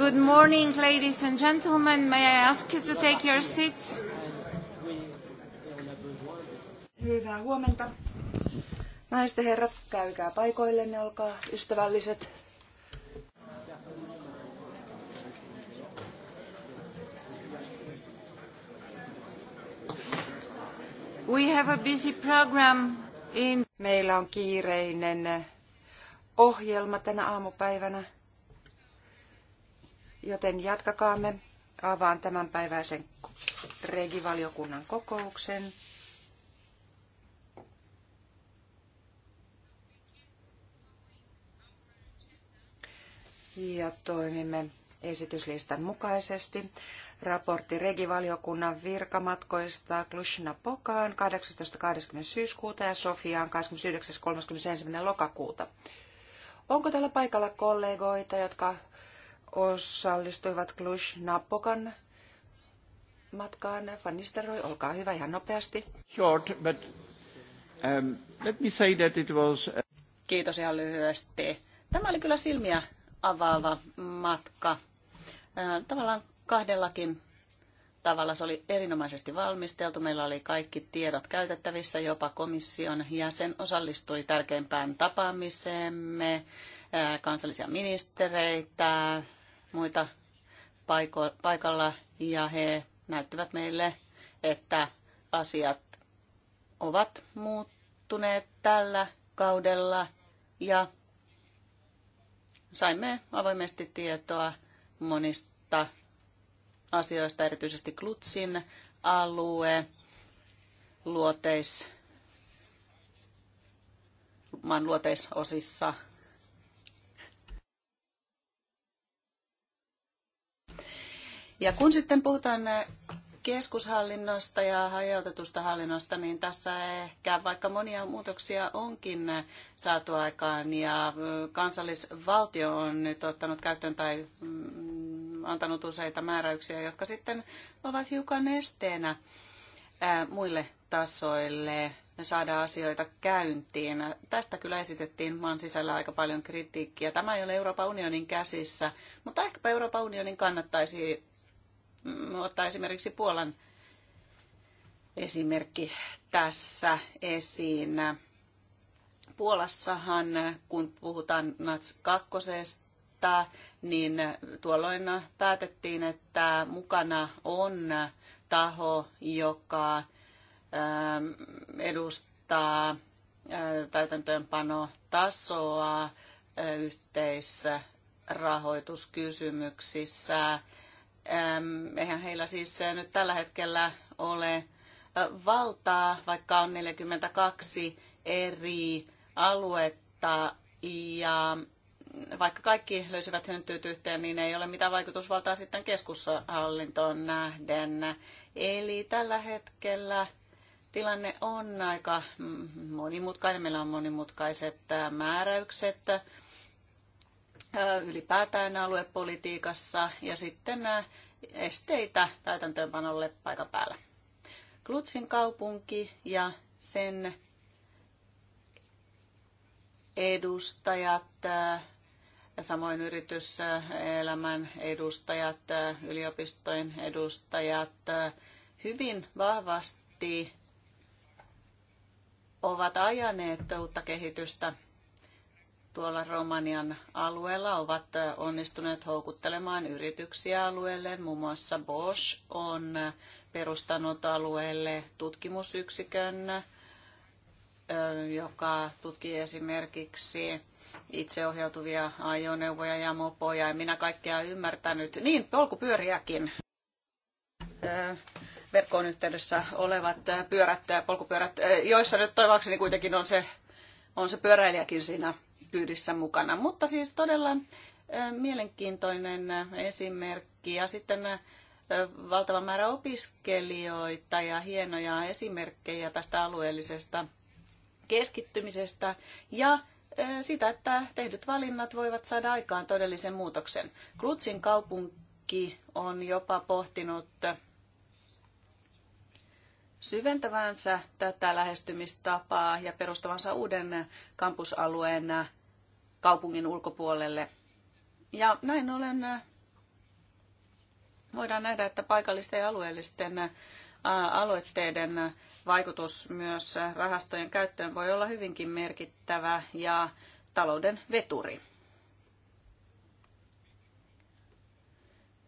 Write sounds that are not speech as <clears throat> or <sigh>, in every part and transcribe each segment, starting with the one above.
Good morning, ladies and gentlemen. May I ask you to take your seats? Hyvää huomenta. Naiset ja herrat, käykää paikoillenne, olkaa ystävälliset. We have a busy program in... Meillä on kiireinen ohjelma tänä aamupäivänä. Joten jatkakaamme. Avaan tämänpäiväisen regivaliokunnan kokouksen. Ja toimimme esityslistan mukaisesti. Raportti regivaliokunnan virkamatkoista Klushina Pokaan 18.20. syyskuuta ja Sofiaan 29.31. lokakuuta. Onko täällä paikalla kollegoita, jotka osallistuivat Cluj-Napokan matkaan. Van Nistelrooy, olkaa hyvä ihan nopeasti. Short, but um, let me say that it was... Kiitos ihan lyhyesti. Tämä oli kyllä silmiä avaava matka. Tavallaan kahdellakin tavalla se oli erinomaisesti valmisteltu. Meillä oli kaikki tiedot käytettävissä, jopa komission jäsen osallistui tärkeimpään tapaamisemme, kansallisia ministereitä, muita paiko- paikalla ja he näyttävät meille, että asiat ovat muuttuneet tällä kaudella ja saimme avoimesti tietoa monista asioista, erityisesti Klutsin alue, luoteis, maan luoteisosissa Ja kun sitten puhutaan äh, keskushallinnosta ja hajautetusta hallinnosta, niin tässä ehkä vaikka monia muutoksia onkin äh, saatu aikaan ja äh, kansallisvaltio on nyt ottanut käyttöön tai mm, antanut useita määräyksiä, jotka sitten ovat hiukan esteenä muille tasoille saada asioita käyntiin. Tästä kyllä esitettiin maan sisällä aika paljon kritiikkiä. Tämä ei ole Euroopan unionin käsissä, mutta ehkäpä Euroopan unionin kannattaisi Mm, ottaa esimerkiksi Puolan esimerkki tässä esiin. Puolassahan, kun puhutaan NATS 2, niin tuolloin päätettiin, että mukana on taho, joka ähm, edustaa äh, täytäntöönpanotasoa äh, yhteisrahoituskysymyksissä Eihän heillä siis äh, nyt tällä hetkellä ole äh, valtaa, vaikka on 42 eri aluetta ja vaikka kaikki löysivät hönttyyt yhteen, niin ei ole mitään vaikutusvaltaa sitten keskushallintoon nähden. Eli tällä hetkellä tilanne on aika monimutkainen. Meillä on monimutkaiset äh, määräykset ylipäätään aluepolitiikassa ja sitten esteitä täytäntöönpanolle paikan päällä. Klutsin kaupunki ja sen edustajat, ja samoin yrityselämän edustajat, yliopistojen edustajat hyvin vahvasti ovat ajaneet uutta kehitystä tuolla Romanian alueella ovat onnistuneet houkuttelemaan yrityksiä alueelle. Muun muassa Bosch on perustanut alueelle tutkimusyksikön, joka tutkii esimerkiksi itseohjautuvia ajoneuvoja ja mopoja. En minä kaikkea ymmärtänyt. Niin, polkupyöriäkin verkkoon yhteydessä olevat pyörät, polkupyörät, joissa nyt toivakseni kuitenkin on se, on se pyöräilijäkin siinä kyydissä mukana. Mutta siis todella mielenkiintoinen esimerkki ja sitten valtava määrä opiskelijoita ja hienoja esimerkkejä tästä alueellisesta keskittymisestä ja sitä, että tehdyt valinnat voivat saada aikaan todellisen muutoksen. Klutsin kaupunki on jopa pohtinut syventävänsä tätä lähestymistapaa ja perustavansa uuden kampusalueen kaupungin ulkopuolelle. Ja näin ollen äh, voidaan nähdä, että paikallisten ja alueellisten äh, aloitteiden äh, vaikutus myös rahastojen käyttöön voi olla hyvinkin merkittävä ja talouden veturi.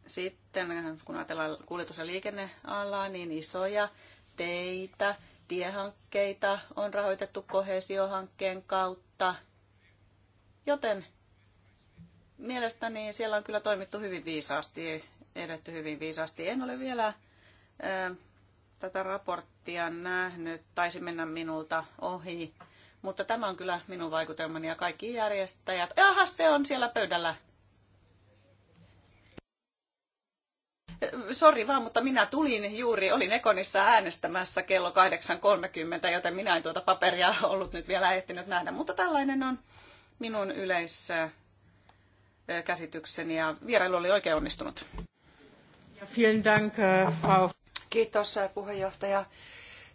Sitten kun ajatellaan kuljetus- ja liikennealaa, niin isoja teitä, tiehankkeita on rahoitettu kohesiohankkeen kautta – Joten mielestäni siellä on kyllä toimittu hyvin viisaasti, edetty hyvin viisaasti. En ole vielä ää, tätä raporttia nähnyt, taisi mennä minulta ohi, mutta tämä on kyllä minun vaikutelmani ja kaikki järjestäjät. Jaha, se on siellä pöydällä. Sori vaan, mutta minä tulin juuri, olin Ekonissa äänestämässä kello 8.30, joten minä en tuota paperia ollut nyt vielä ehtinyt nähdä, mutta tällainen on minun yleiskäsitykseni ja vierailu oli oikein onnistunut. Äh, Kiitos äh, puheenjohtaja.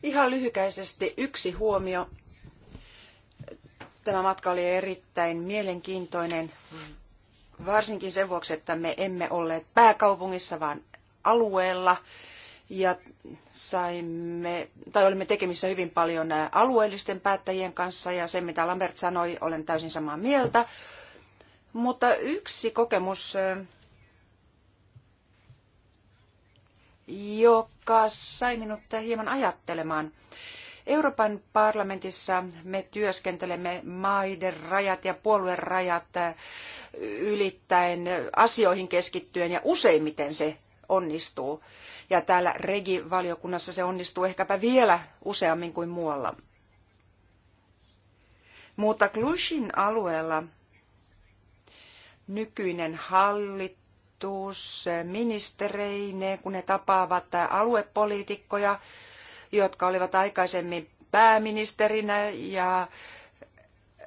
Ihan lyhykäisesti yksi huomio. Tämä matka oli erittäin mielenkiintoinen, varsinkin sen vuoksi, että me emme olleet pääkaupungissa, vaan alueella ja saimme, tai olimme tekemissä hyvin paljon äh, alueellisten päättäjien kanssa ja se mitä Lambert sanoi, olen täysin samaa mieltä. Mutta yksi kokemus, äh, joka sai minut hieman ajattelemaan. Euroopan parlamentissa me työskentelemme maiden rajat ja puolueen rajat äh, ylittäen asioihin keskittyen ja useimmiten se onnistuu. Ja täällä Regi-valiokunnassa se onnistuu ehkäpä vielä useammin kuin muualla. Mutta Klushin alueella nykyinen hallitus, ministereine, kun ne tapaavat aluepoliitikkoja, jotka olivat aikaisemmin pääministerinä ja,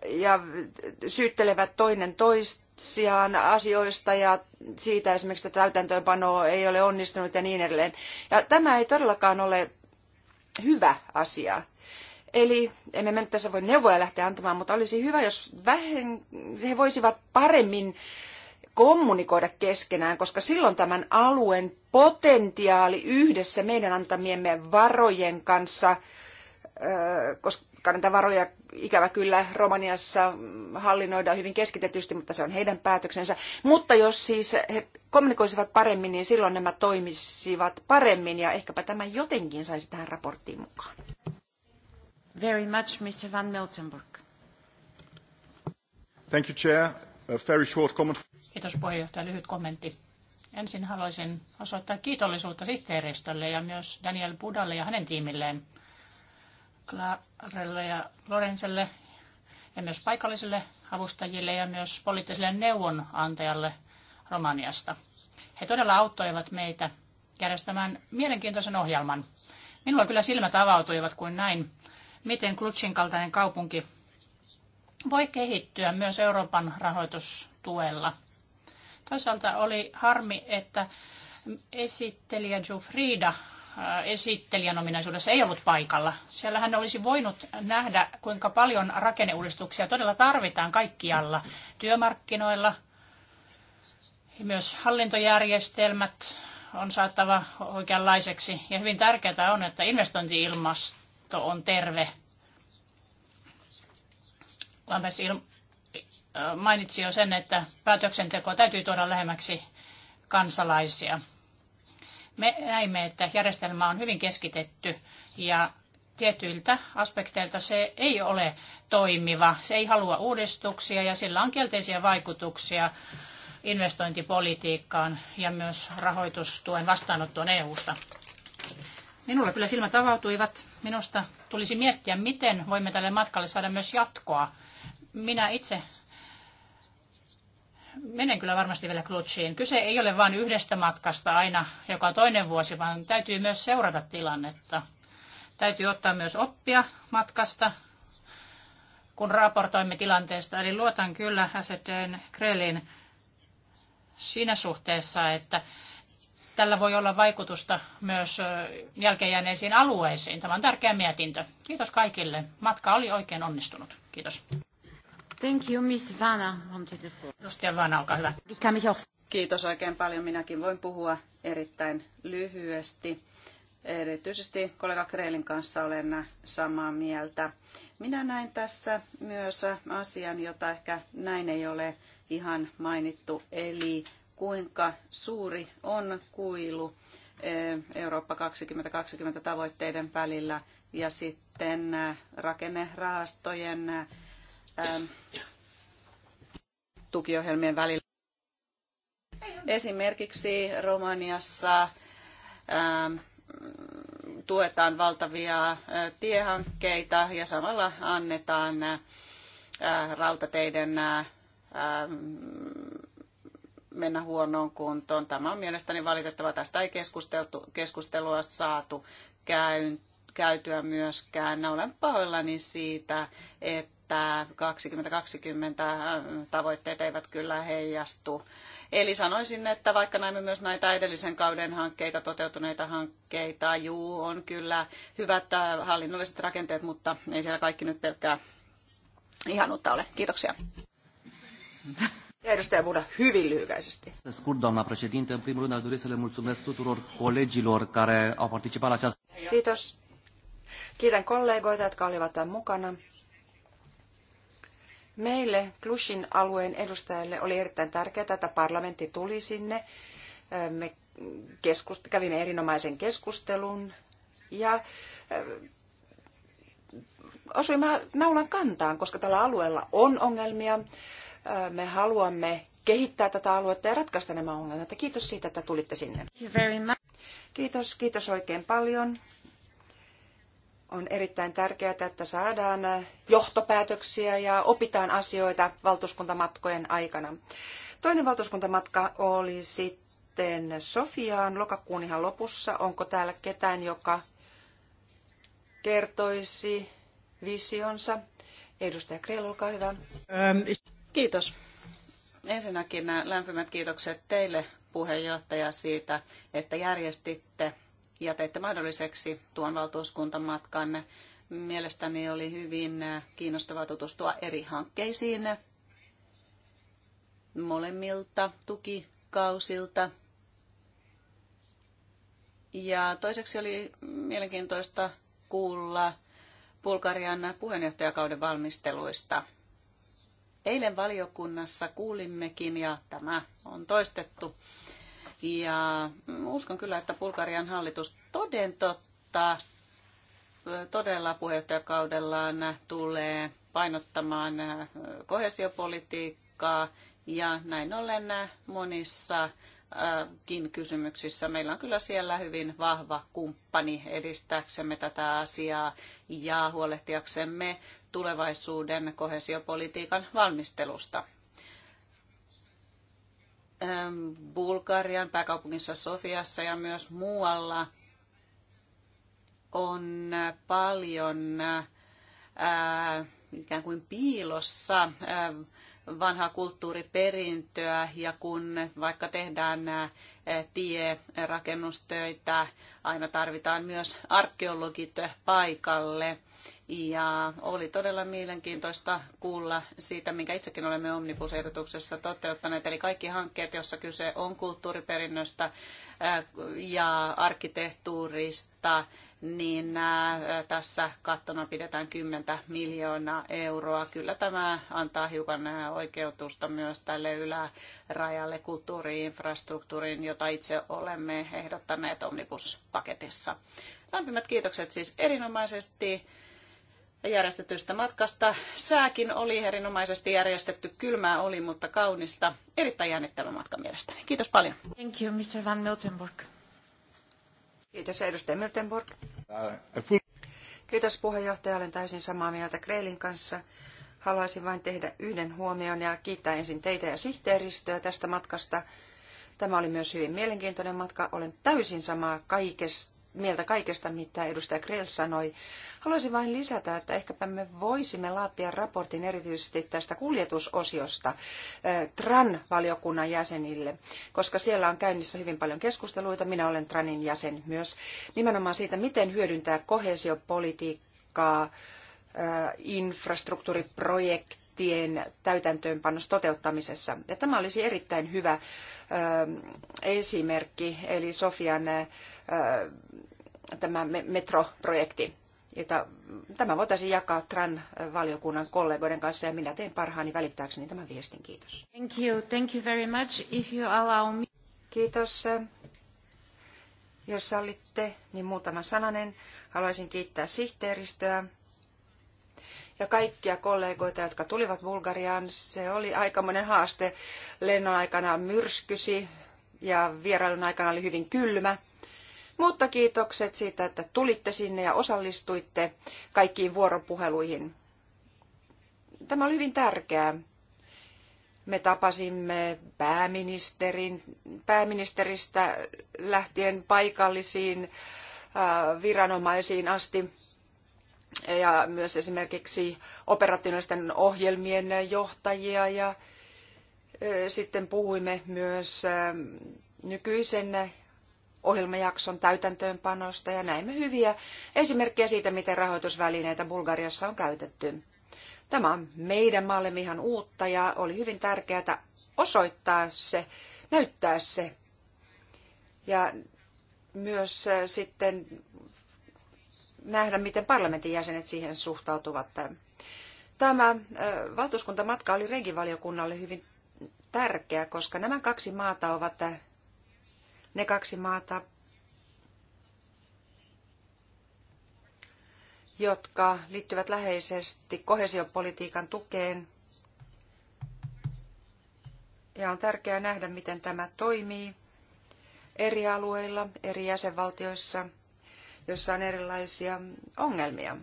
ja syyttelevät toinen toista, sijaan asioista ja siitä esimerkiksi, että täytäntöönpano ei ole onnistunut ja niin edelleen. Ja tämä ei todellakaan ole hyvä asia. Eli emme me nyt tässä voi neuvoja lähteä antamaan, mutta olisi hyvä, jos vähän, he voisivat paremmin kommunikoida keskenään, koska silloin tämän alueen potentiaali yhdessä meidän antamiemme varojen kanssa, koska varoja ikävä kyllä Romaniassa hallinnoidaan hyvin keskitetysti, mutta se on heidän päätöksensä. Mutta jos siis he kommunikoisivat paremmin, niin silloin nämä toimisivat paremmin ja ehkäpä tämä jotenkin saisi tähän raporttiin mukaan. Very much, Mr. Van Miltenburg. Thank you, Chair. A very short comment. Kiitos puheenjohtaja. Lyhyt kommentti. Ensin haluaisin osoittaa kiitollisuutta sihteeristölle ja myös Daniel Budalle ja hänen tiimilleen – Klarelle ja Lorenzelle ja myös paikallisille avustajille ja myös poliittiselle neuvonantajalle Romaniasta. He todella auttoivat meitä järjestämään mielenkiintoisen ohjelman. Minulla kyllä silmät avautuivat, kuin näin, miten Klutsin kaltainen kaupunki voi kehittyä myös Euroopan rahoitustuella. Toisaalta oli harmi, että esittelijä Jufrida Äh, esittelijän ominaisuudessa ei ollut paikalla. Siellä hän olisi voinut nähdä, kuinka paljon rakenneuudistuksia todella tarvitaan kaikkialla työmarkkinoilla. Myös hallintojärjestelmät on saatava oikeanlaiseksi. Ja hyvin tärkeää on, että investointiilmasto on terve. Lampes äh, mainitsi jo sen, että päätöksenteko täytyy tuoda lähemmäksi kansalaisia. Me näimme, että järjestelmä on hyvin keskitetty ja tietyiltä aspekteilta se ei ole toimiva. Se ei halua uudistuksia ja sillä on kielteisiä vaikutuksia investointipolitiikkaan ja myös rahoitustuen vastaanottoon EU-sta. Minulla kyllä silmät avautuivat. Minusta tulisi miettiä, miten voimme tälle matkalle saada myös jatkoa. Minä itse menen kyllä varmasti vielä klutsiin. Kyse ei ole vain yhdestä matkasta aina joka toinen vuosi, vaan täytyy myös seurata tilannetta. Täytyy ottaa myös oppia matkasta, kun raportoimme tilanteesta. Eli luotan kyllä Aseteen Krelin siinä suhteessa, että tällä voi olla vaikutusta myös jälkeenjääneisiin alueisiin. Tämä on tärkeä mietintö. Kiitos kaikille. Matka oli oikein onnistunut. Kiitos. Thank you, Miss Vanna. Edustaja Vanna, olkaa hyvä. Kiitos oikein paljon. Minäkin voin puhua erittäin lyhyesti. Erityisesti kollega Kreelin kanssa olen samaa mieltä. Minä näin tässä myös asian, jota ehkä näin ei ole ihan mainittu, eli kuinka suuri on kuilu eh, Eurooppa 2020 tavoitteiden välillä ja sitten eh, rakennerahastojen eh, Ähm, tukiohjelmien välillä. Esimerkiksi Romaniassa ähm, tuetaan valtavia äh, tiehankkeita ja samalla annetaan äh, rautateiden äh, ähm, mennä huonoon kuntoon. Tämä on mielestäni valitettava. Tästä ei keskusteltu, keskustelua saatu käyntiin käytyä myöskään. Olen pahoillani siitä, että että 2020 tavoitteet eivät kyllä heijastu. Eli sanoisin, että vaikka näemme myös näitä edellisen kauden hankkeita, toteutuneita hankkeita, juu, on kyllä hyvät äh, hallinnolliset rakenteet, mutta ei siellä kaikki nyt pelkkää ihanuutta ole. Kiitoksia. Ja edustaja Buda, hyvin lyhykäisesti. care Kiitos. Kiitän kollegoita, jotka olivat tämän mukana. Meille Klushin alueen edustajille oli erittäin tärkeää, että parlamentti tuli sinne. Me keskust- kävimme erinomaisen keskustelun ja osuimme naulan kantaan, koska tällä alueella on ongelmia. Me haluamme kehittää tätä aluetta ja ratkaista nämä ongelmat. Kiitos siitä, että tulitte sinne. Kiitos, kiitos oikein paljon. On erittäin tärkeää, että saadaan äh, johtopäätöksiä ja opitaan asioita valtuuskuntamatkojen aikana. Toinen valtuuskuntamatka oli sitten Sofiaan lokakuun ihan lopussa. Onko täällä ketään, joka kertoisi visionsa? Edustaja Kreel, olkaa hyvä. Ähm, Kiitos. Ensinnäkin lämpimät kiitokset teille puheenjohtaja siitä, että järjestitte ja teitte mahdolliseksi tuon valtuuskuntamatkan. Mielestäni oli hyvin kiinnostavaa tutustua eri hankkeisiin molemmilta tukikausilta. Ja toiseksi oli mielenkiintoista kuulla Bulgarian puheenjohtajakauden valmisteluista. Eilen valiokunnassa kuulimmekin, ja tämä on toistettu, ja uskon kyllä, että Bulgarian hallitus toden totta todella puheenjohtajakaudellaan tulee painottamaan kohesiopolitiikkaa ja näin ollen monissa kysymyksissä. Meillä on kyllä siellä hyvin vahva kumppani edistääksemme tätä asiaa ja huolehtiaksemme tulevaisuuden kohesiopolitiikan valmistelusta. Ähm, Bulgarian pääkaupungissa Sofiassa ja myös muualla on äh, paljon ää, äh, ikään kuin piilossa ää, ähm, vanhaa kulttuuriperintöä ja kun vaikka tehdään nämä äh, tie-rakennustöitä, aina tarvitaan myös arkeologit paikalle. Ja oli todella mielenkiintoista kuulla siitä, minkä itsekin olemme Omnibus-ehdotuksessa toteuttaneet. Eli kaikki hankkeet, joissa kyse on kulttuuriperinnöstä äh, ja arkkitehtuurista, niin äh, tässä kattona pidetään 10 miljoonaa euroa. Kyllä tämä antaa hiukan äh, oikeutusta myös tälle ylärajalle kulttuuriinfrastruktuuriin, jota itse olemme ehdottaneet Omnibus-paketissa. Lämpimät kiitokset siis erinomaisesti järjestetystä matkasta. Sääkin oli erinomaisesti järjestetty, kylmää oli, mutta kaunista. Erittäin jännittävä matka mielestäni. Kiitos paljon. Thank you, Mr. Van Miltenburg. Kiitos, edustaja Miltenburg. Äh, Kiitos puheenjohtaja, olen täysin samaa mieltä Kreilin kanssa. Haluaisin vain tehdä yhden huomion ja kiittää ensin teitä ja sihteeristöä tästä matkasta. Tämä oli myös hyvin mielenkiintoinen matka. Olen täysin samaa kaikesta mieltä kaikesta, mitä edustaja Krell sanoi. Haluaisin vain lisätä, että ehkäpä me voisimme laatia raportin erityisesti tästä kuljetusosiosta TRAN-valiokunnan jäsenille, koska siellä on käynnissä hyvin paljon keskusteluita. Minä olen TRANin jäsen myös nimenomaan siitä, miten hyödyntää kohesiopolitiikkaa, infrastruktuuriprojekteja, direktiivien täytäntöönpanon toteuttamisessa. Ja tämä olisi erittäin hyvä esimerkki, eli Sofian tämä metroprojekti. Jota, tämä voitaisiin jakaa TRAN-valiokunnan kollegoiden kanssa ja minä teen parhaani välittääkseni tämän viestin. Kiitos. Thank you. Thank you very much. If you allow me... Kiitos. Jos sallitte, niin muutama sananen. Haluaisin kiittää sihteeristöä ja kaikkia kollegoita, jotka tulivat Bulgariaan. Se oli aikamoinen haaste. Lennon aikana myrskysi ja vierailun aikana oli hyvin kylmä. Mutta kiitokset siitä, että tulitte sinne ja osallistuitte kaikkiin vuoropuheluihin. Tämä oli hyvin tärkeää. Me tapasimme pääministerin, pääministeristä lähtien paikallisiin äh, viranomaisiin asti ja myös esimerkiksi operatiivisten ohjelmien johtajia ja sitten puhuimme myös nykyisen ohjelmajakson täytäntöönpanosta ja näimme hyviä esimerkkejä siitä, miten rahoitusvälineitä Bulgariassa on käytetty. Tämä on meidän maallemme ihan uutta ja oli hyvin tärkeää osoittaa se, näyttää se. Ja myös sitten nähdä, miten parlamentin jäsenet siihen suhtautuvat. Tämä valtuuskuntamatka oli regivaliokunnalle hyvin tärkeä, koska nämä kaksi maata ovat ne kaksi maata, jotka liittyvät läheisesti kohesiopolitiikan tukeen. Ja on tärkeää nähdä, miten tämä toimii eri alueilla, eri jäsenvaltioissa – jossa on erilaisia ongelmia.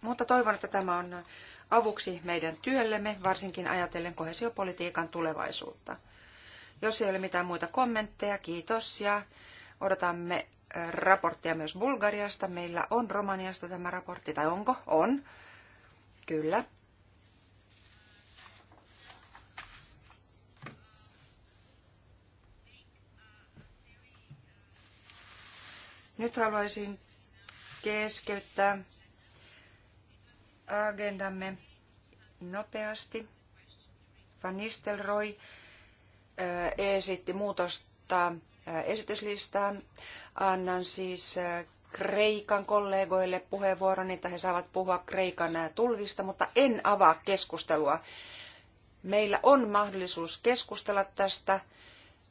Mutta toivon, että tämä on avuksi meidän työllemme, varsinkin ajatellen kohesiopolitiikan tulevaisuutta. Jos ei ole mitään muita kommentteja, kiitos ja odotamme äh, raporttia myös Bulgariasta. Meillä on Romaniasta tämä raportti, tai onko? On. Kyllä. Nyt haluaisin keskeyttää agendamme nopeasti. Van Nistelrooy äh, esitti muutosta äh, esityslistaan. Annan siis äh, Kreikan kollegoille puheenvuoron, että he saavat puhua Kreikan tulvista, mutta en avaa keskustelua. Meillä on mahdollisuus keskustella tästä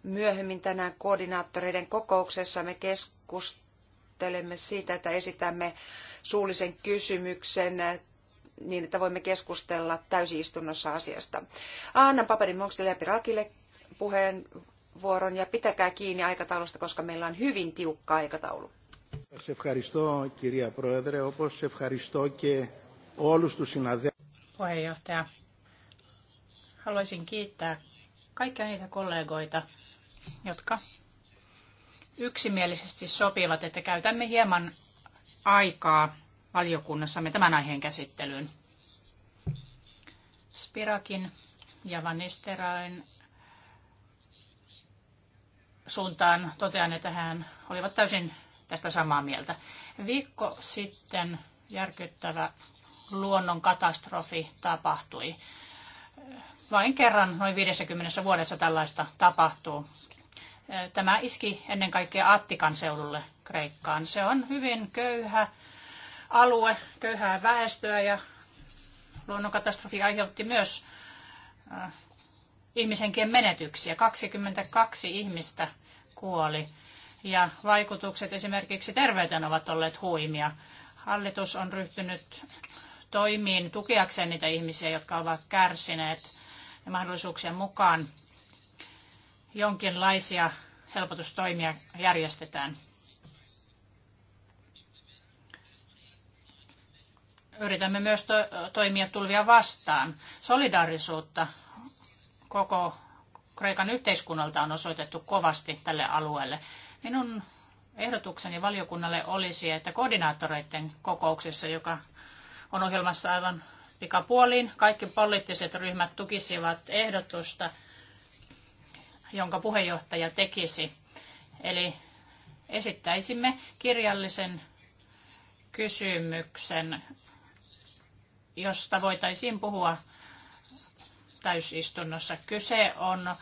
myöhemmin tänään koordinaattoreiden kokouksessa. Me keskustelemme keskustelemme siitä, että esitämme suullisen kysymyksen äh, niin, että voimme keskustella täysistunnossa asiasta. Annan paperin Mokstille ja Pirakille puheenvuoron ja pitäkää kiinni aikataulusta, koska meillä on hyvin tiukka aikataulu. Puheenjohtaja, haluaisin kiittää kaikkia niitä kollegoita, jotka yksimielisesti sopivat, että käytämme hieman aikaa valiokunnassamme tämän aiheen käsittelyyn. Spirakin ja Vanisterain suuntaan totean, että hän olivat täysin tästä samaa mieltä. Viikko sitten järkyttävä luonnon katastrofi tapahtui. Vain kerran noin 50 vuodessa tällaista tapahtuu. Tämä iski ennen kaikkea Attikan seudulle Kreikkaan. Se on hyvin köyhä alue, köyhää väestöä ja luonnonkatastrofi aiheutti myös ihmisenkien menetyksiä. 22 ihmistä kuoli ja vaikutukset esimerkiksi terveyteen ovat olleet huimia. Hallitus on ryhtynyt toimiin tukeakseen niitä ihmisiä, jotka ovat kärsineet ja mahdollisuuksien mukaan jonkinlaisia helpotustoimia järjestetään. Yritämme myös to- toimia tulvia vastaan. Solidaarisuutta koko Kreikan yhteiskunnalta on osoitettu kovasti tälle alueelle. Minun ehdotukseni valiokunnalle olisi, että koordinaattoreiden kokouksessa, joka on ohjelmassa aivan pikapuoliin, kaikki poliittiset ryhmät tukisivat ehdotusta – jonka puheenjohtaja tekisi. Eli esittäisimme kirjallisen kysymyksen, josta voitaisiin puhua täysistunnossa. Kyse on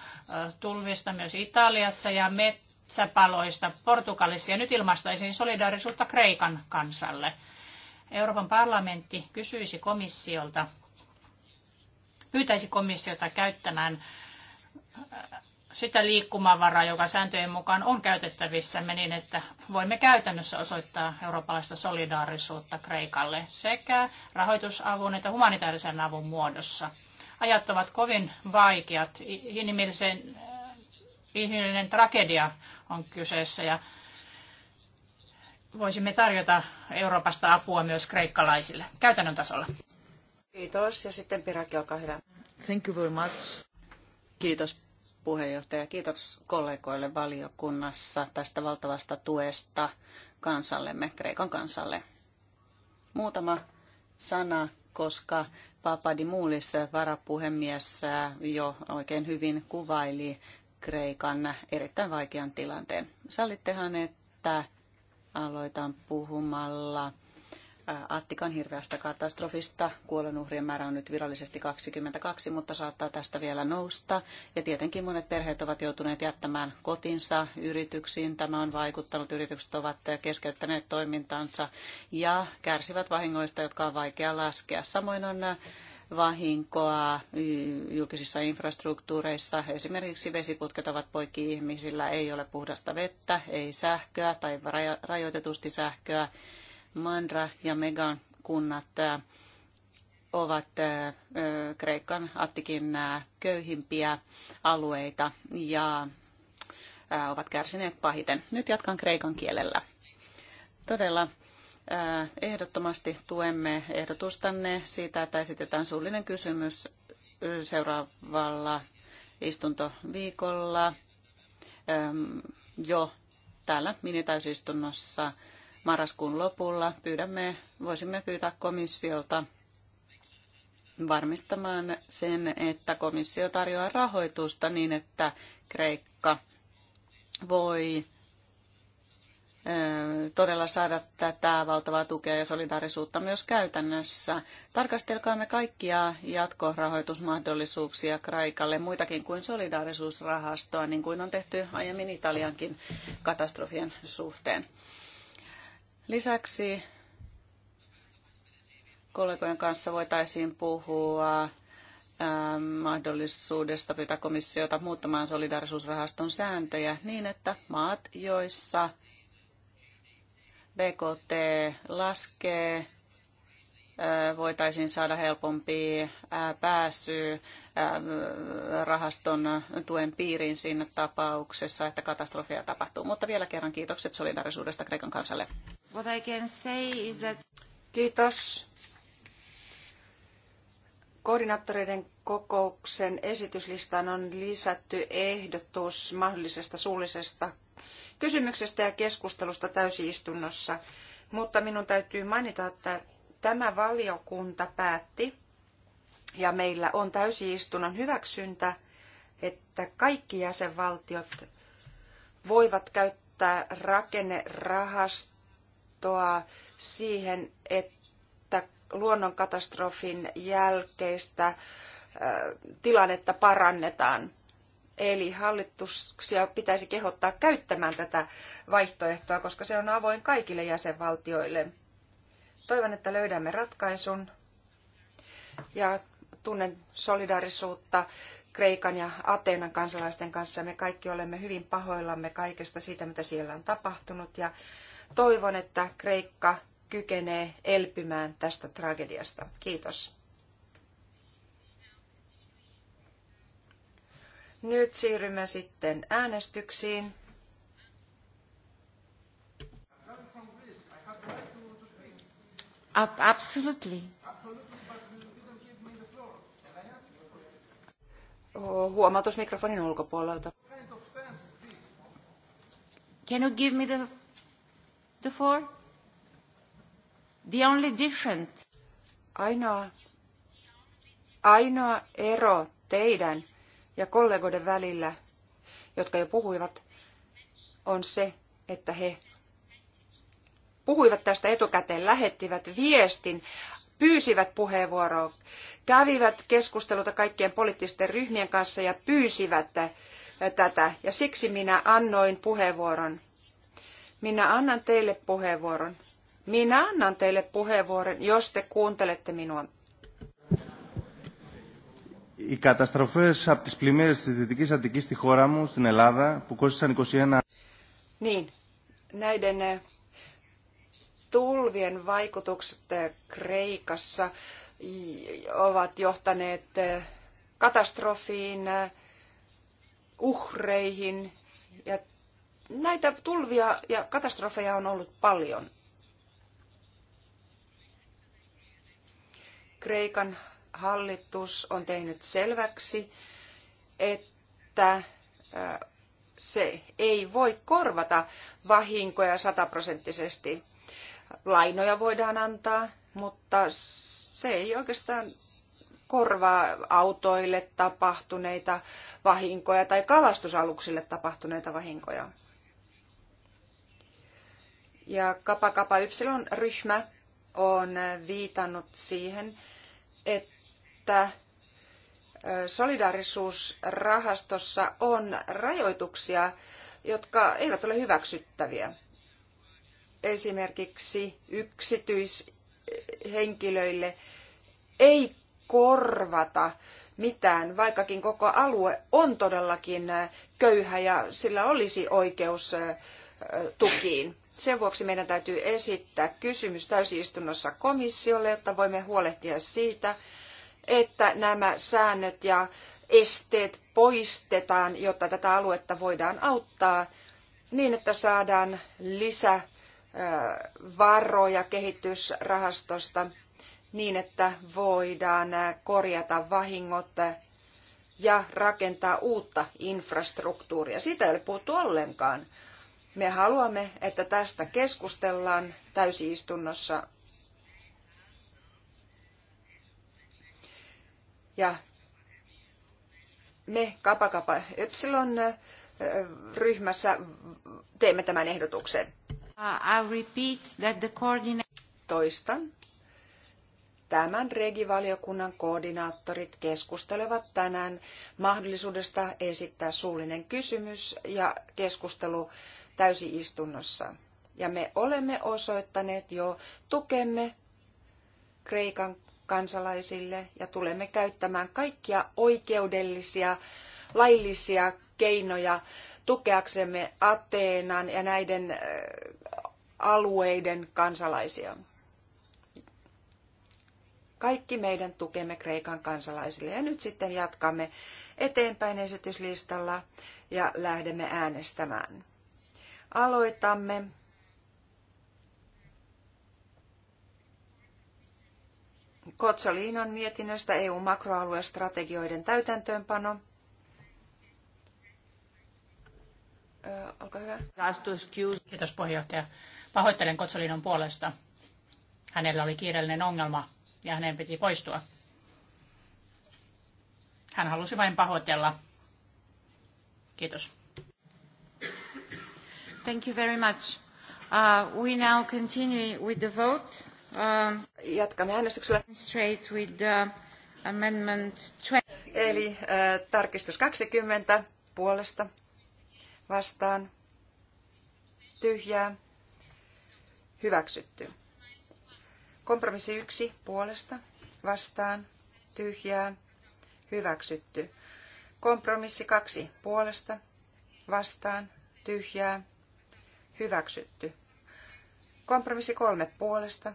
tulvista myös Italiassa ja metsäpaloista Portugalissa. Ja nyt ilmaistaisiin solidaarisuutta Kreikan kansalle. Euroopan parlamentti kysyisi komissiolta, pyytäisi komissiota käyttämään sitä liikkumavaraa, joka sääntöjen mukaan on käytettävissämme niin, että voimme käytännössä osoittaa eurooppalaista solidaarisuutta Kreikalle sekä rahoitusavun että humanitaarisen avun muodossa. Ajat ovat kovin vaikeat. Inhimillisen, eh, inhimillinen tragedia on kyseessä ja voisimme tarjota Euroopasta apua myös kreikkalaisille käytännön tasolla. Kiitos ja sitten Piraki, olkaa hyvä. Thank you very much. Kiitos puheenjohtaja. Kiitos kollegoille valiokunnassa tästä valtavasta tuesta kansallemme, Kreikan kansalle. Muutama sana, koska Papadimoulis varapuhemies jo oikein hyvin kuvaili Kreikan erittäin vaikean tilanteen. Sallittehan, että aloitan puhumalla Attikan hirveästä katastrofista. Kuolonuhrien määrä on nyt virallisesti 22, mutta saattaa tästä vielä nousta. Ja tietenkin monet perheet ovat joutuneet jättämään kotinsa yrityksiin. Tämä on vaikuttanut. Yritykset ovat keskeyttäneet toimintansa ja kärsivät vahingoista, jotka on vaikea laskea. Samoin on äh, vahinkoa julkisissa infrastruktuureissa. Esimerkiksi vesiputket ovat poikki ihmisillä, ei ole puhdasta vettä, ei sähköä tai rajoitetusti sähköä Mandra ja Megan kunnat ovat Kreikan Attikin köyhimpiä alueita ja ovat kärsineet pahiten. Nyt jatkan kreikan kielellä. Todella ehdottomasti tuemme ehdotustanne siitä, että esitetään suullinen kysymys seuraavalla istuntoviikolla jo täällä minitäysistunnossa marraskuun lopulla pyydämme, voisimme pyytää komissiolta varmistamaan sen, että komissio tarjoaa rahoitusta niin, että Kreikka voi todella saada tätä valtavaa tukea ja solidaarisuutta myös käytännössä. Tarkastelkaamme kaikkia jatkorahoitusmahdollisuuksia Kreikalle, muitakin kuin solidaarisuusrahastoa, niin kuin on tehty aiemmin Italiankin katastrofien suhteen. Lisäksi kollegojen kanssa voitaisiin puhua ähm, mahdollisuudesta pyytää komissiota muuttamaan solidarisuusrahaston sääntöjä niin, että maat, joissa BKT laskee, äh, voitaisiin saada helpompi äh, pääsy äh, rahaston tuen piiriin siinä tapauksessa, että katastrofia tapahtuu. Mutta vielä kerran kiitokset solidarisuudesta Kreikan kansalle. What I can say is that... Kiitos. Koordinaattoreiden kokouksen esityslistaan on lisätty ehdotus mahdollisesta suullisesta kysymyksestä ja keskustelusta täysistunnossa. Mutta minun täytyy mainita, että tämä valiokunta päätti, ja meillä on täysistunnon hyväksyntä, että kaikki jäsenvaltiot voivat käyttää rakennerahastoa johtoa siihen, että luonnonkatastrofin jälkeistä tilannetta parannetaan. Eli hallituksia pitäisi kehottaa käyttämään tätä vaihtoehtoa, koska se on avoin kaikille jäsenvaltioille. Toivon, että löydämme ratkaisun ja tunnen solidaarisuutta Kreikan ja Ateenan kansalaisten kanssa. Me kaikki olemme hyvin pahoillamme kaikesta siitä, mitä siellä on tapahtunut ja Toivon, että Kreikka kykenee elpymään tästä tragediasta. Kiitos. Nyt siirrymme sitten äänestyksiin. Absolutely. Huomautus mikrofonin ulkopuolelta. Can you give me the the four? The only different. Ainoa, ainoa ero teidän ja kollegoiden välillä, jotka jo puhuivat, on se, että he puhuivat tästä etukäteen, lähettivät viestin, pyysivät puheenvuoroa, kävivät keskusteluta kaikkien poliittisten ryhmien kanssa ja pyysivät tätä. Ja siksi minä annoin puheenvuoron minä annan teille puheenvuoron. Minä annan teille puheenvuoron, jos te kuuntelette minua. Οι καταστροφές από τις πλημμύρες της Δυτικής Αττικής στη χώρα μου, στην Ελλάδα, που κόστησαν 21... Niin, näiden tulvien vaikutukset Kreikassa ovat johtaneet katastrofiin, uhreihin, näitä tulvia ja katastrofeja on ollut paljon. Kreikan hallitus on tehnyt selväksi, että äh, se ei voi korvata vahinkoja sataprosenttisesti. Lainoja voidaan antaa, mutta se ei oikeastaan korvaa autoille tapahtuneita vahinkoja tai kalastusaluksille tapahtuneita vahinkoja. Ja Kappa Kappa Ypsilon ryhmä on viitannut siihen, että solidaarisuusrahastossa on rajoituksia, jotka eivät ole hyväksyttäviä. Esimerkiksi yksityishenkilöille ei korvata mitään, vaikkakin koko alue on todellakin köyhä ja sillä olisi oikeus tukiin. Sen vuoksi meidän täytyy esittää kysymys täysistunnossa komissiolle, jotta voimme huolehtia siitä, että nämä säännöt ja esteet poistetaan, jotta tätä aluetta voidaan auttaa niin, että saadaan lisävaroja kehitysrahastosta niin, että voidaan korjata vahingot ja rakentaa uutta infrastruktuuria. Siitä ei ole puhuttu ollenkaan. Me haluamme, että tästä keskustellaan täysistunnossa. Ja me Kapakapa Ypsilon ryhmässä teemme tämän ehdotuksen. Uh, Toistan. Tämän regivaliokunnan koordinaattorit keskustelevat tänään mahdollisuudesta esittää suullinen kysymys ja keskustelu täysiistunnossa. Ja me olemme osoittaneet jo tukemme Kreikan kansalaisille ja tulemme käyttämään kaikkia oikeudellisia, laillisia keinoja tukeaksemme Ateenan ja näiden alueiden kansalaisia. Kaikki meidän tukemme Kreikan kansalaisille. Ja nyt sitten jatkamme eteenpäin esityslistalla ja lähdemme äänestämään. Aloitamme Kotsoliinon mietinnöstä EU-makroaluestrategioiden täytäntöönpano. olkaa hyvä. Kiitos puheenjohtaja. Pahoittelen Kotsoliinon puolesta. Hänellä oli kiireellinen ongelma ja hänen piti poistua. Hän halusi vain pahoitella. Kiitos. Thank you very much. Uh, we now continue with the vote. Um, Jatkamme äänestyksellä. Straight with the amendment 20. Eli äh, tarkistus 20 puolesta vastaan tyhjää hyväksytty. Kompromissi 1 puolesta vastaan tyhjää hyväksytty. Kompromissi 2 puolesta vastaan tyhjää hyväksytty. Kompromissi kolme puolesta,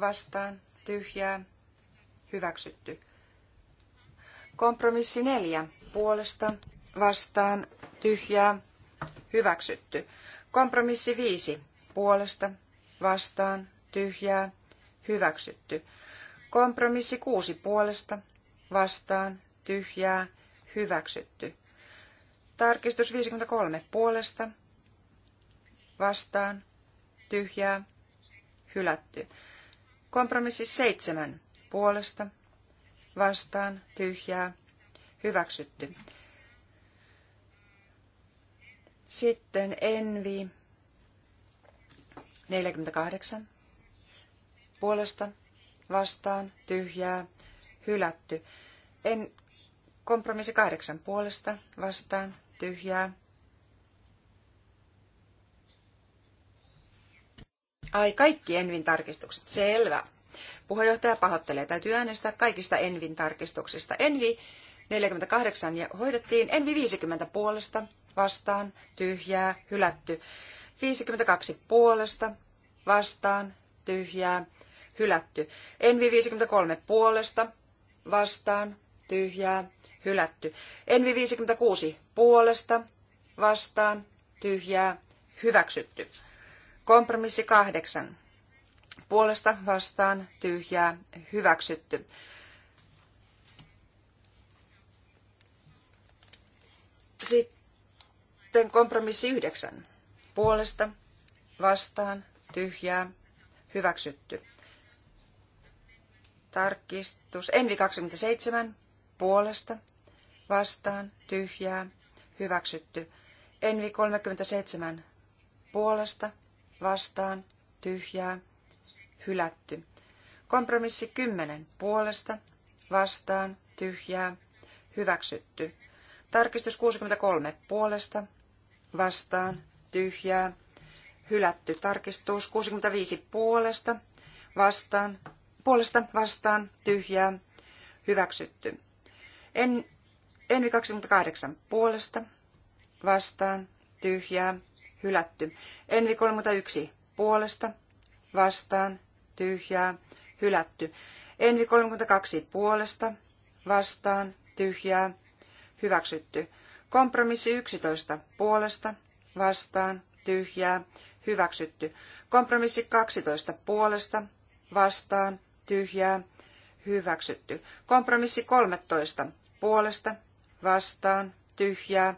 vastaan, tyhjää, hyväksytty. Kompromissi neljä puolesta, vastaan, tyhjää, hyväksytty. Kompromissi viisi puolesta, vastaan, tyhjää, hyväksytty. Kompromissi kuusi puolesta, vastaan, tyhjää, hyväksytty. Tarkistus 53 puolesta, vastaan, tyhjää, hylätty. Kompromissi seitsemän puolesta, vastaan, tyhjää, hyväksytty. Sitten Envi 48 puolesta, vastaan, tyhjää, hylätty. En, kompromissi kahdeksan puolesta, vastaan, tyhjää, Ai, kaikki Envin tarkistukset, selvä. Puheenjohtaja pahoittelee, täytyy äänestää kaikista Envin tarkistuksista. Envi 48 ja hoidettiin, Envi 50 puolesta, vastaan, tyhjää, hylätty. 52 puolesta, vastaan, tyhjää, hylätty. Envi 53 puolesta, vastaan, tyhjää, hylätty. Envi 56 puolesta, vastaan, tyhjää, hyväksytty. Kompromissi kahdeksan. Puolesta vastaan tyhjää hyväksytty. Sitten kompromissi yhdeksän. Puolesta vastaan tyhjää hyväksytty. Tarkistus. Envi 27. Puolesta vastaan tyhjää hyväksytty. Envi 37. Puolesta vastaan, tyhjää, hylätty. Kompromissi 10 puolesta, vastaan, tyhjää, hyväksytty. Tarkistus 63 puolesta, vastaan, tyhjää, hylätty. Tarkistus 65 puolesta, vastaan, puolesta, vastaan, tyhjää, hyväksytty. En, Envi 28 puolesta, vastaan, tyhjää, hylätty. Envi 31 puolesta, vastaan, tyhjää, hylätty. Envi 32 puolesta, vastaan, tyhjää, hyväksytty. Kompromissi 11 puolesta, vastaan, tyhjää, hyväksytty. Kompromissi 12 puolesta, vastaan, tyhjää, hyväksytty. Kompromissi 13 puolesta, vastaan, tyhjää,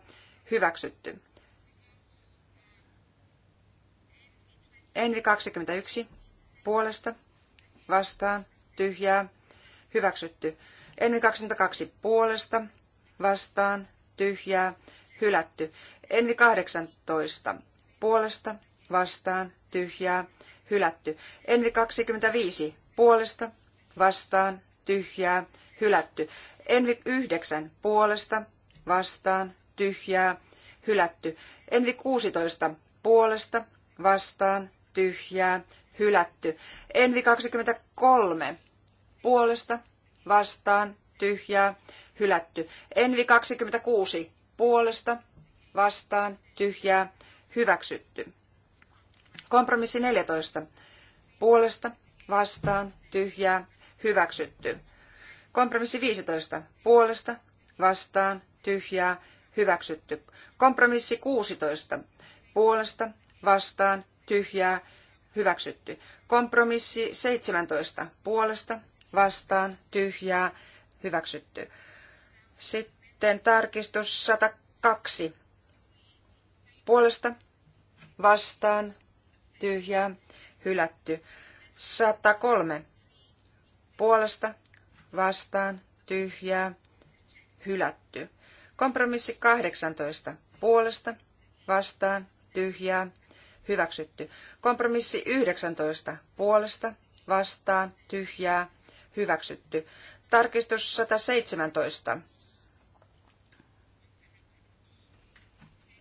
hyväksytty. Envi 21 puolesta vastaan tyhjää hyväksytty. Envi 22 puolesta vastaan tyhjää hylätty. Envi 18 puolesta vastaan tyhjää hylätty. Envi 25 puolesta vastaan tyhjää hylätty. Envi 9 puolesta vastaan tyhjää hylätty. Envi 16 puolesta vastaan tyhjää, hylätty. Envi 23 puolesta, vastaan, tyhjää, hylätty. Envi 26 puolesta, vastaan, tyhjää, hyväksytty. Kompromissi 14 puolesta, vastaan, tyhjää, hyväksytty. Kompromissi 15 puolesta, vastaan, tyhjää, hyväksytty. Kompromissi 16 puolesta, vastaan, tyhjää, hyväksytty. Kompromissi 17 puolesta, vastaan, tyhjää, hyväksytty. Sitten tarkistus 102 puolesta, vastaan, tyhjää, hylätty. 103 puolesta, vastaan, tyhjää, hylätty. Kompromissi 18 puolesta, vastaan, tyhjää, hyväksytty. Kompromissi 19 puolesta, vastaan, tyhjää, hyväksytty. Tarkistus 117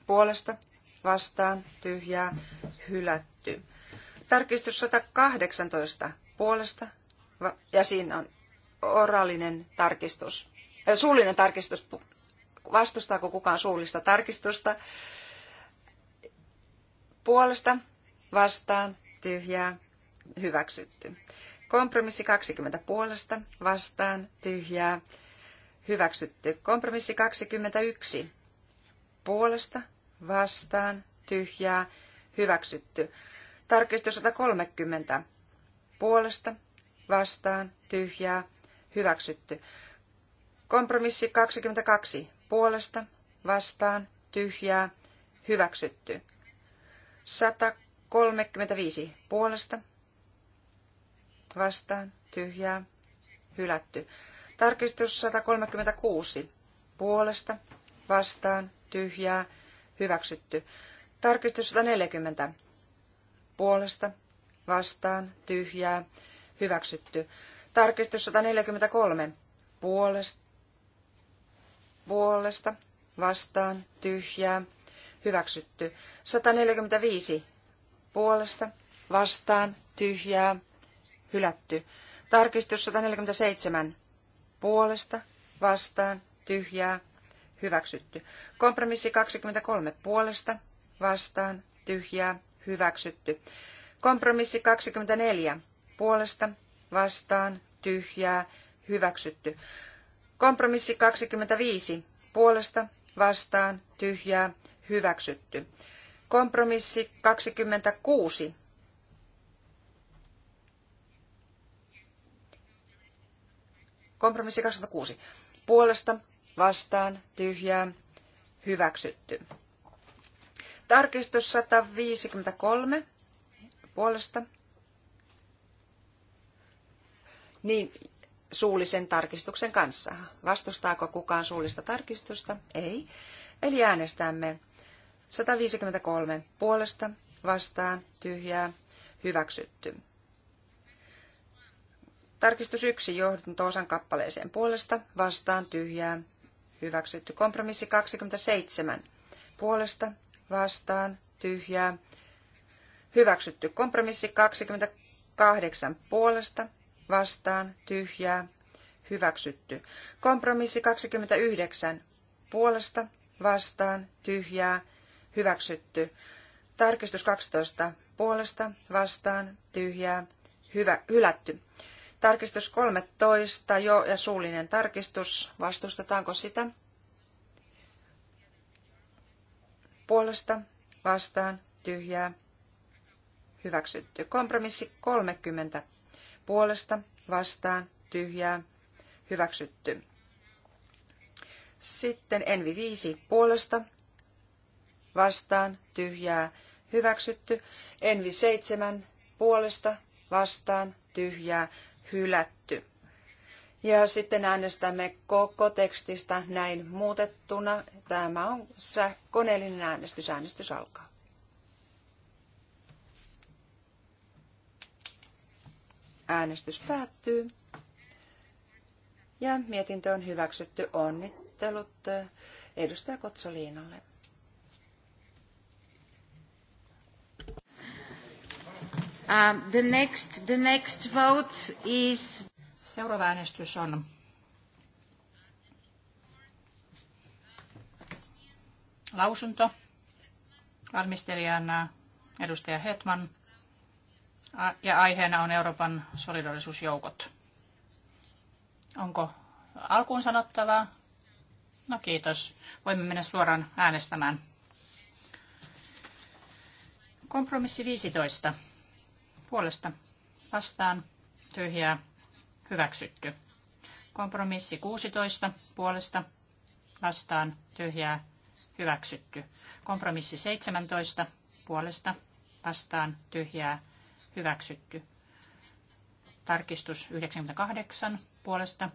puolesta, vastaan, tyhjää, hylätty. Tarkistus 118 puolesta, ja siinä on oraalinen tarkistus, äh, suullinen tarkistus. Vastustaako kukaan suullista tarkistusta? puolesta vastaan tyhjää hyväksytty. Kompromissi 20 puolesta vastaan tyhjää hyväksytty. Kompromissi 21 puolesta vastaan tyhjää hyväksytty. Tarkistus 130 puolesta vastaan tyhjää hyväksytty. Kompromissi 22 puolesta vastaan tyhjää hyväksytty. 135 puolesta vastaan tyhjää hylätty. Tarkistus 136 puolesta vastaan tyhjää hyväksytty. Tarkistus 140 puolesta vastaan tyhjää hyväksytty. Tarkistus 143 puolesta, puolesta vastaan tyhjää hyväksytty. 145 puolesta, vastaan, tyhjää, hylätty. Tarkistus 147 puolesta, vastaan, tyhjää, hyväksytty. Kompromissi 23 puolesta, vastaan, tyhjää, hyväksytty. Kompromissi 24 puolesta, vastaan, tyhjää, hyväksytty. Kompromissi 25 puolesta, vastaan, tyhjää, hyväksytty. Kompromissi 26. Kompromissi 26. Puolesta, vastaan, tyhjää, hyväksytty. Tarkistus 153. Puolesta. Niin, suullisen tarkistuksen kanssa. Vastustaako kukaan suullista tarkistusta? Ei. Eli äänestämme 153 puolesta vastaan tyhjää hyväksytty. Tarkistus 1 johdantoosan kappaleeseen puolesta vastaan tyhjää hyväksytty. Kompromissi 27 puolesta vastaan tyhjää hyväksytty. Kompromissi 28 puolesta vastaan tyhjää hyväksytty. Kompromissi 29 puolesta vastaan tyhjää hyväksytty. Tarkistus 12 puolesta vastaan tyhjää hyvä, hylätty. Tarkistus 13 jo ja suullinen tarkistus. Vastustetaanko sitä? Puolesta vastaan tyhjää hyväksytty. Kompromissi 30 puolesta vastaan tyhjää hyväksytty. Sitten Envi 5 puolesta vastaan, tyhjää, hyväksytty. Envi seitsemän puolesta, vastaan, tyhjää, hylätty. Ja sitten äänestämme koko tekstistä näin muutettuna. Tämä on koneellinen äänestys. Äänestys alkaa. Äänestys päättyy. Ja mietintö on hyväksytty. Onnittelut eh, edustaja Kotsoliinalle. Um, the, next, the next vote is... Seuraava äänestys on lausunto valmistelijana äh, edustaja Hetman ja aiheena on Euroopan solidarisuusjoukot. Onko alkuun sanottavaa? No kiitos. Voimme mennä suoraan äänestämään. Kompromissi 15 puolesta vastaan tyhjää hyväksytty. Kompromissi 16 puolesta vastaan tyhjää hyväksytty. Kompromissi 17 puolesta vastaan tyhjää hyväksytty. Tarkistus 98 puolesta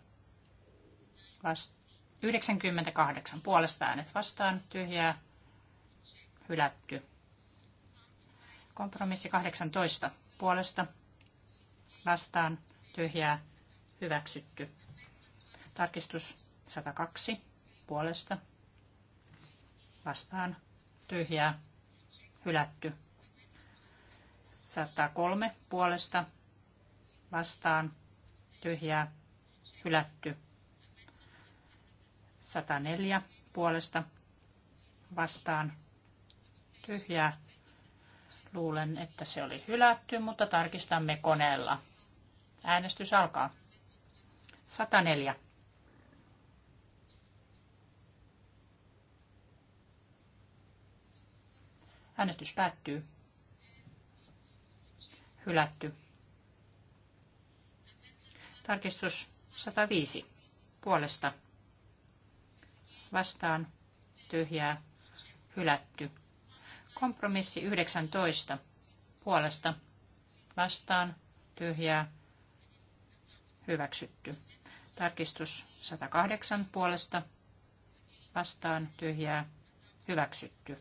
vastaan. 98 puolesta äänet vastaan tyhjää hylätty. Kompromissi 18 puolesta vastaan tyhjää hyväksytty. Tarkistus 102 puolesta vastaan tyhjää hylätty. 103 puolesta vastaan tyhjää hylätty. 104 puolesta vastaan tyhjää Luulen, että se oli hylätty, mutta tarkistamme koneella. Äänestys alkaa. 104. Äänestys päättyy. Hylätty. Tarkistus 105. Puolesta. Vastaan. Tyhjää. Hylätty. Kompromissi 19 puolesta vastaan tyhjää hyväksytty. Tarkistus 108 puolesta vastaan tyhjää hyväksytty.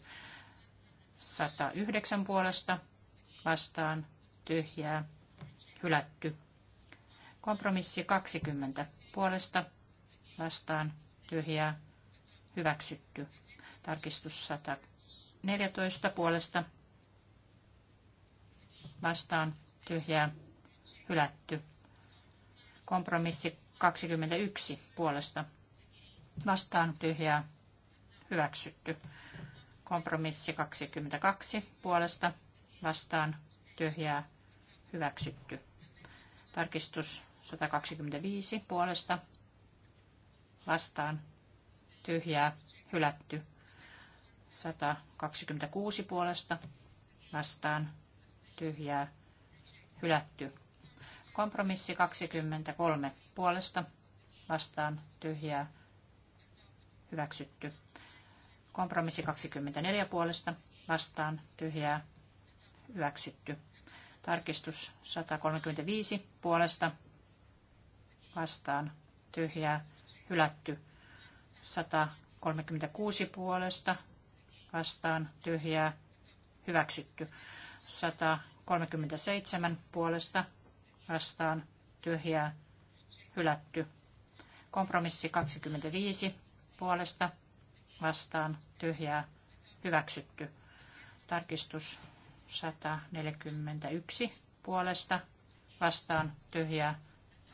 109 puolesta vastaan tyhjää hylätty. Kompromissi 20 puolesta vastaan tyhjää hyväksytty. Tarkistus 100 14 puolesta vastaan tyhjää hylätty. Kompromissi 21 puolesta vastaan tyhjää hyväksytty. Kompromissi 22 puolesta vastaan tyhjää hyväksytty. Tarkistus 125 puolesta vastaan tyhjää hylätty. 126 puolesta vastaan tyhjää hylätty. Kompromissi 23 puolesta vastaan tyhjää hyväksytty. Kompromissi 24 puolesta vastaan tyhjää hyväksytty. Tarkistus 135 puolesta vastaan tyhjää hylätty. 136 puolesta vastaan tyhjää hyväksytty. 137 puolesta vastaan tyhjää hylätty. Kompromissi 25 puolesta vastaan tyhjää hyväksytty. Tarkistus 141 puolesta vastaan tyhjää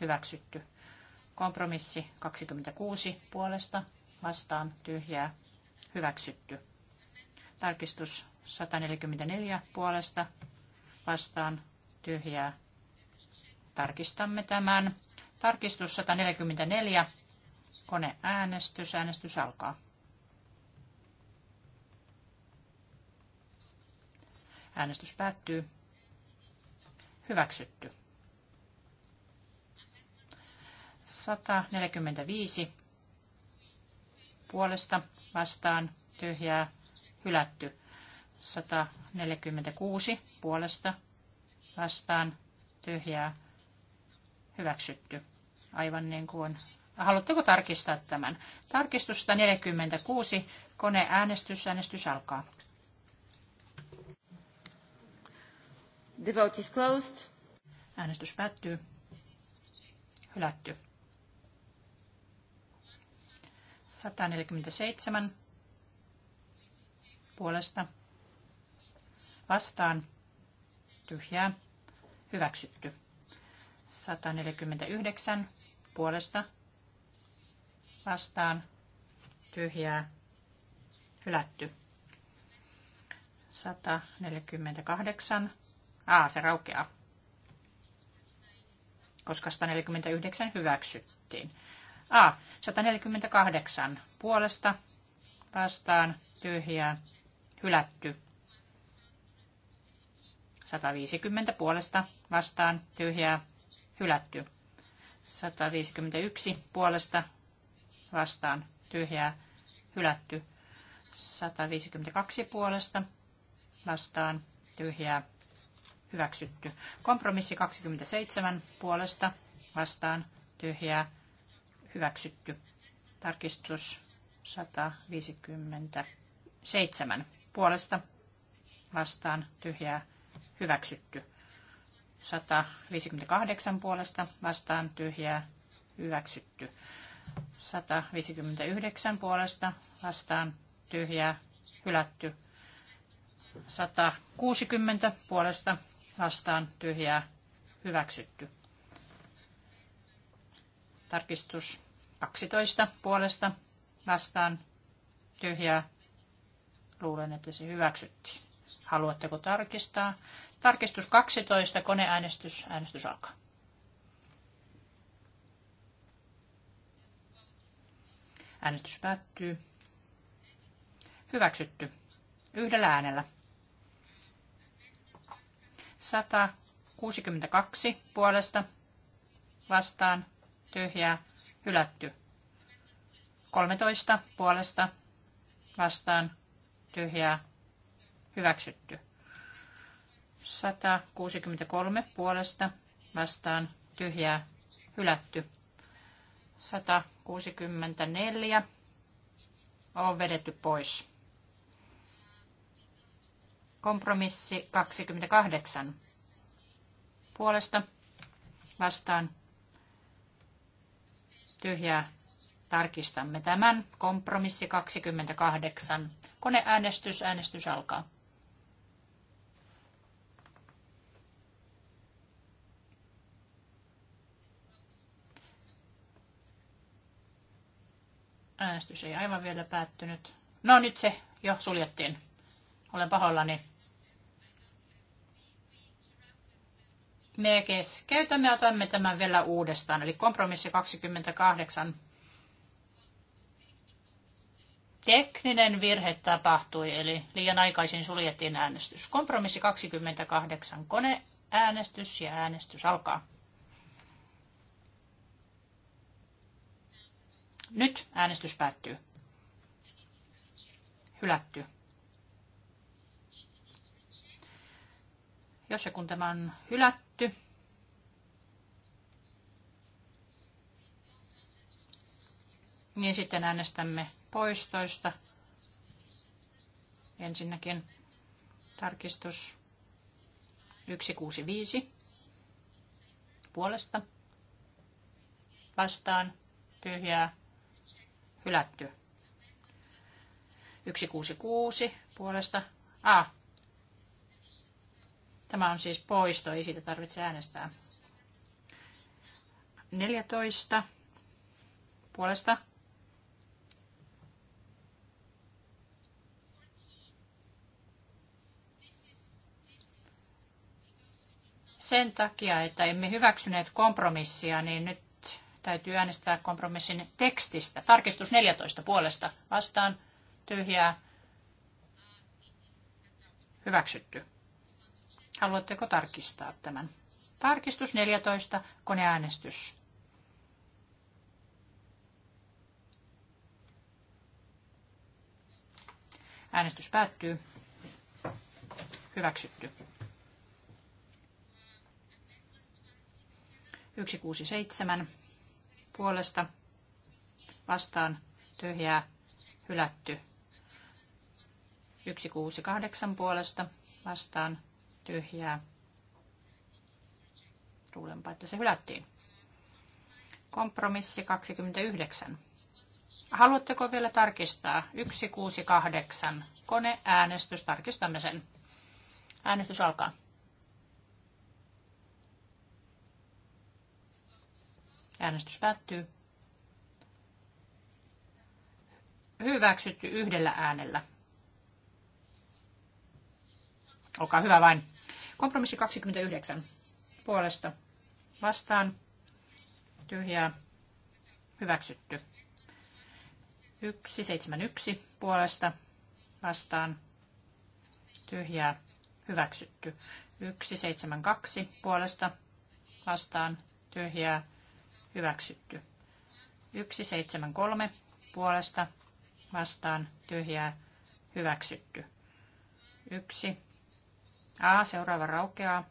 hyväksytty. Kompromissi 26 puolesta vastaan tyhjää hyväksytty. Tarkistus 144 puolesta vastaan tyhjää. Tarkistamme tämän. Tarkistus 144. äänestys. Äänestys alkaa. Äänestys päättyy. Hyväksytty. 145 puolesta vastaan tyhjää hylätty. 146 puolesta vastaan tyhjää hyväksytty. Aivan niin kuin. Haluatteko tarkistaa tämän? Tarkistus 146. Koneäänestys. Äänestys alkaa. The vote is closed. Äänestys päättyy. Hylätty. 147 puolesta vastaan tyhjää hyväksytty. 149 puolesta vastaan tyhjää hylätty. 148. A, se raukeaa, koska 149 hyväksyttiin. A, 148 puolesta vastaan tyhjää hylätty. 150 puolesta vastaan tyhjää hylätty. 151 puolesta vastaan tyhjää hylätty. 152 puolesta vastaan tyhjää hyväksytty. Kompromissi 27 puolesta vastaan tyhjää hyväksytty. Tarkistus 157 puolesta vastaan tyhjää hyväksytty. 158 puolesta vastaan tyhjää hyväksytty. 159 puolesta vastaan tyhjää hylätty. 160 puolesta vastaan tyhjää hyväksytty. Tarkistus 12 puolesta vastaan tyhjää Luulen, että se hyväksyttiin. Haluatteko tarkistaa? Tarkistus 12, koneäänestys. Äänestys alkaa. Äänestys päättyy. Hyväksytty. Yhdellä äänellä. 162 puolesta vastaan tyhjää hylätty. 13 puolesta vastaan tyhjää hyväksytty. 163 puolesta vastaan tyhjää hylätty. 164 on vedetty pois. Kompromissi 28 puolesta vastaan tyhjää Tarkistamme tämän. Kompromissi 28. Koneäänestys. Äänestys alkaa. Äänestys ei aivan vielä päättynyt. No nyt se jo suljettiin. Olen pahoillani. Me keskeytämme ja otamme tämän vielä uudestaan, eli kompromissi 28 tekninen virhe tapahtui, eli liian aikaisin suljettiin äänestys. Kompromissi 28 kone, äänestys ja äänestys alkaa. Nyt äänestys päättyy. Hylätty. Jos ja kun tämä on hylätty, niin sitten äänestämme poistoista. Ensinnäkin tarkistus 165 puolesta vastaan tyhjää hylätty. 166 puolesta A. tämä on siis poisto, ei siitä tarvitse äänestää. 14 puolesta sen takia, että emme hyväksyneet kompromissia, niin nyt täytyy äänestää kompromissin tekstistä. Tarkistus 14 puolesta vastaan tyhjää hyväksytty. Haluatteko tarkistaa tämän? Tarkistus 14, koneäänestys. Äänestys päättyy. Hyväksytty. 167 puolesta vastaan tyhjää hylätty. 168 puolesta vastaan tyhjää. Luulenpa, että se hylättiin. Kompromissi 29. Haluatteko vielä tarkistaa? 168. Koneäänestys. Tarkistamme sen. Äänestys alkaa. Äänestys päättyy. Hyväksytty yhdellä äänellä. Olkaa hyvä vain. Kompromissi 29 puolesta vastaan. Tyhjää. Hyväksytty. 171 puolesta vastaan. Tyhjää. Hyväksytty. 172 puolesta vastaan. Tyhjää. Hyväksytty. 173 puolesta vastaan tyhjää hyväksytty. 1. A. Seuraava raukeaa.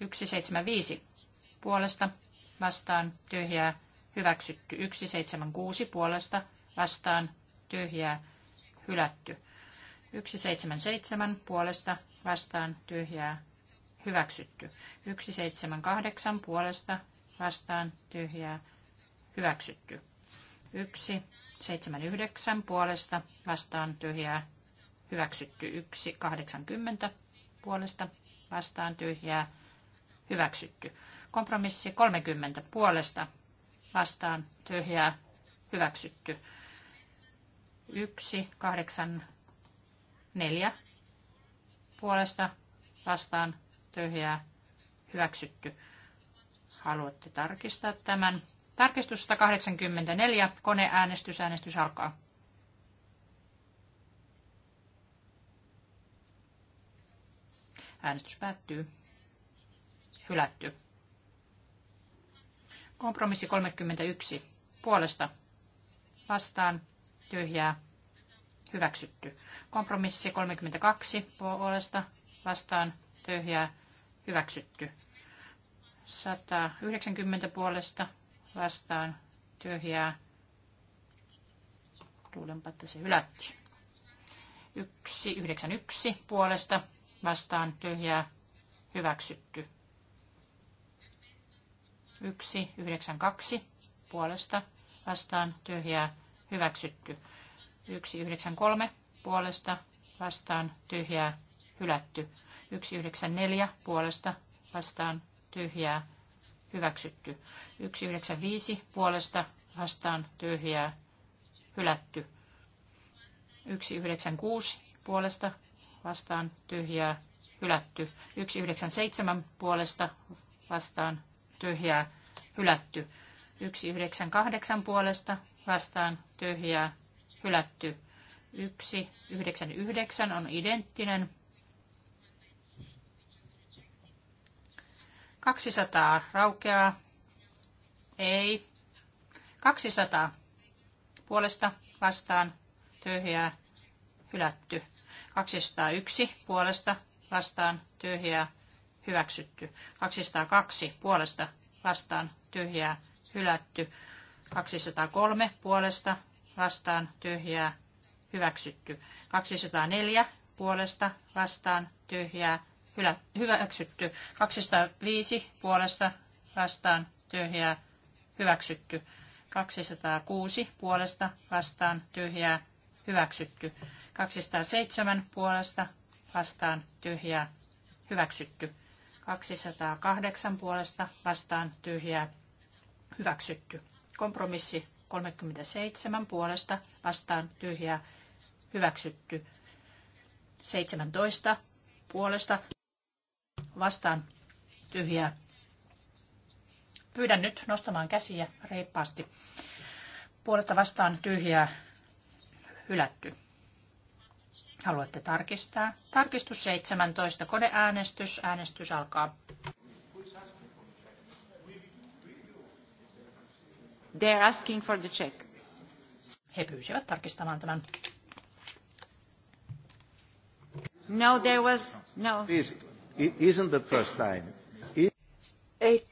175 puolesta vastaan tyhjää hyväksytty. 176 puolesta vastaan tyhjää hylätty. 177 puolesta vastaan tyhjää hyväksytty. 178 puolesta vastaan tyhjää hyväksytty. 1, 7, 9 puolesta vastaan tyhjää hyväksytty. 1, 80 puolesta vastaan tyhjää hyväksytty. Kompromissi 30 puolesta vastaan tyhjää hyväksytty. 1, 8, 4 puolesta vastaan tyhjää hyväksytty. Haluatte tarkistaa tämän. Tarkistus 184. Koneäänestys. Äänestys alkaa. Äänestys päättyy. Hylätty. Kompromissi 31. Puolesta. Vastaan. Tyhjää. Hyväksytty. Kompromissi 32. Puolesta. Vastaan. Tyhjää. Hyväksytty. 190 puolesta vastaan tyhjää. Luulenpa, että se hylättiin. 191 puolesta vastaan tyhjää hyväksytty. 192 puolesta vastaan tyhjää hyväksytty. 193 puolesta vastaan tyhjää hylätty. 194 puolesta vastaan tyhjää, hyväksytty. 195 puolesta vastaan tyhjää, hylätty. 196 puolesta vastaan tyhjää, hylätty. 197 puolesta vastaan tyhjää, hylätty. 198 puolesta vastaan tyhjää, hylätty. 199 on identtinen 200 raukeaa. Ei. 200 puolesta vastaan tyhjää hylätty. 201 puolesta vastaan tyhjää hyväksytty. 202 puolesta vastaan tyhjää hylätty. 203 puolesta vastaan tyhjää hyväksytty. 204 puolesta vastaan tyhjää Hylä, hyväksytty. 205 puolesta vastaan tyhjää hyväksytty. 206 puolesta vastaan tyhjää hyväksytty. 207 puolesta vastaan tyhjää hyväksytty. 208 puolesta vastaan tyhjää hyväksytty. Kompromissi 37 puolesta vastaan tyhjää hyväksytty. 17 puolesta vastaan tyhjää. Pyydän nyt nostamaan käsiä reippaasti. Puolesta vastaan tyhjää hylätty. Haluatte tarkistaa? Tarkistus 17. Koneäänestys. Äänestys alkaa. They're asking for the check. He pyysivät tarkistamaan tämän. No, there was no. Please isn't the first time. It... Ei,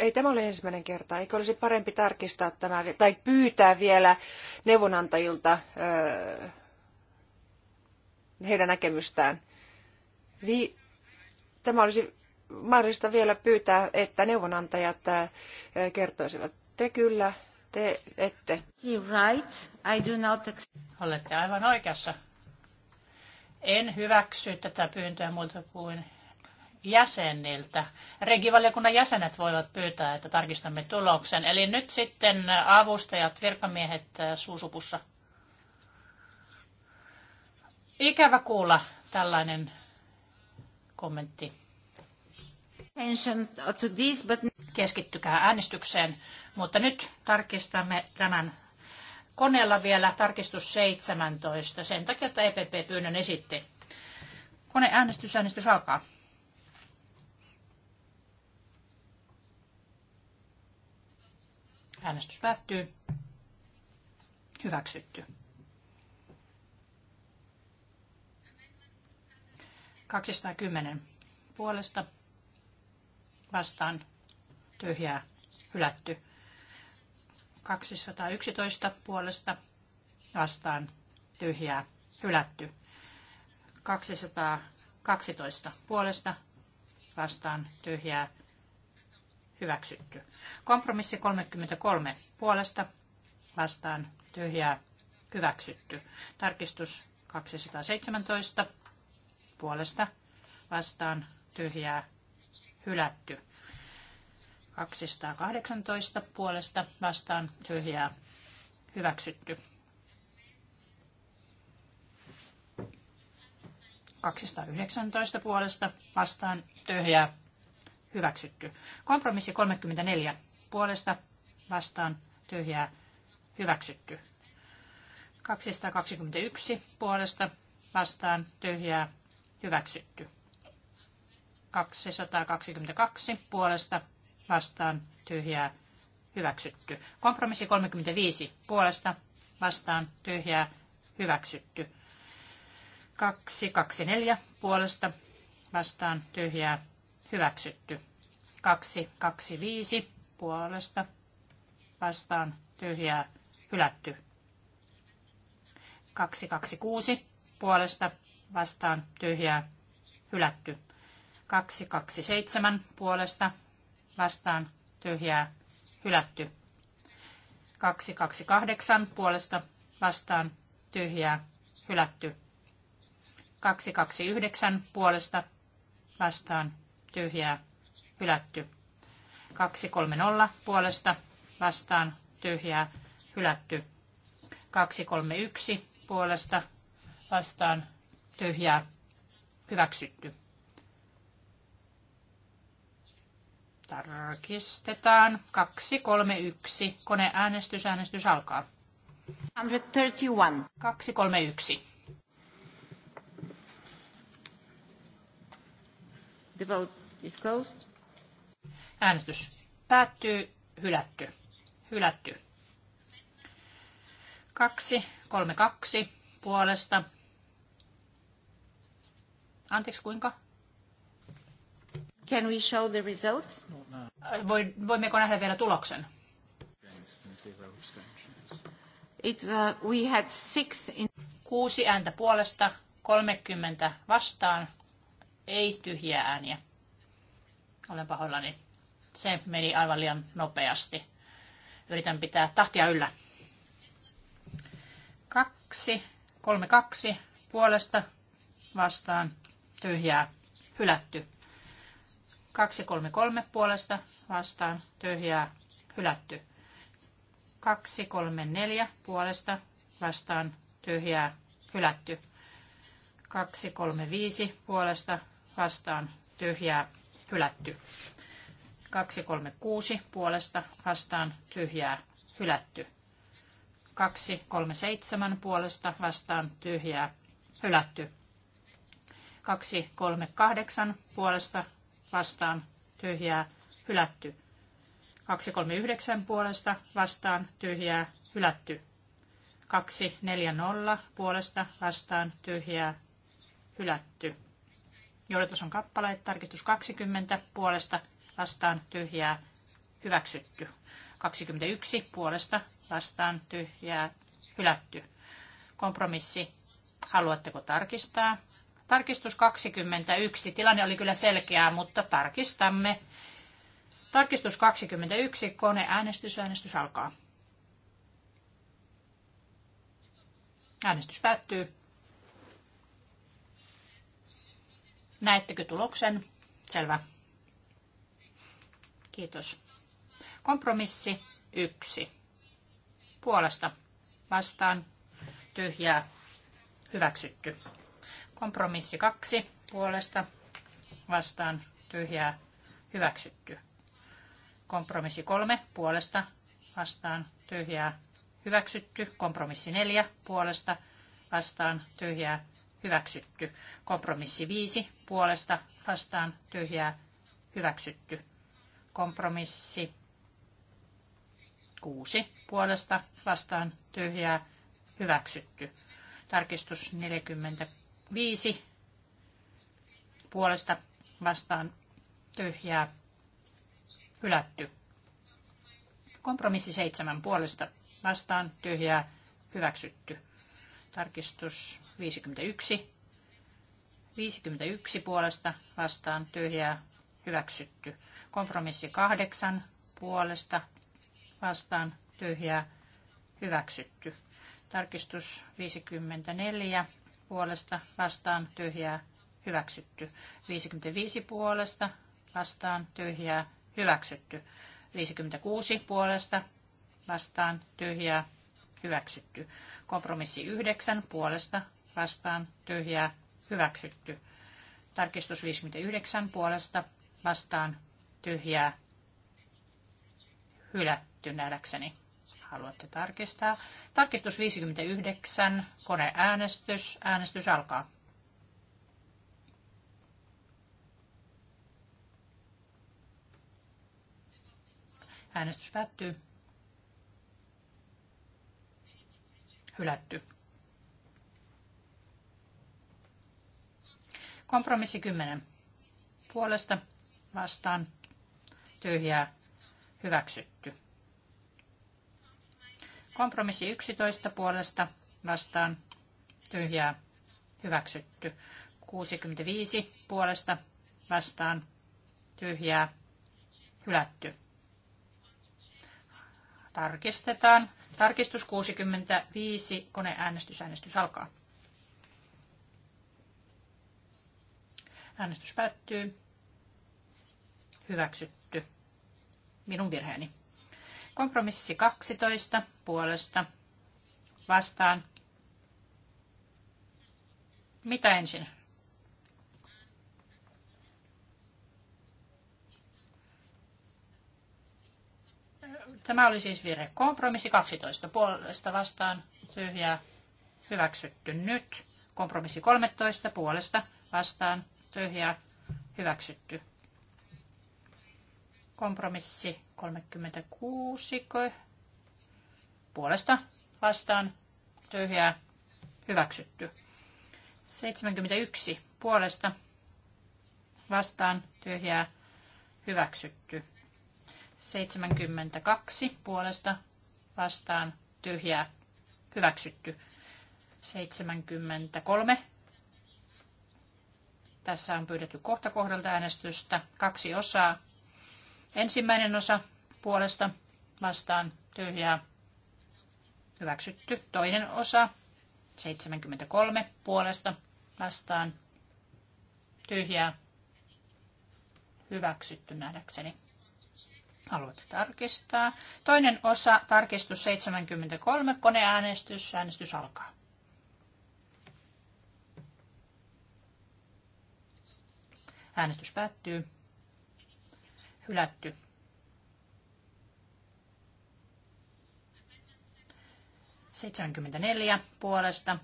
ei tämä ole ensimmäinen kerta. Eikö olisi parempi tarkistaa tämä tai pyytää vielä neuvonantajilta öö, heidän näkemystään? Vi, tämä olisi mahdollista vielä pyytää, että neuvonantajat kertoisivat. Te kyllä, te ette. You're right. I do not... Olette aivan oikeassa. En hyväksy tätä pyyntöä muuta kuin jäseniltä. Regivaliokunnan jäsenet voivat pyytää, että tarkistamme tuloksen. Eli nyt sitten avustajat, virkamiehet äh, suusupussa. Ikävä kuulla tällainen kommentti. Keskittykää äänestykseen, mutta nyt tarkistamme tämän koneella vielä tarkistus 17, sen takia, että EPP pyynnön esitti. Koneäänestys, äänestys alkaa. Äänestys päättyy. Hyväksytty. 210 puolesta vastaan tyhjää hylätty. 211 puolesta vastaan tyhjää hylätty. 212 puolesta vastaan tyhjää hyväksytty. Kompromissi 33 puolesta vastaan tyhjää hyväksytty. Tarkistus 217 puolesta vastaan tyhjää hylätty. 218 puolesta vastaan tyhjää hyväksytty. 219 puolesta vastaan tyhjää hyväksytty. Kompromissi 34 puolesta vastaan tyhjää hyväksytty. 221 puolesta vastaan tyhjää hyväksytty. 222 puolesta vastaan tyhjää hyväksytty. Kompromissi 35 puolesta vastaan tyhjää hyväksytty. 224 puolesta vastaan tyhjää hyväksytty. 225 puolesta vastaan tyhjää hylätty. 226 puolesta vastaan tyhjää hylätty. 227 puolesta vastaan tyhjää hylätty. 228 puolesta vastaan tyhjää hylätty. 229 puolesta vastaan tyhjää hylätty. 230 puolesta vastaan tyhjää hylätty. 231 puolesta vastaan tyhjää hyväksytty. Tarkistetaan. 231. Koneäänestys. Äänestys alkaa. 131. 231. The vote is closed. Äänestys päättyy. Hylätty. Hylätty. 232 puolesta. Anteeksi, kuinka? Can we show the results? Voimmeko nähdä vielä tuloksen? It, uh, we had six in... Kuusi ääntä puolesta, 30 vastaan, ei tyhjiä ääniä. Olen pahoillani. Se meni aivan liian nopeasti. Yritän pitää tahtia yllä. Kaksi, kolme kaksi puolesta vastaan, tyhjää, hylätty. 233 puolesta vastaan tyhjää hylätty. 234 puolesta vastaan tyhjää hylätty. 235 puolesta vastaan tyhjää hylätty. 236 puolesta vastaan tyhjää hylätty. 237 puolesta vastaan tyhjää hylätty. 238 puolesta vastaan tyhjää hylätty. 239 puolesta vastaan tyhjää hylätty. 240 puolesta vastaan tyhjää hylätty. Johdatus on kappaleet, tarkistus 20 puolesta vastaan tyhjää hyväksytty. 21 puolesta vastaan tyhjää hylätty. Kompromissi. Haluatteko tarkistaa? Tarkistus 21. Tilanne oli kyllä selkeää, mutta tarkistamme. Tarkistus 21. Kone Äänestys alkaa. Äänestys päättyy. Näettekö tuloksen? Selvä. Kiitos. Kompromissi 1. Puolesta vastaan tyhjää hyväksytty. Kompromissi kaksi puolesta vastaan tyhjää hyväksytty. Kompromissi kolme puolesta vastaan tyhjää hyväksytty. Kompromissi neljä puolesta vastaan tyhjää hyväksytty. Kompromissi viisi puolesta vastaan tyhjää hyväksytty. Kompromissi kuusi puolesta vastaan tyhjää hyväksytty. Tarkistus 40 Viisi puolesta vastaan tyhjää hylätty. Kompromissi seitsemän puolesta vastaan tyhjää hyväksytty. Tarkistus 51. 51 puolesta vastaan tyhjää hyväksytty. Kompromissi kahdeksan puolesta vastaan tyhjää hyväksytty. Tarkistus 54 puolesta vastaan tyhjää hyväksytty. 55 puolesta vastaan tyhjää hyväksytty. 56 puolesta vastaan tyhjää hyväksytty. Kompromissi 9 puolesta vastaan tyhjää hyväksytty. Tarkistus 59 puolesta vastaan tyhjää hylätty nähdäkseni haluatte tarkistaa. Tarkistus 59, koneäänestys. Äänestys alkaa. Äänestys päättyy. Hylätty. Kompromissi 10. Puolesta vastaan tyhjää hyväksytty. Kompromissi 11 puolesta vastaan tyhjää hyväksytty. 65 puolesta vastaan tyhjää hylätty. Tarkistetaan. Tarkistus 65, koneäänestys, äänestys alkaa. Äänestys päättyy. Hyväksytty. Minun virheeni. Kompromissi 12 puolesta vastaan. Mitä ensin? Tämä oli siis virhe. Kompromissi 12 puolesta vastaan. Tyhjää. Hyväksytty nyt. Kompromissi 13 puolesta vastaan. Tyhjää. Hyväksytty. Kompromissi 36. Puolesta vastaan tyhjää hyväksytty. 71. Puolesta vastaan tyhjää hyväksytty. 72. Puolesta vastaan tyhjää hyväksytty. 73. Tässä on pyydetty kohta kohdalta äänestystä. Kaksi osaa. Ensimmäinen osa puolesta vastaan tyhjää hyväksytty. Toinen osa 73 puolesta vastaan tyhjää hyväksytty nähdäkseni. Haluatte tarkistaa. Toinen osa, tarkistus 73, koneäänestys, äänestys alkaa. Äänestys päättyy. Hylätty. Seitsemänkymmentäneljä puolesta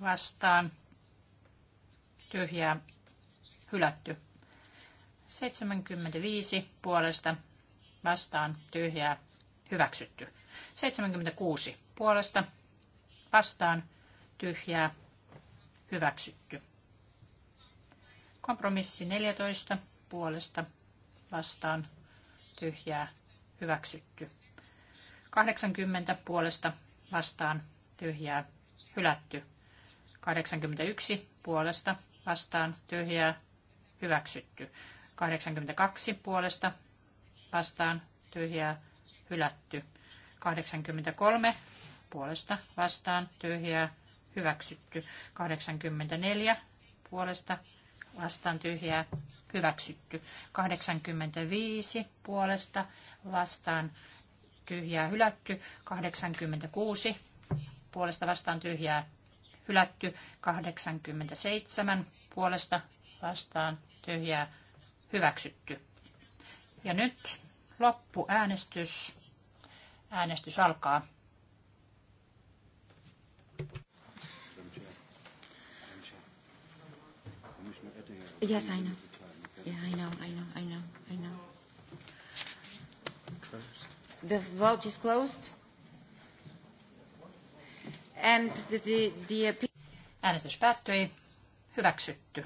vastaan. Tyhjää. Hylätty. 75 puolesta vastaan. Tyhjää. Hyväksytty. 76 puolesta vastaan. Tyhjää. Hyväksytty. Kompromissi 14 puolesta vastaan tyhjää hyväksytty. 80 puolesta vastaan tyhjää hylätty. 81 puolesta vastaan tyhjää hyväksytty. 82 puolesta vastaan tyhjää hylätty. 83 puolesta vastaan tyhjää hyväksytty. 84 puolesta vastaan tyhjää hyväksytty. 85 puolesta vastaan tyhjää hylätty. 86 puolesta vastaan tyhjää hylätty. 87 puolesta vastaan tyhjää hyväksytty. Ja nyt äänestys. Äänestys alkaa. Yes, I know. Yeah, I know, I know, I know, I know. The vote is closed. And the, the, the... Äänestys päättyi. Hyväksytty.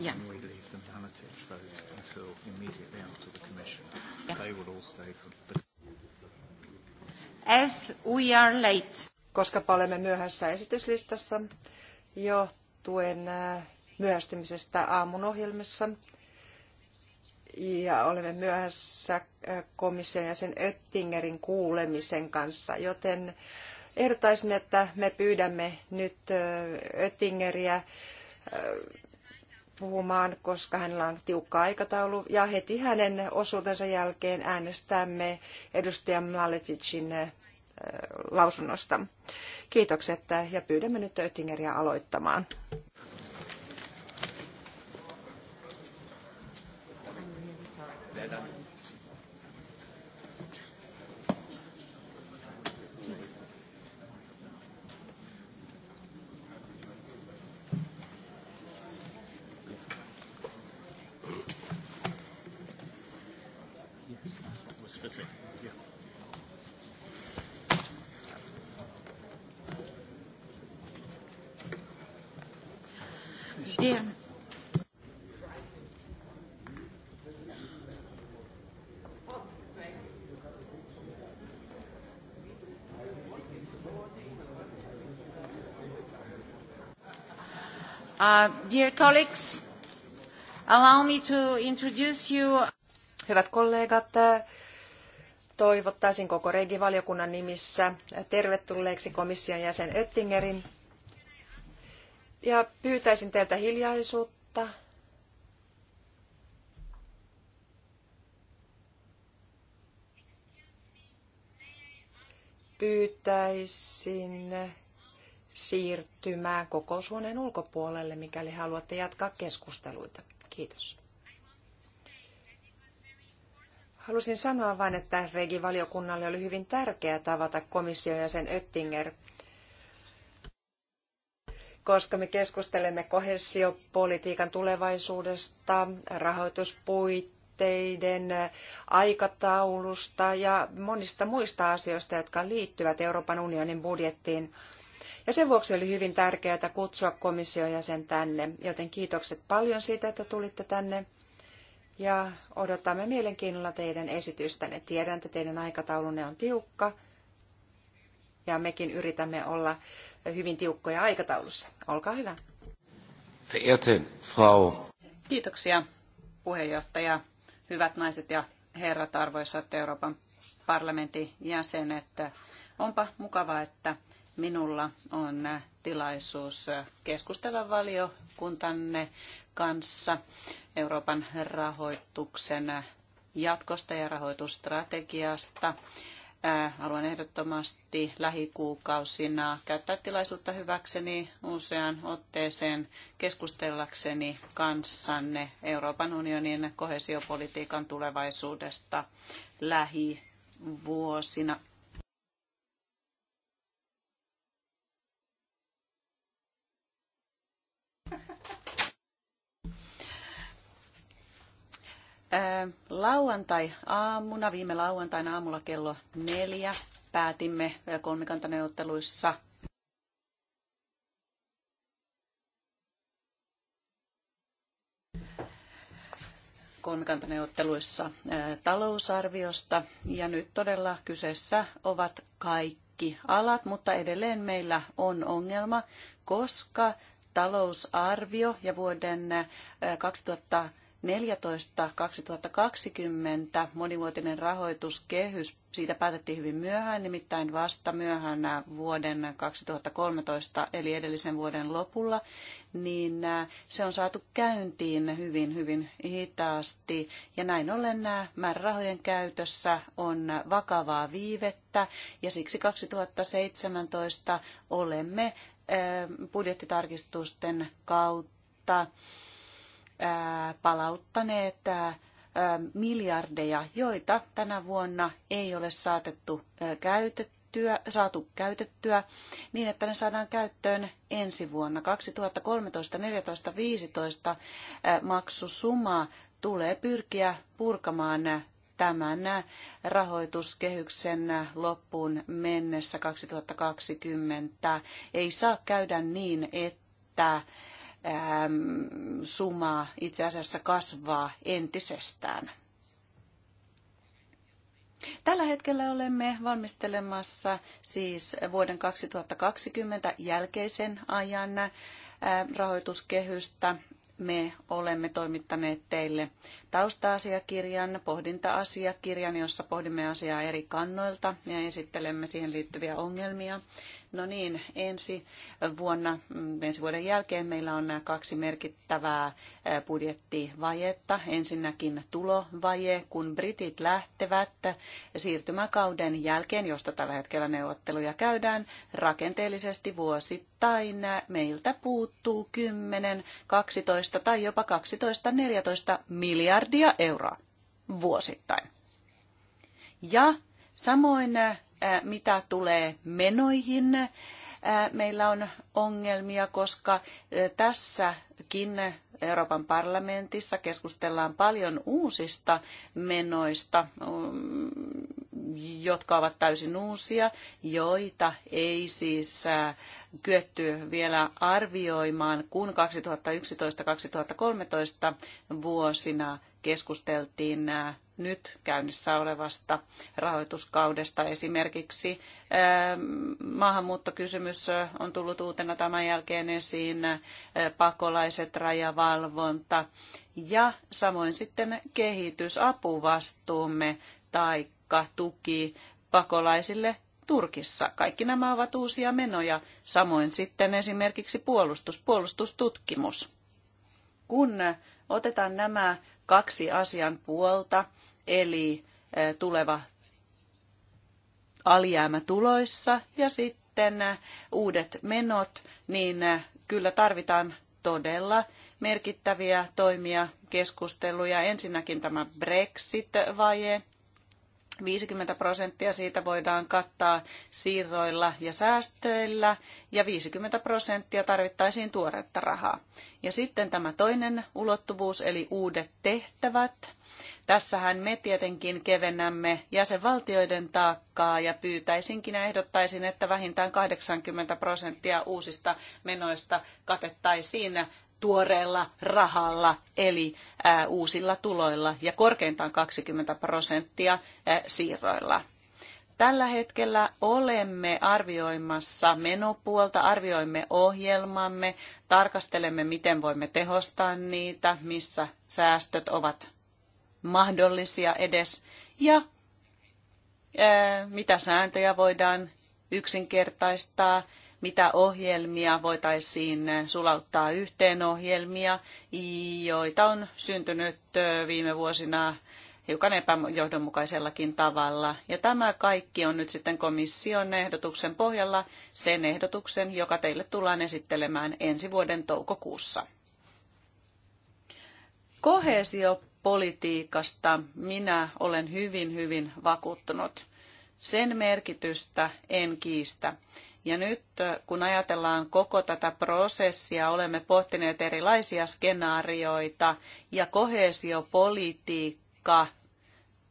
Yeah. As we are late koska olemme myöhässä esityslistassa johtuen äh, myöhästymisestä aamun ohjelmissa. Ja olemme myöhässä äh, komission ja sen Öttingerin kuulemisen kanssa, joten ehdottaisin, että me pyydämme nyt Öttingeriä äh, puhumaan, koska hänellä on tiukka aikataulu. Ja heti hänen osuutensa jälkeen äänestämme edustaja Mlaleticin lausunnosta. Kiitokset ja pyydämme nyt Oettingeria aloittamaan. Uh, dear colleagues, allow me to introduce you. Hyvät kollegat, äh, toivottaisin koko regivaliokunnan nimissä tervetulleeksi komission jäsen Öttingerin. Ja pyytäisin teiltä hiljaisuutta. Pyytäisin siirtymää kokoushuoneen ulkopuolelle, mikäli haluatte jatkaa keskusteluita. Kiitos. Halusin sanoa vain, että Regi-valiokunnalle oli hyvin tärkeää tavata komission jäsen Öttinger, koska me keskustelemme kohesiopolitiikan tulevaisuudesta, rahoituspuitteiden aikataulusta ja monista muista asioista, jotka liittyvät Euroopan unionin budjettiin – ja sen vuoksi oli hyvin tärkeää kutsua komission jäsen tänne, joten kiitokset paljon siitä, että tulitte tänne. Ja odotamme mielenkiinnolla teidän esitystänne. Tiedän, että teidän aikataulunne on tiukka. Ja mekin yritämme olla hyvin tiukkoja aikataulussa. Olkaa hyvä. Verehrte Frau. Kiitoksia puheenjohtaja. Hyvät naiset ja herrat, arvoisat Euroopan parlamentin jäsenet. Onpa mukavaa, että minulla on tilaisuus keskustella valiokuntanne kanssa Euroopan rahoituksen jatkosta ja rahoitusstrategiasta. Äh, haluan ehdottomasti lähikuukausina käyttää tilaisuutta hyväkseni usean otteeseen keskustellakseni kanssanne Euroopan unionin kohesiopolitiikan tulevaisuudesta lähivuosina. Lauantai-aamuna, viime lauantaina aamulla kello neljä, päätimme kolmikantaneuvotteluissa kolmikantaneuvotteluissa talousarviosta. Ja nyt todella kyseessä ovat kaikki alat, mutta edelleen meillä on ongelma, koska talousarvio ja vuoden 2000 2014-2020 monivuotinen rahoituskehys, siitä päätettiin hyvin myöhään, nimittäin vasta myöhään vuoden 2013 eli edellisen vuoden lopulla, niin se on saatu käyntiin hyvin, hyvin hitaasti. Ja näin ollen nämä määrärahojen käytössä on vakavaa viivettä ja siksi 2017 olemme eh, budjettitarkistusten kautta palauttaneet miljardeja, joita tänä vuonna ei ole saatettu käytettyä, saatu käytettyä niin, että ne saadaan käyttöön ensi vuonna 2013, 14, 15 maksusuma tulee pyrkiä purkamaan tämän rahoituskehyksen loppuun mennessä 2020. Ei saa käydä niin, että että Ähm, suma itse asiassa kasvaa entisestään. Tällä hetkellä olemme valmistelemassa siis vuoden 2020 jälkeisen ajan äh, rahoituskehystä. Me olemme toimittaneet teille tausta-asiakirjan, pohdinta-asiakirjan, jossa pohdimme asiaa eri kannoilta ja esittelemme siihen liittyviä ongelmia. No niin, ensi vuonna, mm, ensi vuoden jälkeen meillä on nämä kaksi merkittävää budjettivajetta. Ensinnäkin tulovaje, kun britit lähtevät siirtymäkauden jälkeen, josta tällä hetkellä neuvotteluja käydään, rakenteellisesti vuosittain meiltä puuttuu 10, 12 tai jopa 12, 14 miljardia euroa vuosittain. Ja samoin mitä tulee menoihin, meillä on ongelmia, koska tässäkin Euroopan parlamentissa keskustellaan paljon uusista menoista, mm, jotka ovat täysin uusia, joita ei siis kyetty vielä arvioimaan, kun 2011-2013 vuosina keskusteltiin nyt käynnissä olevasta rahoituskaudesta. Esimerkiksi ähm, maahanmuuttokysymys äh, on tullut uutena tämän jälkeen esiin, äh, pakolaiset, rajavalvonta ja samoin sitten kehitysapuvastuumme tai tuki pakolaisille Turkissa. Kaikki nämä ovat uusia menoja, samoin sitten esimerkiksi puolustus, puolustustutkimus. Kun otetaan nämä kaksi asian puolta eli tuleva alijäämä tuloissa ja sitten uudet menot, niin kyllä tarvitaan todella merkittäviä toimia, keskusteluja. Ensinnäkin tämä Brexit-vaje, 50 prosenttia siitä voidaan kattaa siirroilla ja säästöillä ja 50 prosenttia tarvittaisiin tuoretta rahaa. Ja sitten tämä toinen ulottuvuus eli uudet tehtävät. Tässähän me tietenkin kevennämme jäsenvaltioiden taakkaa ja pyytäisinkin ja ehdottaisin, että vähintään 80 prosenttia uusista menoista katettaisiin tuoreella rahalla eli äh, uusilla tuloilla ja korkeintaan 20 prosenttia äh, siirroilla. Tällä hetkellä olemme arvioimassa menopuolta, arvioimme ohjelmamme, tarkastelemme, miten voimme tehostaa niitä, missä säästöt ovat mahdollisia edes ja ää, mitä sääntöjä voidaan yksinkertaistaa, mitä ohjelmia voitaisiin sulauttaa yhteen ohjelmia, joita on syntynyt viime vuosina hiukan epäjohdonmukaisellakin tavalla. Ja tämä kaikki on nyt sitten komission ehdotuksen pohjalla sen ehdotuksen, joka teille tullaan esittelemään ensi vuoden toukokuussa. Kohesio politiikasta minä olen hyvin, hyvin vakuuttunut. Sen merkitystä en kiistä. Ja nyt äh, kun ajatellaan koko tätä prosessia, olemme pohtineet erilaisia skenaarioita ja kohesiopolitiikka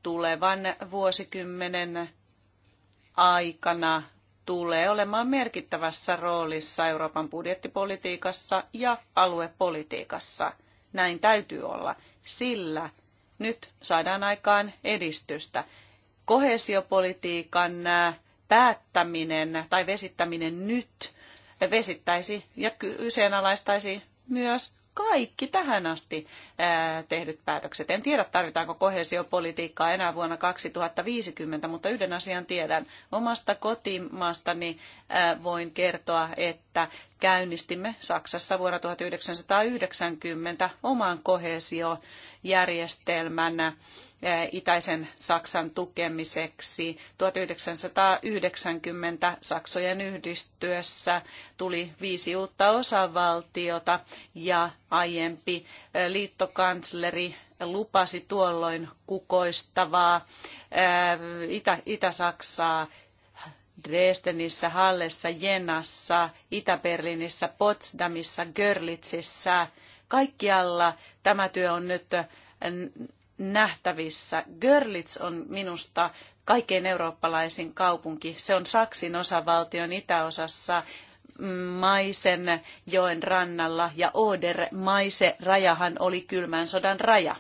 tulevan vuosikymmenen aikana tulee olemaan merkittävässä roolissa Euroopan budjettipolitiikassa ja aluepolitiikassa – näin täytyy olla, sillä nyt saadaan aikaan edistystä. Kohesiopolitiikan päättäminen tai vesittäminen nyt vesittäisi ja kyseenalaistaisi myös kaikki tähän asti tehdyt päätökset. En tiedä, tarvitaanko kohesiopolitiikkaa enää vuonna 2050, mutta yhden asian tiedän. Omasta kotimaastani voin kertoa, että käynnistimme Saksassa vuonna 1990 oman kohesiojärjestelmän Eh, itäisen Saksan tukemiseksi. 1990 Saksojen yhdistyessä tuli viisi uutta osavaltiota ja aiempi eh, liittokansleri lupasi tuolloin kukoistavaa eh, Itä- Itä-Saksaa Dresdenissä, Hallessa, Jenassa, Itä-Berliinissä, Potsdamissa, Görlitzissä. Kaikkialla tämä työ on nyt nähtävissä. Görlitz on minusta kaikkein eurooppalaisin kaupunki. Se on Saksin osavaltion itäosassa mm, Maisen joen rannalla ja Oder Maise rajahan oli kylmän sodan raja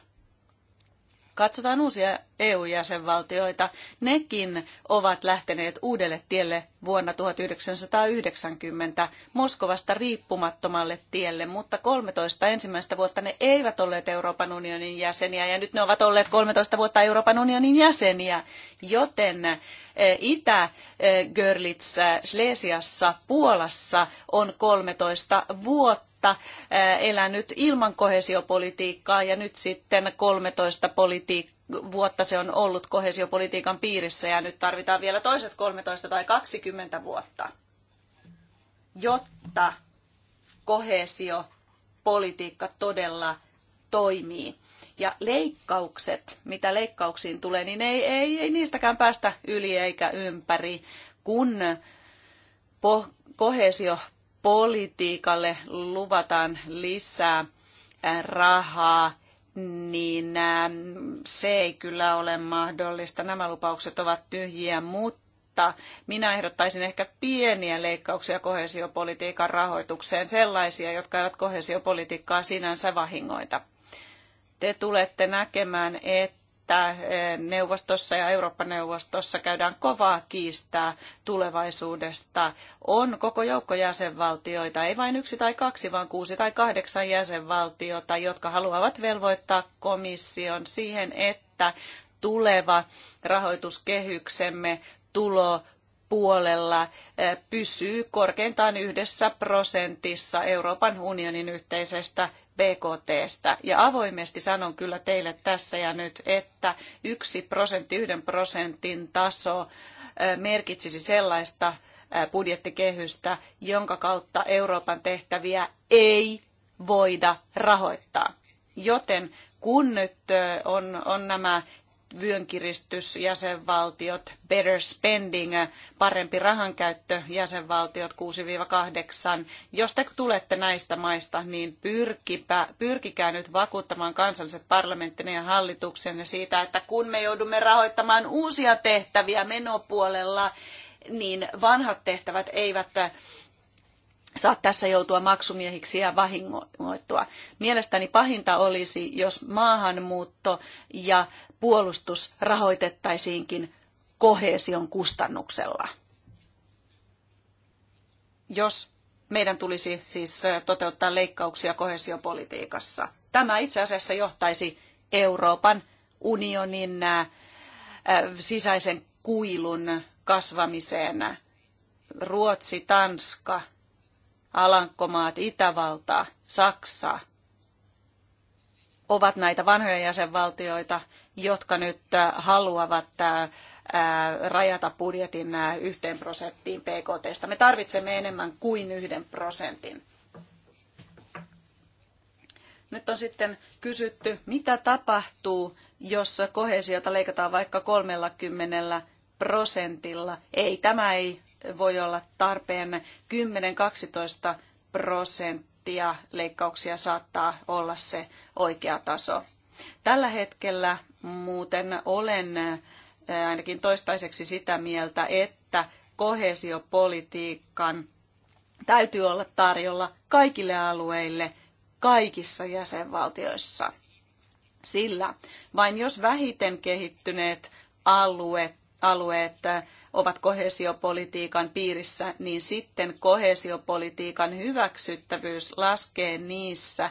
katsotaan uusia EU-jäsenvaltioita, nekin ovat lähteneet uudelle tielle vuonna 1990 Moskovasta riippumattomalle tielle, mutta 13 ensimmäistä vuotta ne eivät olleet Euroopan unionin jäseniä ja nyt ne ovat olleet 13 vuotta Euroopan unionin jäseniä, joten eh, itä eh, görlitz eh, Schlesiassa, Puolassa on 13 vuotta vuotta elänyt ilman kohesiopolitiikkaa ja nyt sitten 13 politiikkaa vuotta se on ollut kohesiopolitiikan piirissä ja nyt tarvitaan vielä toiset 13 tai 20 vuotta, jotta kohesiopolitiikka todella toimii. Ja leikkaukset, mitä leikkauksiin tulee, niin ei, ei, ei niistäkään päästä yli eikä ympäri, kun po- kohesio politiikalle luvataan lisää äh, rahaa, niin ähm, se ei kyllä ole mahdollista. Nämä lupaukset ovat tyhjiä, mutta minä ehdottaisin ehkä pieniä leikkauksia kohesiopolitiikan rahoitukseen, sellaisia, jotka eivät kohesiopolitiikkaa sinänsä vahingoita. Te tulette näkemään, että että eh, neuvostossa ja Euroopan neuvostossa käydään kovaa kiistaa tulevaisuudesta. On koko joukko jäsenvaltioita, ei vain yksi tai kaksi, vaan kuusi tai kahdeksan jäsenvaltiota, jotka haluavat velvoittaa komission siihen, että tuleva rahoituskehyksemme tulo puolella eh, pysyy korkeintaan yhdessä prosentissa Euroopan unionin yhteisestä BKTstä. Ja avoimesti sanon kyllä teille tässä ja nyt, että yksi prosentti, yhden prosentin taso merkitsisi sellaista budjettikehystä, jonka kautta Euroopan tehtäviä ei voida rahoittaa. Joten kun nyt on, on nämä vyönkiristys jäsenvaltiot, better spending, parempi rahankäyttö jäsenvaltiot 6-8. Jos te tulette näistä maista, niin pyrkipä, pyrkikää nyt vakuuttamaan kansalliset parlamenttinen ja hallituksenne siitä, että kun me joudumme rahoittamaan uusia tehtäviä menopuolella, niin vanhat tehtävät eivät äh, saa tässä joutua maksumiehiksi ja vahingoittua. Mielestäni pahinta olisi, jos maahanmuutto ja puolustus rahoitettaisiinkin kohesion kustannuksella. Jos meidän tulisi siis toteuttaa leikkauksia kohesiopolitiikassa. Tämä itse asiassa johtaisi Euroopan unionin sisäisen kuilun kasvamiseen. Ruotsi, Tanska, Alankomaat, Itävalta, Saksa ovat näitä vanhoja jäsenvaltioita, jotka nyt haluavat rajata budjetin yhteen prosenttiin PKTstä. Me tarvitsemme enemmän kuin yhden prosentin. Nyt on sitten kysytty, mitä tapahtuu, jos kohesiota leikataan vaikka 30 prosentilla. Ei, tämä ei voi olla tarpeen. 10-12 prosenttia leikkauksia saattaa olla se oikea taso. Tällä hetkellä Muuten olen ainakin toistaiseksi sitä mieltä, että kohesiopolitiikan täytyy olla tarjolla kaikille alueille kaikissa jäsenvaltioissa. Sillä vain jos vähiten kehittyneet alueet, alueet ovat kohesiopolitiikan piirissä, niin sitten kohesiopolitiikan hyväksyttävyys laskee niissä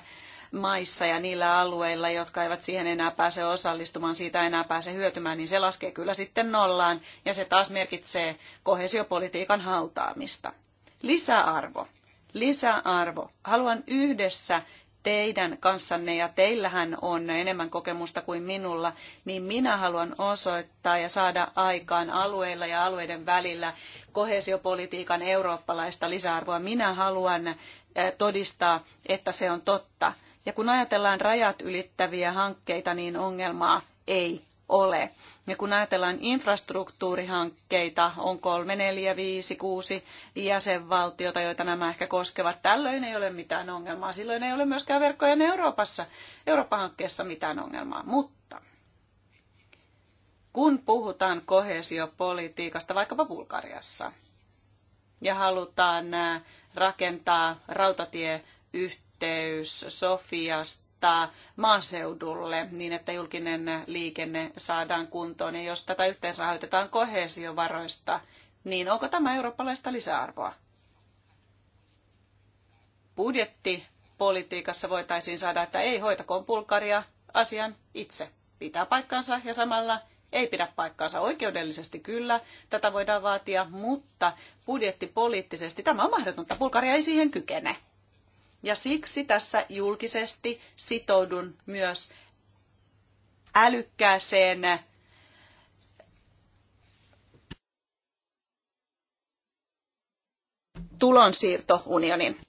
maissa ja niillä alueilla, jotka eivät siihen enää pääse osallistumaan, siitä enää pääse hyötymään, niin se laskee kyllä sitten nollaan ja se taas merkitsee kohesiopolitiikan hautaamista. Lisäarvo. Lisäarvo. Haluan yhdessä teidän kanssanne ja teillähän on enemmän kokemusta kuin minulla, niin minä haluan osoittaa ja saada aikaan alueilla ja alueiden välillä kohesiopolitiikan eurooppalaista lisäarvoa. Minä haluan eh, todistaa, että se on totta. Ja kun ajatellaan rajat ylittäviä hankkeita, niin ongelmaa ei ole. Ja kun ajatellaan infrastruktuurihankkeita, on kolme, neljä, viisi kuusi jäsenvaltiota, joita nämä ehkä koskevat. Tällöin ei ole mitään ongelmaa. Silloin ei ole myöskään verkkojen Euroopassa, Euroopan hankkeessa mitään ongelmaa. Mutta kun puhutaan kohesiopolitiikasta vaikkapa Bulgariassa ja halutaan äh, rakentaa rautatieyhteyttä, yhteys Sofiasta maaseudulle niin, että julkinen liikenne saadaan kuntoon. Ja jos tätä yhteisrahoitetaan kohesiovaroista, niin onko tämä eurooppalaista lisäarvoa? Budjettipolitiikassa voitaisiin saada, että ei hoitakoon pulkaria asian itse. Pitää paikkansa ja samalla ei pidä paikkaansa. Oikeudellisesti kyllä tätä voidaan vaatia, mutta budjettipoliittisesti tämä on mahdotonta. Bulgaria ei siihen kykene. Ja siksi tässä julkisesti sitoudun myös älykkääseen tulonsiirtounionin.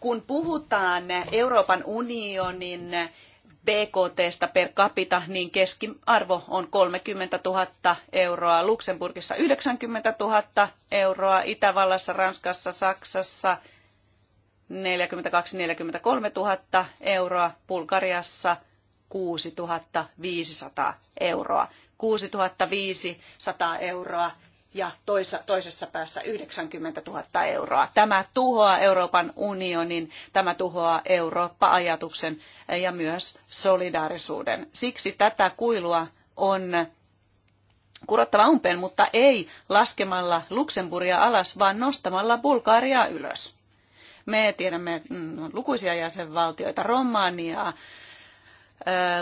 Kun puhutaan Euroopan unionin BKT per capita, niin keskiarvo on 30 000 euroa, Luxemburgissa 90 000 euroa, Itävallassa, Ranskassa, Saksassa – 42-43 000 euroa, Bulgariassa 6 500 euroa. 6 500 euroa ja toisa, toisessa päässä 90 000 euroa. Tämä tuhoaa Euroopan unionin, tämä tuhoaa Eurooppa-ajatuksen ja myös solidaarisuuden. Siksi tätä kuilua on kurottava umpeen, mutta ei laskemalla Luxemburgia alas, vaan nostamalla Bulgaria ylös. Me tiedämme mm, lukuisia jäsenvaltioita, Romania,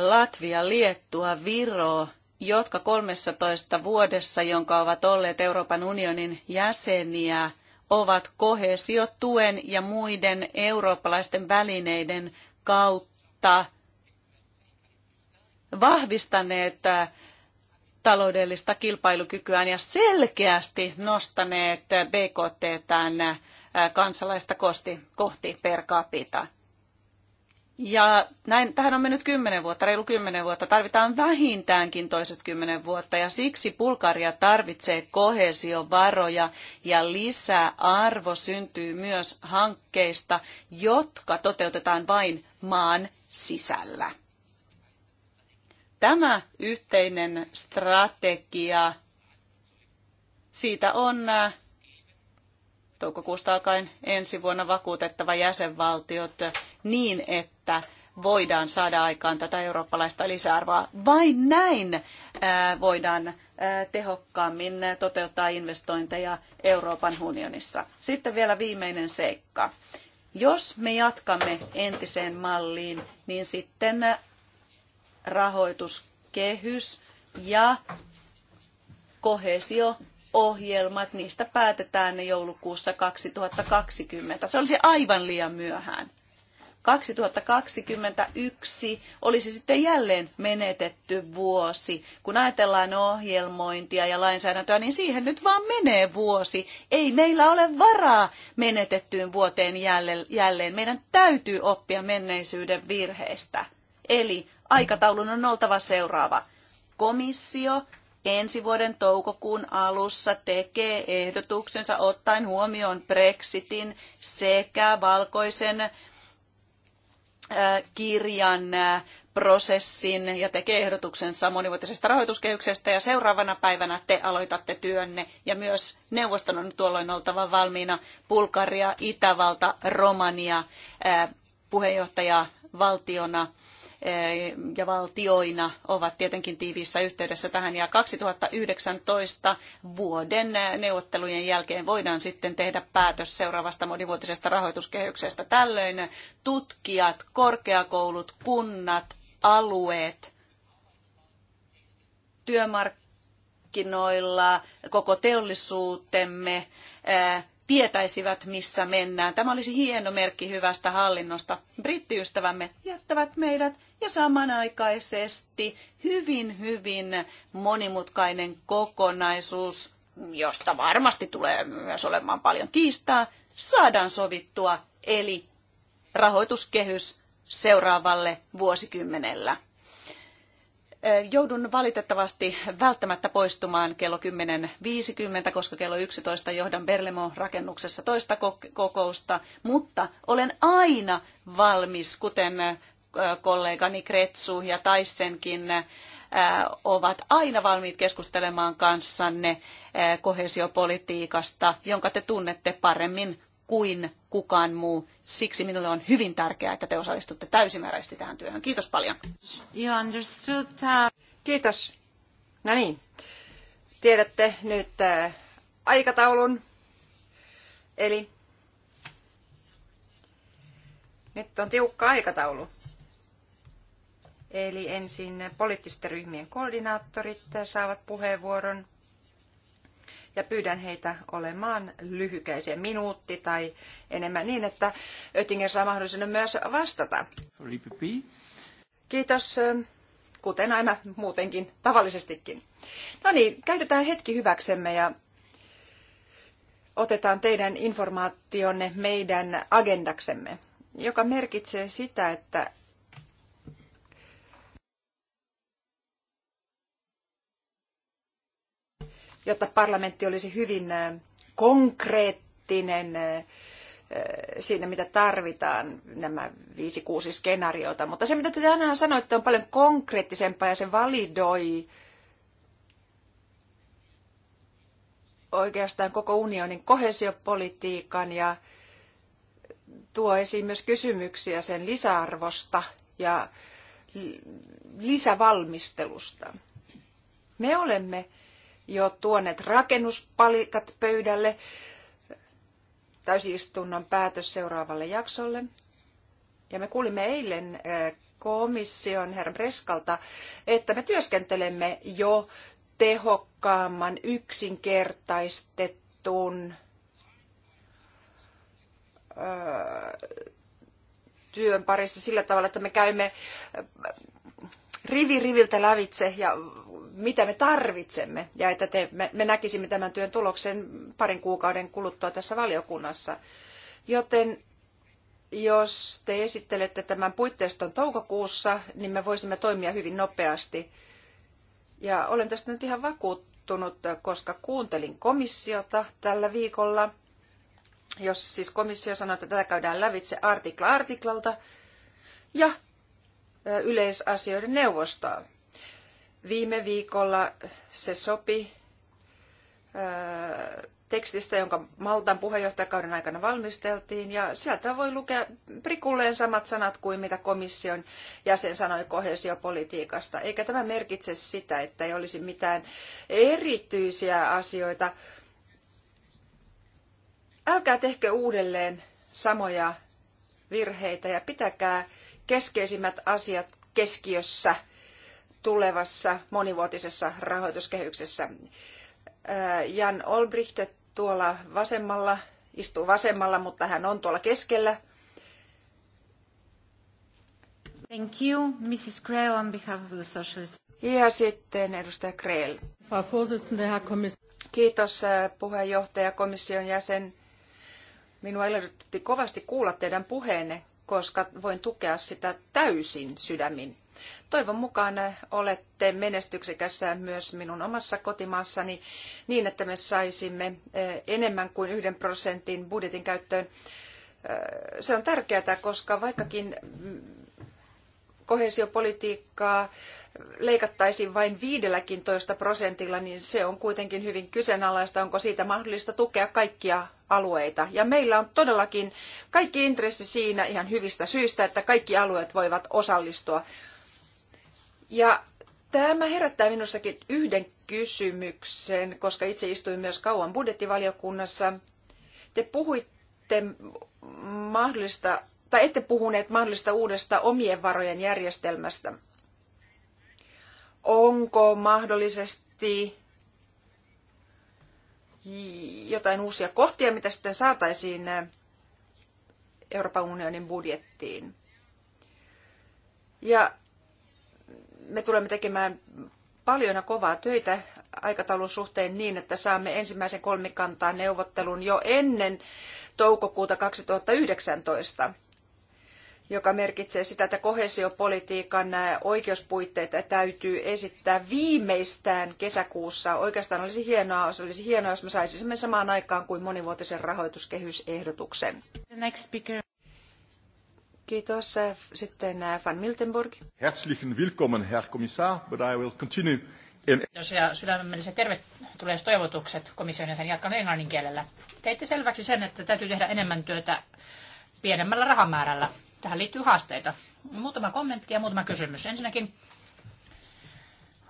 Latvia, Liettua, Viro, jotka 13 vuodessa, jonka ovat olleet Euroopan unionin jäseniä, ovat kohesiotuen ja muiden eurooppalaisten välineiden kautta vahvistaneet taloudellista kilpailukykyään ja selkeästi nostaneet BKT-tään kansalaista kosti, kohti per capita. Ja näin, tähän on mennyt kymmenen vuotta, reilu kymmenen vuotta. Tarvitaan vähintäänkin toiset kymmenen vuotta ja siksi Bulgaria tarvitsee kohesiovaroja ja lisää arvo syntyy myös hankkeista, jotka toteutetaan vain maan sisällä. Tämä yhteinen strategia, siitä on toukokuusta alkaen ensi vuonna vakuutettava jäsenvaltiot niin, että voidaan saada aikaan tätä eurooppalaista lisäarvoa. Vain näin äh, voidaan äh, tehokkaammin toteuttaa investointeja Euroopan unionissa. Sitten vielä viimeinen seikka. Jos me jatkamme entiseen malliin, niin sitten rahoituskehys ja kohesio ohjelmat, niistä päätetään ne joulukuussa 2020. Se olisi aivan liian myöhään. 2021 olisi sitten jälleen menetetty vuosi. Kun ajatellaan ohjelmointia ja lainsäädäntöä, niin siihen nyt vaan menee vuosi. Ei meillä ole varaa menetettyyn vuoteen jälleen. Meidän täytyy oppia menneisyyden virheistä. Eli aikataulun on oltava seuraava. Komissio ensi vuoden toukokuun alussa tekee ehdotuksensa ottaen huomioon Brexitin sekä valkoisen äh, kirjan äh, prosessin ja tekee ehdotuksensa monivuotisesta rahoituskehyksestä ja seuraavana päivänä te aloitatte työnne ja myös neuvoston on tuolloin oltava valmiina Bulgaria, Itävalta, Romania äh, puheenjohtajavaltiona Eh, ja valtioina ovat tietenkin tiiviissä yhteydessä tähän. Ja 2019 vuoden eh, neuvottelujen jälkeen voidaan sitten tehdä päätös seuraavasta monivuotisesta rahoituskehyksestä. Tällöin tutkijat, korkeakoulut, kunnat, alueet, työmarkkinoilla, koko teollisuutemme, eh, tietäisivät, missä mennään. Tämä olisi hieno merkki hyvästä hallinnosta. Brittiystävämme jättävät meidät ja samanaikaisesti hyvin, hyvin monimutkainen kokonaisuus, josta varmasti tulee myös olemaan paljon kiistaa, saadaan sovittua, eli rahoituskehys seuraavalle vuosikymmenellä. Joudun valitettavasti välttämättä poistumaan kello 10.50, koska kello 11 johdan Berlemo-rakennuksessa toista kokousta, mutta olen aina valmis, kuten kollegani Kretsu ja Taissenkin ovat aina valmiit keskustelemaan kanssanne kohesiopolitiikasta, jonka te tunnette paremmin kuin kukaan muu. Siksi minulle on hyvin tärkeää, että te osallistutte täysimääräisesti tähän työhön. Kiitos paljon. You understood Kiitos. No niin. Tiedätte nyt aikataulun. Eli nyt on tiukka aikataulu. Eli ensin poliittisten ryhmien koordinaattorit saavat puheenvuoron ja pyydän heitä olemaan lyhykäisiä, minuutti tai enemmän niin, että Oettinger saa mahdollisuuden myös vastata. Kiitos, kuten aina muutenkin, tavallisestikin. No niin, käytetään hetki hyväksemme ja otetaan teidän informaationne meidän agendaksemme, joka merkitsee sitä, että jotta parlamentti olisi hyvin konkreettinen siinä, mitä tarvitaan, nämä viisi, kuusi skenaariota. Mutta se, mitä te tänään sanoitte, on paljon konkreettisempaa ja se validoi oikeastaan koko unionin kohesiopolitiikan ja tuo esiin myös kysymyksiä sen lisäarvosta ja lisävalmistelusta. Me olemme jo tuoneet rakennuspalikat pöydälle täysistunnon päätös seuraavalle jaksolle. Ja me kuulimme eilen eh, komission herra Breskalta, että me työskentelemme jo tehokkaamman, yksinkertaistetun eh, työn parissa sillä tavalla, että me käymme rivi riviltä lävitse ja mitä me tarvitsemme ja että te, me, me näkisimme tämän työn tuloksen parin kuukauden kuluttua tässä valiokunnassa. Joten jos te esittelette tämän puitteiston toukokuussa, niin me voisimme toimia hyvin nopeasti. Ja olen tästä nyt ihan vakuuttunut, koska kuuntelin komissiota tällä viikolla. Jos siis komissio sanoo, että tätä käydään lävitse artikla artiklalta ja yleisasioiden neuvostoa. Viime viikolla se sopi tekstistä, jonka Maltan puheenjohtajakauden aikana valmisteltiin, ja sieltä voi lukea prikulleen samat sanat kuin mitä komission jäsen sanoi kohesiopolitiikasta. Eikä tämä merkitse sitä, että ei olisi mitään erityisiä asioita. Älkää tehkö uudelleen samoja virheitä ja pitäkää keskeisimmät asiat keskiössä – tulevassa monivuotisessa rahoituskehyksessä. Äh, Jan Olbricht tuolla vasemmalla, istuu vasemmalla, mutta hän on tuolla keskellä. Thank you, Mrs. Krell, on behalf of the Socialists. Ja sitten edustaja Krell. Kiitos äh, puheenjohtaja, komission jäsen. Minua ilahdutti kovasti kuulla teidän puheenne, koska voin tukea sitä täysin sydämin. Toivon mukaan olette menestyksekässä myös minun omassa kotimaassani niin, että me saisimme eh, enemmän kuin yhden prosentin budjetin käyttöön. Eh, se on tärkeää, koska vaikkakin mm, koheesiopolitiikkaa leikattaisiin vain 15 prosentilla, niin se on kuitenkin hyvin kyseenalaista, onko siitä mahdollista tukea kaikkia alueita. Ja meillä on todellakin kaikki intressi siinä ihan hyvistä syistä, että kaikki alueet voivat osallistua ja tämä herättää minussakin yhden kysymyksen, koska itse istuin myös kauan budjettivaliokunnassa. Te puhuitte mahdollista, tai ette puhuneet mahdollista uudesta omien varojen järjestelmästä. Onko mahdollisesti jotain uusia kohtia, mitä sitten saataisiin Euroopan unionin budjettiin? Ja me tulemme tekemään paljon ja kovaa töitä aikataulun suhteen niin, että saamme ensimmäisen kolmikantaa neuvottelun jo ennen toukokuuta 2019 joka merkitsee sitä, että koheesiopolitiikan oikeuspuitteita täytyy esittää viimeistään kesäkuussa. Oikeastaan olisi hienoa, se olisi hienoa, jos me saisimme samaan aikaan kuin monivuotisen rahoituskehysehdotuksen. Kiitos. Sitten äh, Van Miltenburg. Herzlichen willkommen, Herr Kommissar, but I will continue in... Kiitos ja sydämelliset tervetulleet toivotukset komission ja sen jatkan englannin kielellä. Teitte selväksi sen, että täytyy tehdä enemmän työtä pienemmällä rahamäärällä. Tähän liittyy haasteita. Muutama kommentti ja muutama kysymys. Ensinnäkin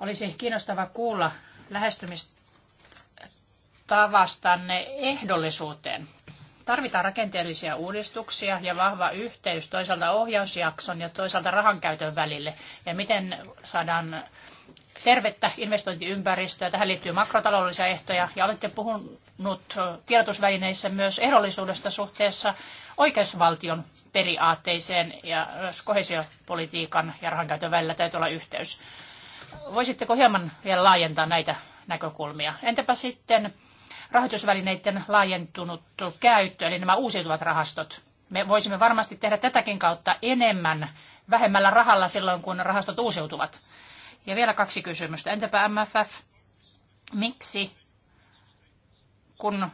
olisi kiinnostava kuulla lähestymistavastanne ehdollisuuteen. Tarvitaan rakenteellisia uudistuksia ja vahva yhteys toisaalta ohjausjakson ja toisaalta rahankäytön välille. Ja miten saadaan tervettä investointiympäristöä. Tähän liittyy makrotaloudellisia ehtoja ja olette puhunut tiedotusvälineissä myös ehdollisuudesta suhteessa oikeusvaltion periaatteeseen ja myös kohesiopolitiikan ja rahankäytön välillä täytyy olla yhteys. Voisitteko hieman vielä laajentaa näitä näkökulmia? Entäpä sitten rahoitusvälineiden laajentunut käyttö, eli nämä uusiutuvat rahastot. Me voisimme varmasti tehdä tätäkin kautta enemmän vähemmällä rahalla silloin, kun rahastot uusiutuvat. Ja vielä kaksi kysymystä. Entäpä MFF? Miksi, kun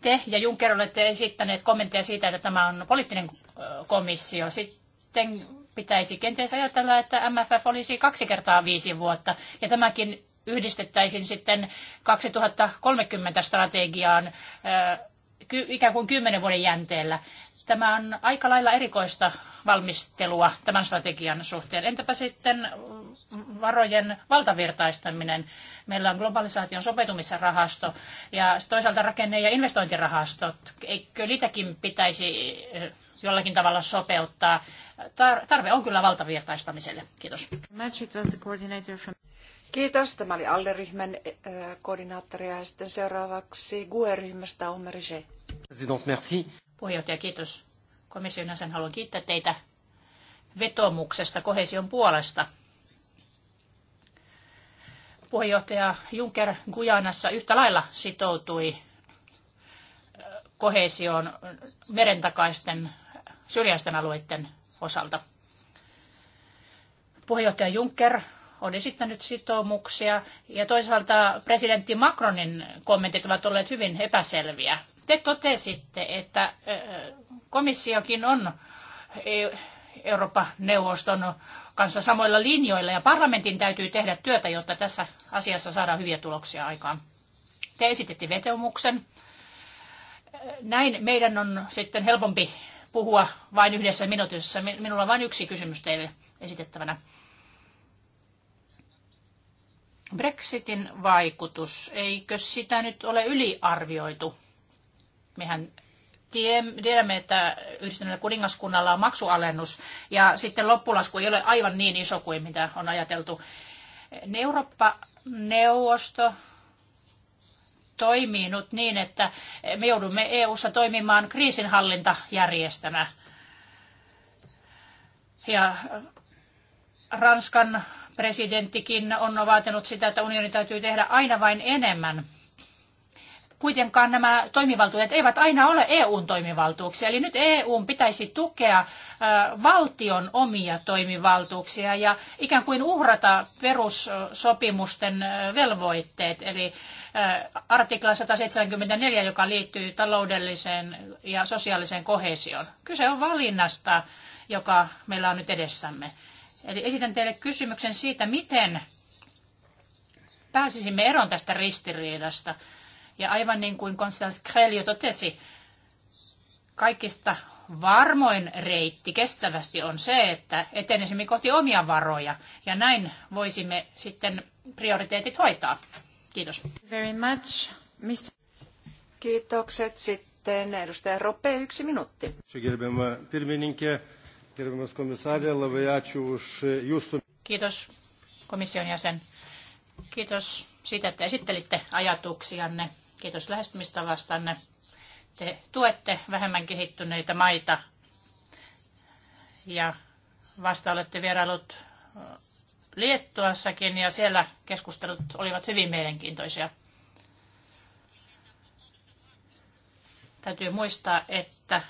te ja Juncker olette esittäneet kommentteja siitä, että tämä on poliittinen komissio, sitten pitäisi kenties ajatella, että MFF olisi kaksi kertaa viisi vuotta, ja tämäkin yhdistettäisiin sitten 2030 strategiaan eh, ikään kuin kymmenen vuoden jänteellä. Tämä on aika lailla erikoista valmistelua tämän strategian suhteen. Entäpä sitten varojen valtavirtaistaminen? Meillä on globalisaation sopeutumisrahasto ja toisaalta rakenne- ja investointirahastot. Eikö niitäkin pitäisi eh, jollakin tavalla sopeuttaa? Tarve on kyllä valtavirtaistamiselle. Kiitos. Kiitos. Tämä oli Alle-ryhmän äh, koordinaattori ja sitten seuraavaksi GUE-ryhmästä Omerge. merci. Puheenjohtaja, kiitos. Komission jäsen haluan kiittää teitä vetomuksesta kohesion puolesta. Puheenjohtaja Juncker Gujanassa yhtä lailla sitoutui äh, kohesioon merentakaisten syrjäisten alueiden osalta. Puheenjohtaja Juncker on esittänyt sitoumuksia ja toisaalta presidentti Macronin kommentit ovat olleet hyvin epäselviä. Te totesitte, että komissiokin on Euroopan neuvoston kanssa samoilla linjoilla ja parlamentin täytyy tehdä työtä, jotta tässä asiassa saadaan hyviä tuloksia aikaan. Te esitette vetomuksen. Näin meidän on sitten helpompi puhua vain yhdessä minuutissa. Minulla on vain yksi kysymys teille esitettävänä. Brexitin vaikutus, eikö sitä nyt ole yliarvioitu? Mehän tiedämme, että yhdistyneellä kuningaskunnalla on maksualennus ja sitten loppulasku ei ole aivan niin iso kuin mitä on ajateltu. Eurooppa-neuvosto toimii nyt niin, että me joudumme EU-ssa toimimaan kriisinhallintajärjestönä. Ja Ranskan presidenttikin on vaatinut sitä, että unioni täytyy tehdä aina vain enemmän. Kuitenkaan nämä toimivaltuudet eivät aina ole EUn toimivaltuuksia, eli nyt EUn pitäisi tukea valtion omia toimivaltuuksia ja ikään kuin uhrata perussopimusten velvoitteet, eli artikla 174, joka liittyy taloudelliseen ja sosiaaliseen kohesioon. Kyse on valinnasta, joka meillä on nyt edessämme. Eli esitän teille kysymyksen siitä, miten pääsisimme eroon tästä ristiriidasta. Ja aivan niin kuin Konstantin Krell jo totesi, kaikista varmoin reitti kestävästi on se, että etenisimme kohti omia varoja ja näin voisimme sitten prioriteetit hoitaa. Kiitos. Very much. Mr. Kiitokset sitten edustaja Rope, yksi minuutti. Gerbiama Gerbiamas labai ačiū už jūsų... Kiitos komission jäsen. Kiitos siitä, että esittelitte ajatuksianne. Kiitos lähestymistavastanne. Te tuette vähemmän kehittyneitä maita ja vasta olette vierailut Liettuassakin ja siellä keskustelut olivat hyvin mielenkiintoisia. Täytyy muistaa, että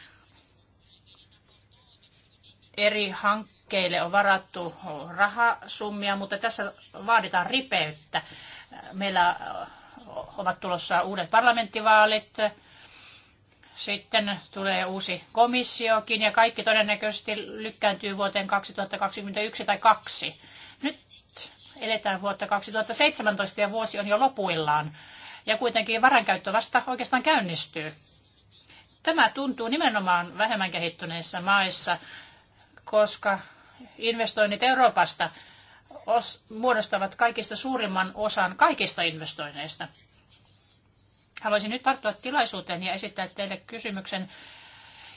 eri hankkeille on varattu rahasummia, mutta tässä vaaditaan ripeyttä. Meillä äh, ovat tulossa uudet parlamenttivaalit, sitten tulee uusi komissiokin ja kaikki todennäköisesti lykkääntyy vuoteen 2021 tai 2. Nyt eletään vuotta 2017 ja vuosi on jo lopuillaan ja kuitenkin varankäyttö vasta oikeastaan käynnistyy. Tämä tuntuu nimenomaan vähemmän kehittyneissä maissa koska investoinnit Euroopasta muodostavat kaikista suurimman osan kaikista investoinneista. Haluaisin nyt tarttua tilaisuuteen ja esittää teille kysymyksen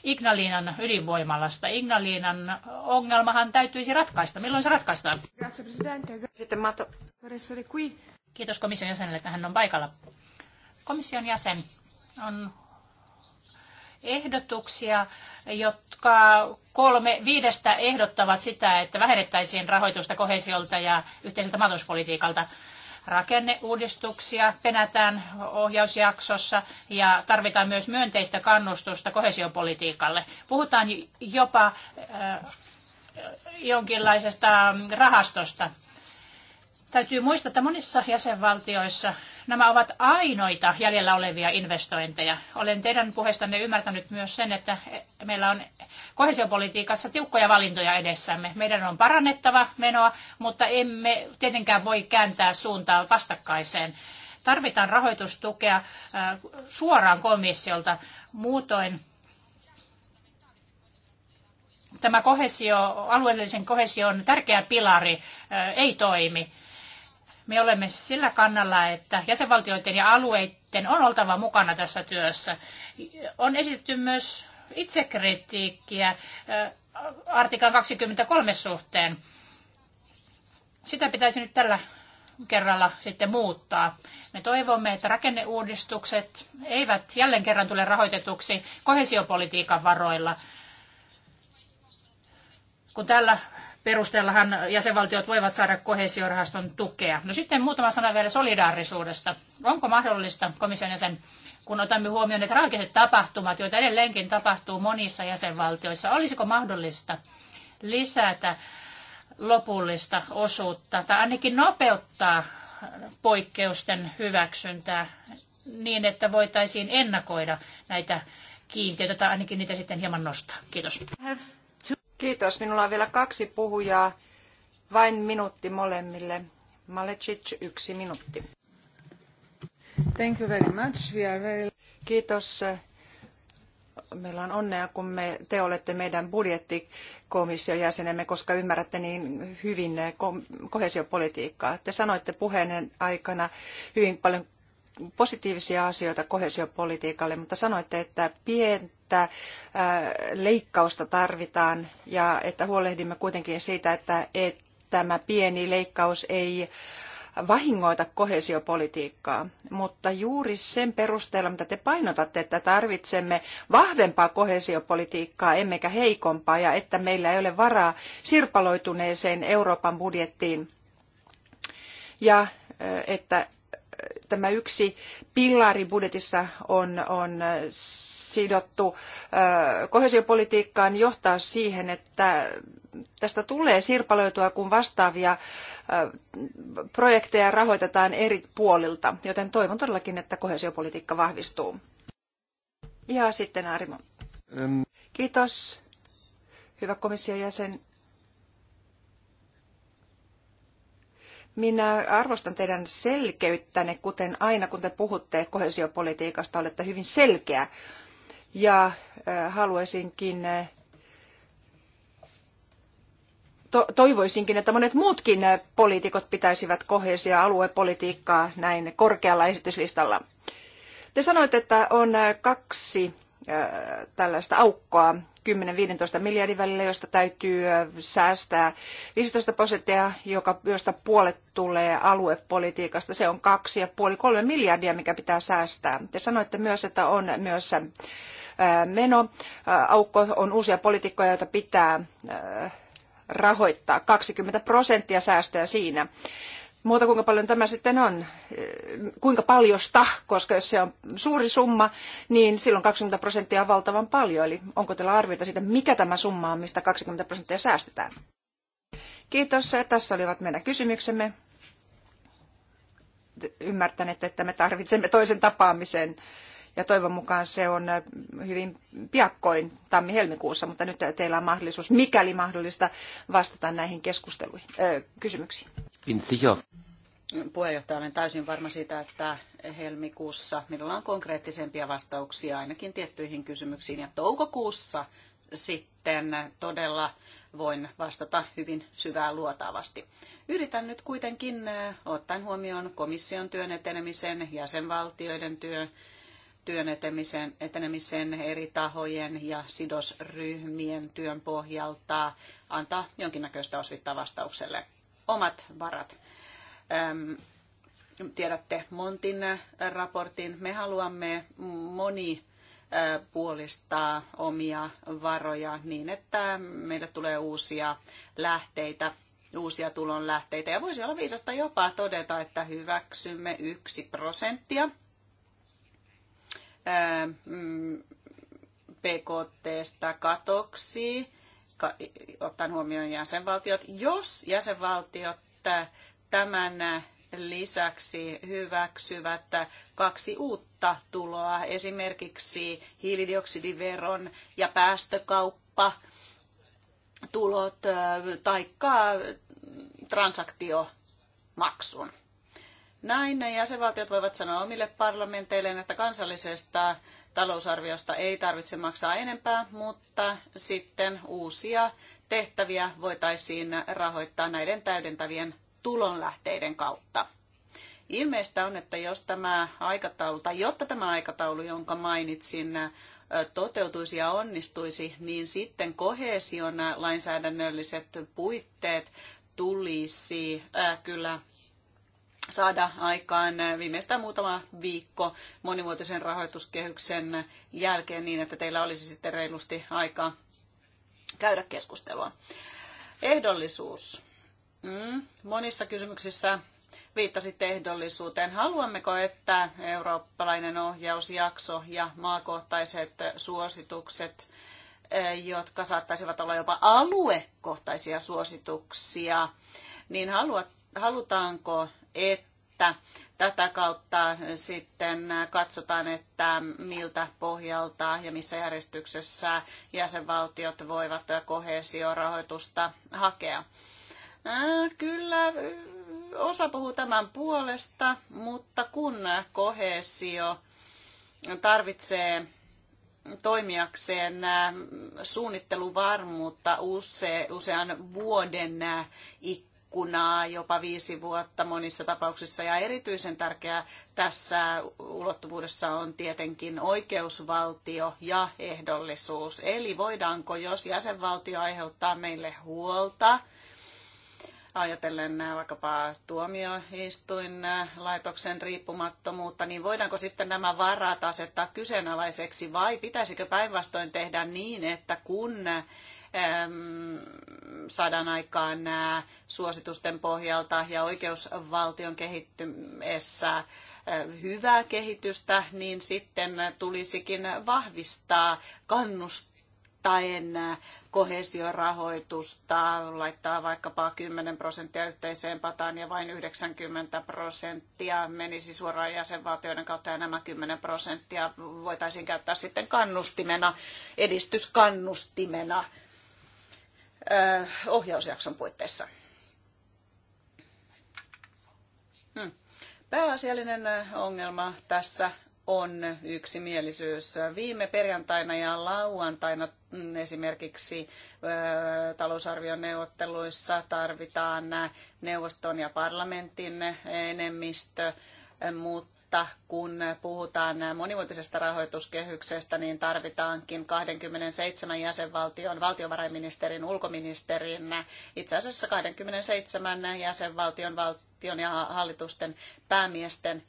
Ignaliinan ydinvoimalasta. Ignaliinan ongelmahan täytyisi ratkaista. Milloin se ratkaistaan? Kiitos komission jäsenelle, että hän on paikalla. Komission jäsen, on ehdotuksia, jotka kolme viidestä ehdottavat sitä, että vähennettäisiin rahoitusta kohesiolta ja yhteiseltä maatalouspolitiikalta. Rakenneuudistuksia penätään ohjausjaksossa ja tarvitaan myös myönteistä kannustusta kohesiopolitiikalle. Puhutaan jopa äh, jonkinlaisesta rahastosta Täytyy muistaa, että monissa jäsenvaltioissa nämä ovat ainoita jäljellä olevia investointeja. Olen teidän puheestanne ymmärtänyt myös sen, että meillä on kohesiopolitiikassa tiukkoja valintoja edessämme. Meidän on parannettava menoa, mutta emme tietenkään voi kääntää suuntaa vastakkaiseen. Tarvitaan rahoitustukea äh, suoraan komissiolta. Muutoin tämä kohesio, alueellisen kohesion tärkeä pilari äh, ei toimi me olemme sillä kannalla, että jäsenvaltioiden ja alueiden on oltava mukana tässä työssä. On esitetty myös itsekritiikkiä äh, artiklan 23 suhteen. Sitä pitäisi nyt tällä kerralla sitten muuttaa. Me toivomme, että rakenneuudistukset eivät jälleen kerran tule rahoitetuksi kohesiopolitiikan varoilla. Kun tällä perusteellahan jäsenvaltiot voivat saada kohesiorahaston tukea. No sitten muutama sana vielä solidaarisuudesta. Onko mahdollista komission jäsen, kun otamme huomioon että raakiset tapahtumat, joita edelleenkin tapahtuu monissa jäsenvaltioissa, olisiko mahdollista lisätä lopullista osuutta tai ainakin nopeuttaa poikkeusten hyväksyntää niin, että voitaisiin ennakoida näitä kiintiöitä tai ainakin niitä sitten hieman nostaa. Kiitos. Kiitos. Minulla on vielä kaksi puhujaa. Vain minuutti molemmille. Malecic, yksi minuutti. Thank you very much. We are very... Kiitos. Meillä on onnea, kun me, te olette meidän budjettikomission jäsenemme, koska ymmärrätte niin hyvin kohesiopolitiikkaa. Te sanoitte puheen aikana hyvin paljon positiivisia asioita kohesiopolitiikalle, mutta sanoitte, että pienten että äh, leikkausta tarvitaan ja että huolehdimme kuitenkin siitä, että, tämä pieni leikkaus ei vahingoita koheesiopolitiikkaa, mutta juuri sen perusteella, mitä te painotatte, että tarvitsemme vahvempaa koheesiopolitiikkaa, emmekä heikompaa, ja että meillä ei ole varaa sirpaloituneeseen Euroopan budjettiin, ja äh, että äh, tämä yksi pilari budjetissa on, on sidottu kohesiopolitiikkaan johtaa siihen, että tästä tulee sirpaloitua, kun vastaavia projekteja rahoitetaan eri puolilta. Joten toivon todellakin, että kohesiopolitiikka vahvistuu. Ja sitten Arimo. Kiitos, hyvä komission jäsen. Minä arvostan teidän selkeyttänne, kuten aina kun te puhutte kohesiopolitiikasta, olette hyvin selkeä ja haluaisinkin toivoisinkin, että monet muutkin poliitikot pitäisivät kohesia aluepolitiikkaa näin korkealla esityslistalla. Te sanoitte, että on kaksi tällaista aukkoa 10-15 miljardin välillä, josta täytyy säästää 15 prosenttia, joka, josta puolet tulee aluepolitiikasta. Se on 2,5-3 miljardia, mikä pitää säästää. Te sanoitte myös, että on myös meno. Aukko on uusia poliitikkoja, joita pitää rahoittaa. 20 prosenttia säästöä siinä. Muuta kuinka paljon tämä sitten on, kuinka paljosta, koska jos se on suuri summa, niin silloin 20 prosenttia on valtavan paljon. Eli onko teillä arvioita siitä, mikä tämä summa on, mistä 20 prosenttia säästetään? Kiitos. Tässä olivat meidän kysymyksemme. Ymmärtäneet, että me tarvitsemme toisen tapaamisen ja toivon mukaan se on äh, hyvin piakkoin tammi-helmikuussa, mutta nyt teillä on mahdollisuus, mikäli mahdollista, vastata näihin keskusteluihin, äh, kysymyksiin. Puheenjohtaja, olen täysin varma siitä, että helmikuussa minulla on konkreettisempia vastauksia ainakin tiettyihin kysymyksiin ja toukokuussa sitten todella voin vastata hyvin syvää luotaavasti. Yritän nyt kuitenkin äh, ottaen huomioon komission työn etenemisen, jäsenvaltioiden työ, työn etenemisen eri tahojen ja sidosryhmien työn pohjalta antaa jonkinnäköistä osvittaa vastaukselle. Omat varat. Öm, tiedätte Montin äh, raportin. Me haluamme moni äh, puolistaa omia varoja niin, että meille tulee uusia lähteitä, uusia tulonlähteitä. Ja voisi olla viisasta jopa todeta, että hyväksymme yksi prosenttia BKTstä mm, katoksi, ottaen huomioon jäsenvaltiot. Jos jäsenvaltiot tämän lisäksi hyväksyvät kaksi uutta tuloa, esimerkiksi hiilidioksidiveron ja päästökauppa, tulot taikka transaktiomaksun. Näin ne jäsenvaltiot voivat sanoa omille parlamenteilleen, että kansallisesta talousarviosta ei tarvitse maksaa enempää, mutta sitten uusia tehtäviä voitaisiin rahoittaa näiden täydentävien tulonlähteiden kautta. Ilmeistä on, että jos tämä aikataulu, tai jotta tämä aikataulu, jonka mainitsin, toteutuisi ja onnistuisi, niin sitten kohesion lainsäädännölliset puitteet tulisi äh, kyllä saada aikaan viimeistään muutama viikko monivuotisen rahoituskehyksen jälkeen niin, että teillä olisi sitten reilusti aikaa käydä keskustelua. Ehdollisuus. Mm. Monissa kysymyksissä viittasitte ehdollisuuteen. Haluammeko, että eurooppalainen ohjausjakso ja maakohtaiset suositukset, eh, jotka saattaisivat olla jopa aluekohtaisia suosituksia, niin haluat, halutaanko että tätä kautta sitten katsotaan, että miltä pohjalta ja missä järjestyksessä jäsenvaltiot voivat kohesiorahoitusta hakea. Kyllä osa puhuu tämän puolesta, mutta kun kohesio tarvitsee toimijakseen suunnitteluvarmuutta use, usean vuoden ikkunaa jopa viisi vuotta monissa tapauksissa. Ja erityisen tärkeää tässä ulottuvuudessa on tietenkin oikeusvaltio ja ehdollisuus. Eli voidaanko, jos jäsenvaltio aiheuttaa meille huolta, ajatellen vaikkapa tuomioistuin laitoksen riippumattomuutta, niin voidaanko sitten nämä varat asettaa kyseenalaiseksi vai pitäisikö päinvastoin tehdä niin, että kun saadaan aikaan nämä suositusten pohjalta ja oikeusvaltion kehittymessä hyvää kehitystä, niin sitten tulisikin vahvistaa kannustaen kohesiorahoitusta, laittaa vaikkapa 10 prosenttia yhteiseen pataan ja vain 90 prosenttia menisi suoraan jäsenvaltioiden kautta ja nämä 10 prosenttia voitaisiin käyttää sitten kannustimena, edistyskannustimena ohjausjakson puitteissa. Hmm. Pääasiallinen ongelma tässä on yksimielisyys. Viime perjantaina ja lauantaina mm, esimerkiksi talousarvion neuvotteluissa tarvitaan neuvoston ja parlamentin enemmistö, mutta että kun puhutaan monivuotisesta rahoituskehyksestä, niin tarvitaankin 27 jäsenvaltion valtiovarainministerin, ulkoministerin, itse asiassa 27 jäsenvaltion valtion ja hallitusten päämiesten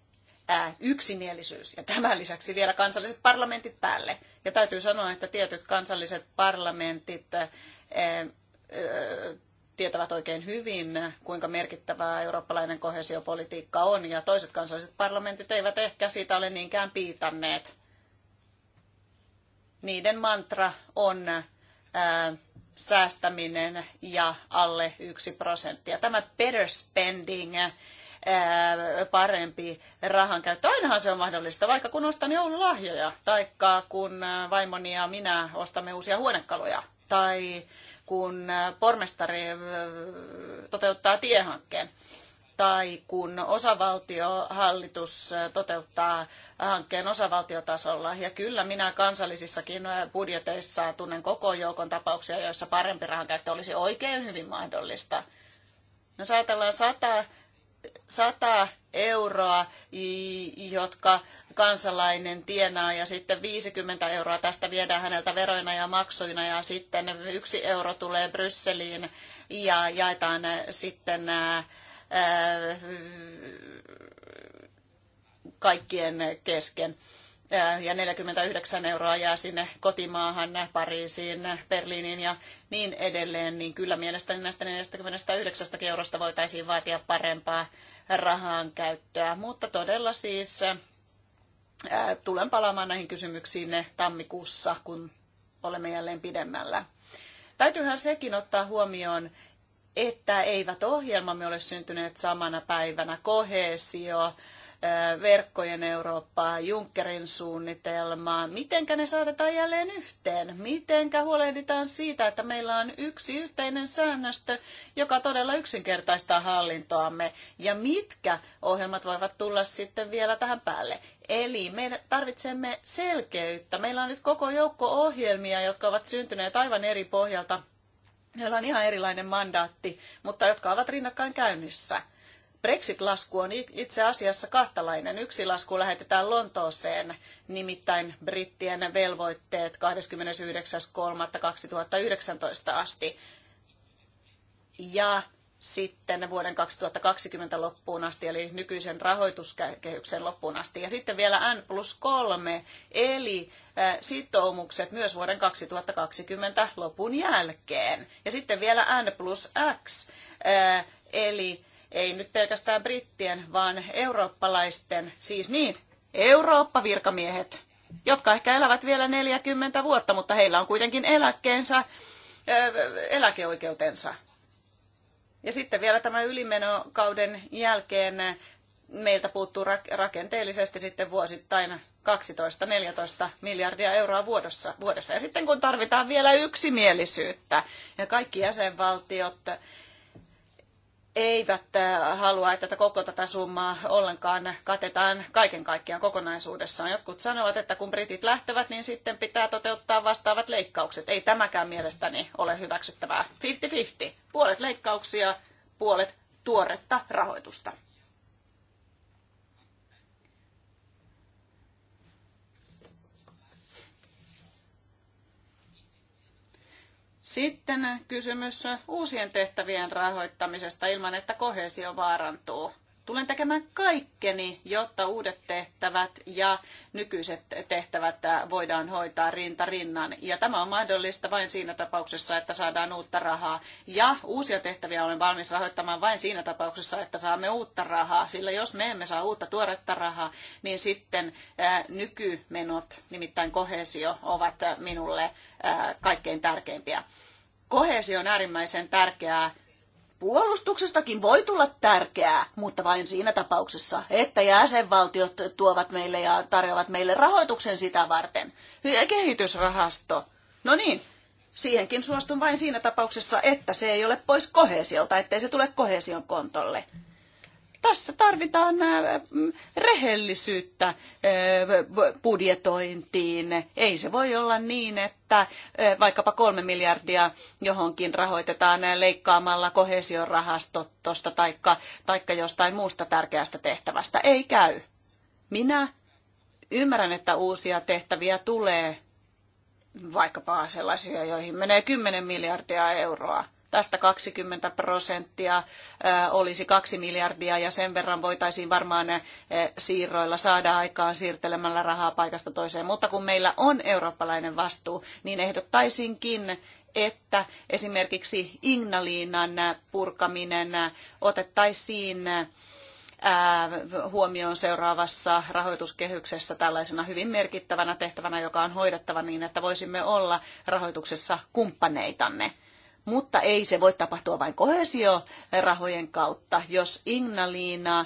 yksimielisyys ja tämän lisäksi vielä kansalliset parlamentit päälle. Ja täytyy sanoa, että tietyt kansalliset parlamentit tietävät oikein hyvin, kuinka merkittävää eurooppalainen kohesiopolitiikka on, ja toiset kansalliset parlamentit eivät ehkä siitä ole niinkään piitanneet. Niiden mantra on ää, säästäminen ja alle yksi prosenttia. Tämä better spending, ää, parempi rahankäyttö, ainahan se on mahdollista, vaikka kun ostan joululahjoja, taikka kun vaimoni ja minä ostamme uusia huonekaluja tai kun pormestari toteuttaa tiehankkeen tai kun osavaltiohallitus toteuttaa hankkeen osavaltiotasolla. Ja kyllä minä kansallisissakin budjeteissa tunnen koko joukon tapauksia, joissa parempi rahankäyttö olisi oikein hyvin mahdollista. Jos ajatellaan sataa. 100 euroa, jotka kansalainen tienaa ja sitten 50 euroa tästä viedään häneltä veroina ja maksuina ja sitten yksi euro tulee Brysseliin ja jaetaan äh, sitten ää, äh, äh, kaikkien kesken ja 49 euroa jää sinne kotimaahan, Pariisiin, Berliiniin ja niin edelleen, niin kyllä mielestäni näistä 49 eurosta voitaisiin vaatia parempaa rahan käyttöä. Mutta todella siis tulen palaamaan näihin kysymyksiin tammikuussa, kun olemme jälleen pidemmällä. Täytyyhän sekin ottaa huomioon, että eivät ohjelmamme ole syntyneet samana päivänä. Kohesio, verkkojen Eurooppaa, Junckerin suunnitelmaa. Mitenkä ne saatetaan jälleen yhteen? Mitenkä huolehditaan siitä, että meillä on yksi yhteinen säännöstö, joka todella yksinkertaistaa hallintoamme? Ja mitkä ohjelmat voivat tulla sitten vielä tähän päälle? Eli me tarvitsemme selkeyttä. Meillä on nyt koko joukko ohjelmia, jotka ovat syntyneet aivan eri pohjalta joilla on ihan erilainen mandaatti, mutta jotka ovat rinnakkain käynnissä. Brexit-lasku on itse asiassa kahtalainen. Yksi lasku lähetetään Lontooseen, nimittäin brittien velvoitteet 29.3.2019 asti. Ja sitten vuoden 2020 loppuun asti, eli nykyisen rahoituskehyksen loppuun asti. Ja sitten vielä N plus 3, eli sitoumukset myös vuoden 2020 lopun jälkeen. Ja sitten vielä N plus X, eli ei nyt pelkästään brittien, vaan eurooppalaisten, siis niin, Eurooppa-virkamiehet, jotka ehkä elävät vielä 40 vuotta, mutta heillä on kuitenkin eläkkeensä, eläkeoikeutensa. Ja sitten vielä tämän ylimenokauden jälkeen meiltä puuttuu rakenteellisesti sitten vuosittain 12-14 miljardia euroa vuodessa, vuodessa. Ja sitten kun tarvitaan vielä yksimielisyyttä ja kaikki jäsenvaltiot eivät äh, halua, että tätä koko tätä summaa ollenkaan katetaan kaiken kaikkiaan kokonaisuudessaan. Jotkut sanovat, että kun britit lähtevät, niin sitten pitää toteuttaa vastaavat leikkaukset. Ei tämäkään mielestäni ole hyväksyttävää. 50-50. Puolet leikkauksia, puolet tuoretta rahoitusta. Sitten kysymys uusien tehtävien rahoittamisesta ilman, että kohesio vaarantuu tulen tekemään kaikkeni, jotta uudet tehtävät ja nykyiset tehtävät äh, voidaan hoitaa rinta rinnan. Ja tämä on mahdollista vain siinä tapauksessa, että saadaan uutta rahaa. Ja uusia tehtäviä olen valmis rahoittamaan vain siinä tapauksessa, että saamme uutta rahaa. Sillä jos me emme saa uutta tuoretta rahaa, niin sitten äh, nykymenot, nimittäin kohesio, ovat minulle äh, kaikkein tärkeimpiä. Kohesio on äärimmäisen tärkeää puolustuksestakin voi tulla tärkeää, mutta vain siinä tapauksessa, että jäsenvaltiot tuovat meille ja tarjoavat meille rahoituksen sitä varten. Kehitysrahasto. No niin, siihenkin suostun vain siinä tapauksessa, että se ei ole pois kohesiolta, ettei se tule kohesion kontolle. Tässä tarvitaan mm, rehellisyyttä budjetointiin. Ei se voi olla niin, että vaikkapa kolme miljardia johonkin rahoitetaan leikkaamalla kohesiorahastosta tai taikka jostain muusta tärkeästä tehtävästä. Ei käy. Minä ymmärrän, että uusia tehtäviä tulee, vaikkapa sellaisia, joihin menee 10 miljardia euroa – tästä 20 prosenttia olisi 2 miljardia ja sen verran voitaisiin varmaan siirroilla saada aikaan siirtelemällä rahaa paikasta toiseen. Mutta kun meillä on eurooppalainen vastuu, niin ehdottaisinkin, että esimerkiksi Ignaliinan purkaminen otettaisiin huomioon seuraavassa rahoituskehyksessä tällaisena hyvin merkittävänä tehtävänä, joka on hoidettava niin, että voisimme olla rahoituksessa kumppaneitanne mutta ei se voi tapahtua vain kohesiorahojen kautta. Jos Ignaliina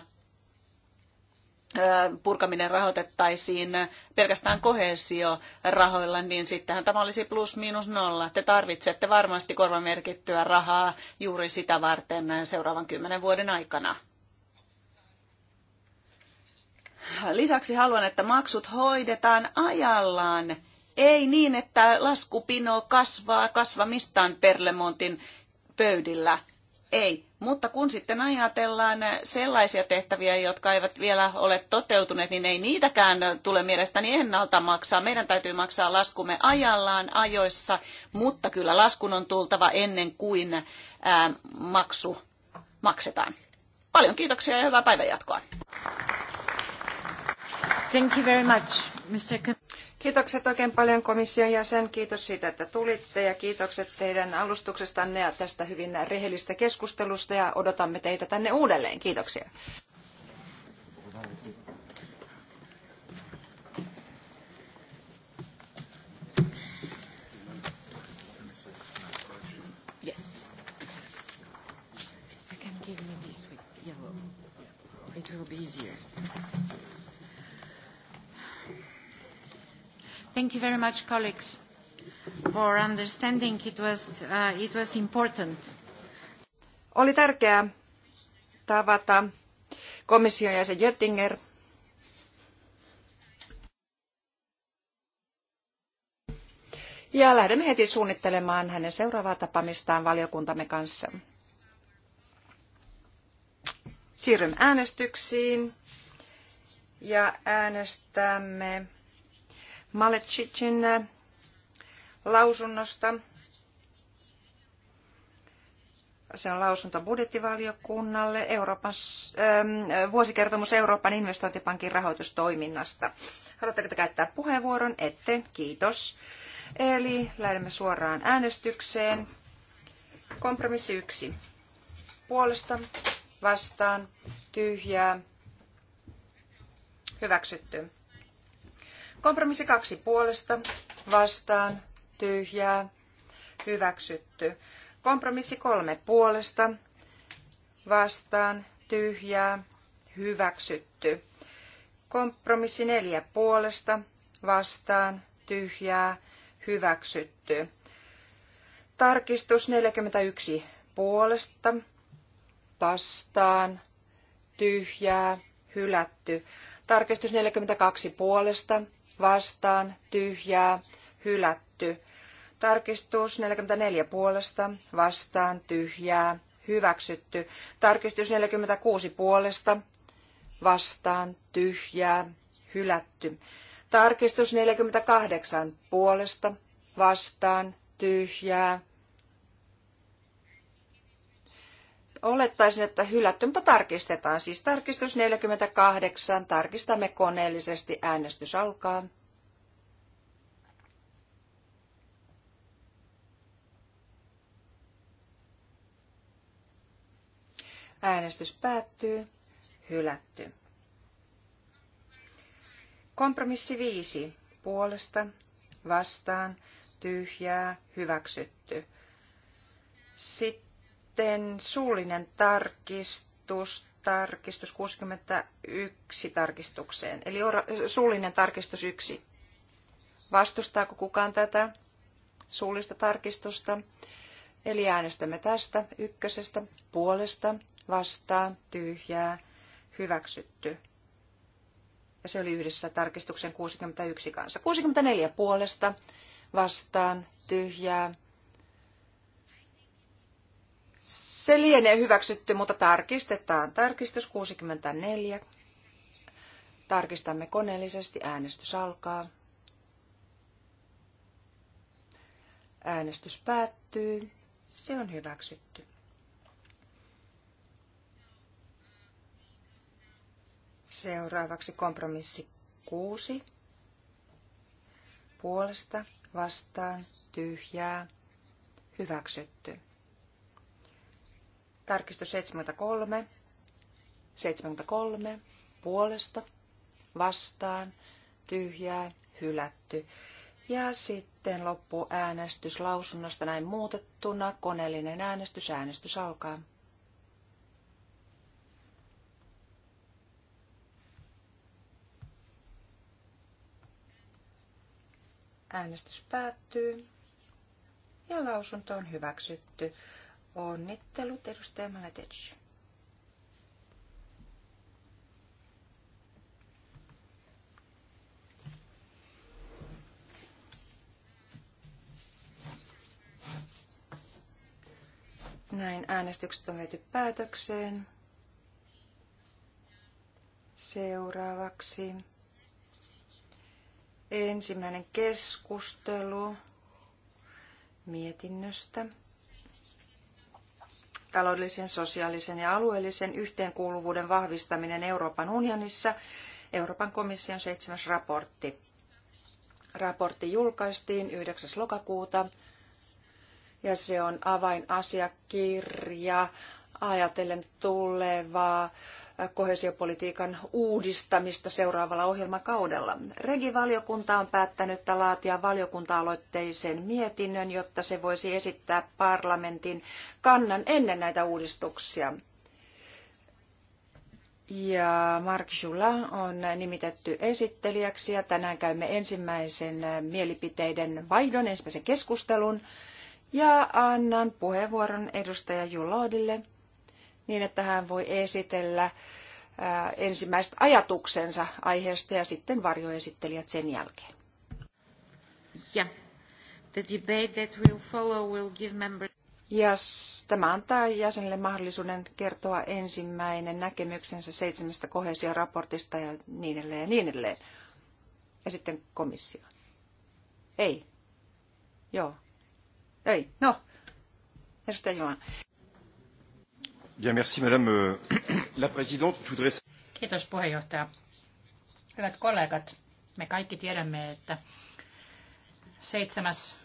purkaminen rahoitettaisiin pelkästään kohesiorahoilla, niin sittenhän tämä olisi plus miinus nolla. Te tarvitsette varmasti korvamerkittyä rahaa juuri sitä varten seuraavan kymmenen vuoden aikana. Lisäksi haluan, että maksut hoidetaan ajallaan ei niin, että laskupino kasvaa kasvamistaan Perlemontin pöydillä. Ei, mutta kun sitten ajatellaan sellaisia tehtäviä, jotka eivät vielä ole toteutuneet, niin ei niitäkään tule mielestäni ennalta maksaa. Meidän täytyy maksaa laskumme ajallaan, ajoissa, mutta kyllä laskun on tultava ennen kuin ää, maksu maksetaan. Paljon kiitoksia ja hyvää päivänjatkoa. Kiitokset oikein paljon komission jäsen. Kiitos siitä, että tulitte ja kiitokset teidän alustuksestanne ja tästä hyvin rehellisestä keskustelusta ja odotamme teitä tänne uudelleen. Kiitoksia. Thank you very much, colleagues, for understanding it was, uh, it was important. Oli tärkeää tavata komission jäsen Göttinger. Ja lähdemme heti suunnittelemaan hänen seuraavaa tapaamistaan valiokuntamme kanssa. Siirrymme äänestyksiin ja äänestämme Malecicin lausunnosta. Se on lausunto budjettivaliokunnalle, Euroopan, ähm, vuosikertomus Euroopan investointipankin rahoitustoiminnasta. Haluatteko käyttää puheenvuoron? Ette. Kiitos. Eli lähdemme suoraan äänestykseen. Kompromissi yksi. Puolesta, vastaan, tyhjää, hyväksytty. Kompromissi kaksi puolesta, vastaan, tyhjää, hyväksytty. Kompromissi kolme puolesta, vastaan, tyhjää, hyväksytty. Kompromissi neljä puolesta, vastaan, tyhjää, hyväksytty. Tarkistus 41 puolesta, vastaan, tyhjää, hylätty. Tarkistus 42 puolesta, vastaan, tyhjää, hylätty. Tarkistus 44 puolesta, vastaan, tyhjää, hyväksytty. Tarkistus 46 puolesta, vastaan, tyhjää, hylätty. Tarkistus 48 puolesta, vastaan, tyhjää, olettaisin, että hylätty, mutta tarkistetaan. Siis tarkistus 48, tarkistamme koneellisesti, äänestys alkaa. Äänestys päättyy. Hylätty. Kompromissi 5. Puolesta, vastaan, tyhjää, hyväksytty. Sitten sitten suullinen tarkistus, tarkistus 61 tarkistukseen, eli suullinen tarkistus 1. Vastustaako kukaan tätä suullista tarkistusta? Eli äänestämme tästä ykkösestä puolesta vastaan tyhjää hyväksytty. Ja se oli yhdessä tarkistuksen 61 kanssa. 64 puolesta vastaan tyhjää Se lienee hyväksytty, mutta tarkistetaan. Tarkistus 64. Tarkistamme koneellisesti. Äänestys alkaa. Äänestys päättyy. Se on hyväksytty. Seuraavaksi kompromissi 6. Puolesta, vastaan, tyhjää, hyväksytty. Tarkistus 73. 73. Puolesta. Vastaan. Tyhjää. Hylätty. Ja sitten loppu äänestys lausunnosta näin muutettuna. Koneellinen äänestys. Äänestys alkaa. Äänestys päättyy ja lausunto on hyväksytty. Onnittelut, edustaja Maletec. Näin äänestykset on viety päätökseen. Seuraavaksi ensimmäinen keskustelu mietinnöstä taloudellisen, sosiaalisen ja alueellisen yhteenkuuluvuuden vahvistaminen Euroopan unionissa, Euroopan komission seitsemäs raportti. Raportti julkaistiin 9. lokakuuta ja se on avainasiakirja ajatellen tulevaa kohesiopolitiikan uudistamista seuraavalla ohjelmakaudella. Regivaliokunta on päättänyt laatia valiokunta-aloitteisen mietinnön, jotta se voisi esittää parlamentin kannan ennen näitä uudistuksia. Ja Mark Jula on nimitetty esittelijäksi ja tänään käymme ensimmäisen mielipiteiden vaihdon, ensimmäisen keskustelun. Ja annan puheenvuoron edustaja Julodille niin, että hän voi esitellä ensimmäiset ajatuksensa aiheesta ja sitten varjoesittelijät sen jälkeen. Yeah. The debate that follow will give members... Ja tämä antaa jäsenille mahdollisuuden kertoa ensimmäinen näkemyksensä seitsemästä kohesioraportista ja niin edelleen ja niin edelleen. Ja sitten komissio. Ei. Joo. Ei. No. Edustaja Juhan. Bien, merci, madame euh, <clears throat> la présidente. Je voudrais... Kiitos puheenjohtaja. Hyvät kollegat, me kaikki tiedämme, että seitsemäs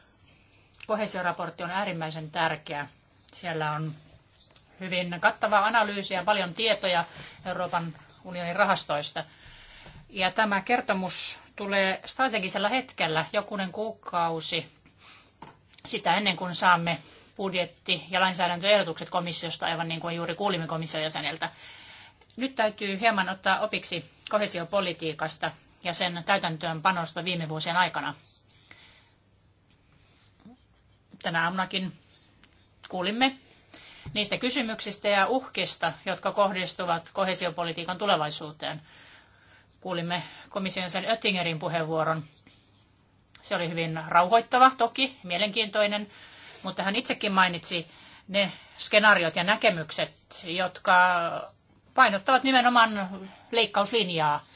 kohesioraportti on äärimmäisen tärkeä. Siellä on hyvin kattava analyysi ja paljon tietoja Euroopan unionin rahastoista. Ja tämä kertomus tulee strategisella hetkellä, jokunen kuukausi sitä ennen kuin saamme budjetti- ja lainsäädäntöehdotukset komissiosta, aivan niin kuin juuri kuulimme komission jäseneltä. Nyt täytyy hieman ottaa opiksi kohesiopolitiikasta ja sen täytäntöönpanosta viime vuosien aikana. Tänä aamunakin kuulimme niistä kysymyksistä ja uhkista, jotka kohdistuvat kohesiopolitiikan tulevaisuuteen. Kuulimme komission sen Oettingerin puheenvuoron. Se oli hyvin rauhoittava toki, mielenkiintoinen, mutta hän itsekin mainitsi ne skenaariot ja näkemykset, jotka painottavat nimenomaan leikkauslinjaa,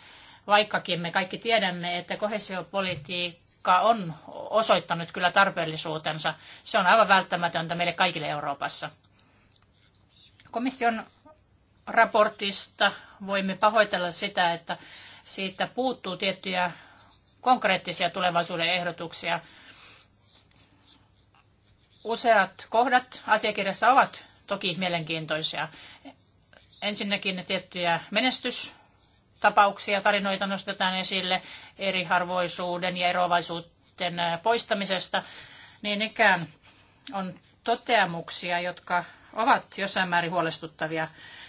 vaikkakin me kaikki tiedämme, että kohesiopolitiikka on osoittanut kyllä tarpeellisuutensa. Se on aivan välttämätöntä meille kaikille Euroopassa. Komission raportista voimme pahoitella sitä, että siitä puuttuu tiettyjä konkreettisia tulevaisuuden ehdotuksia – Useat kohdat asiakirjassa ovat toki mielenkiintoisia. Ensinnäkin tiettyjä menestystapauksia, tarinoita nostetaan esille eri harvoisuuden ja eroavaisuuden poistamisesta. Niin ikään on toteamuksia, jotka ovat jossain määrin huolestuttavia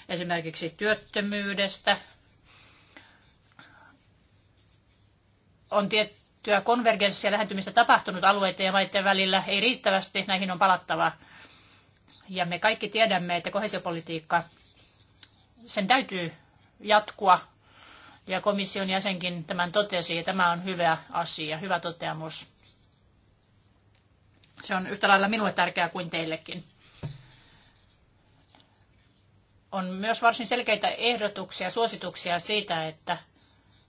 esimerkiksi työttömyydestä. On tiet- tiettyä konvergenssia lähentymistä tapahtunut alueiden ja maiden välillä, ei riittävästi, näihin on palattava. Ja me kaikki tiedämme, että kohesiopolitiikka, sen täytyy jatkua, ja komission jäsenkin tämän totesi, ja tämä on hyvä asia, hyvä toteamus. Se on yhtä lailla minulle tärkeää kuin teillekin on myös varsin selkeitä ehdotuksia, suosituksia siitä, että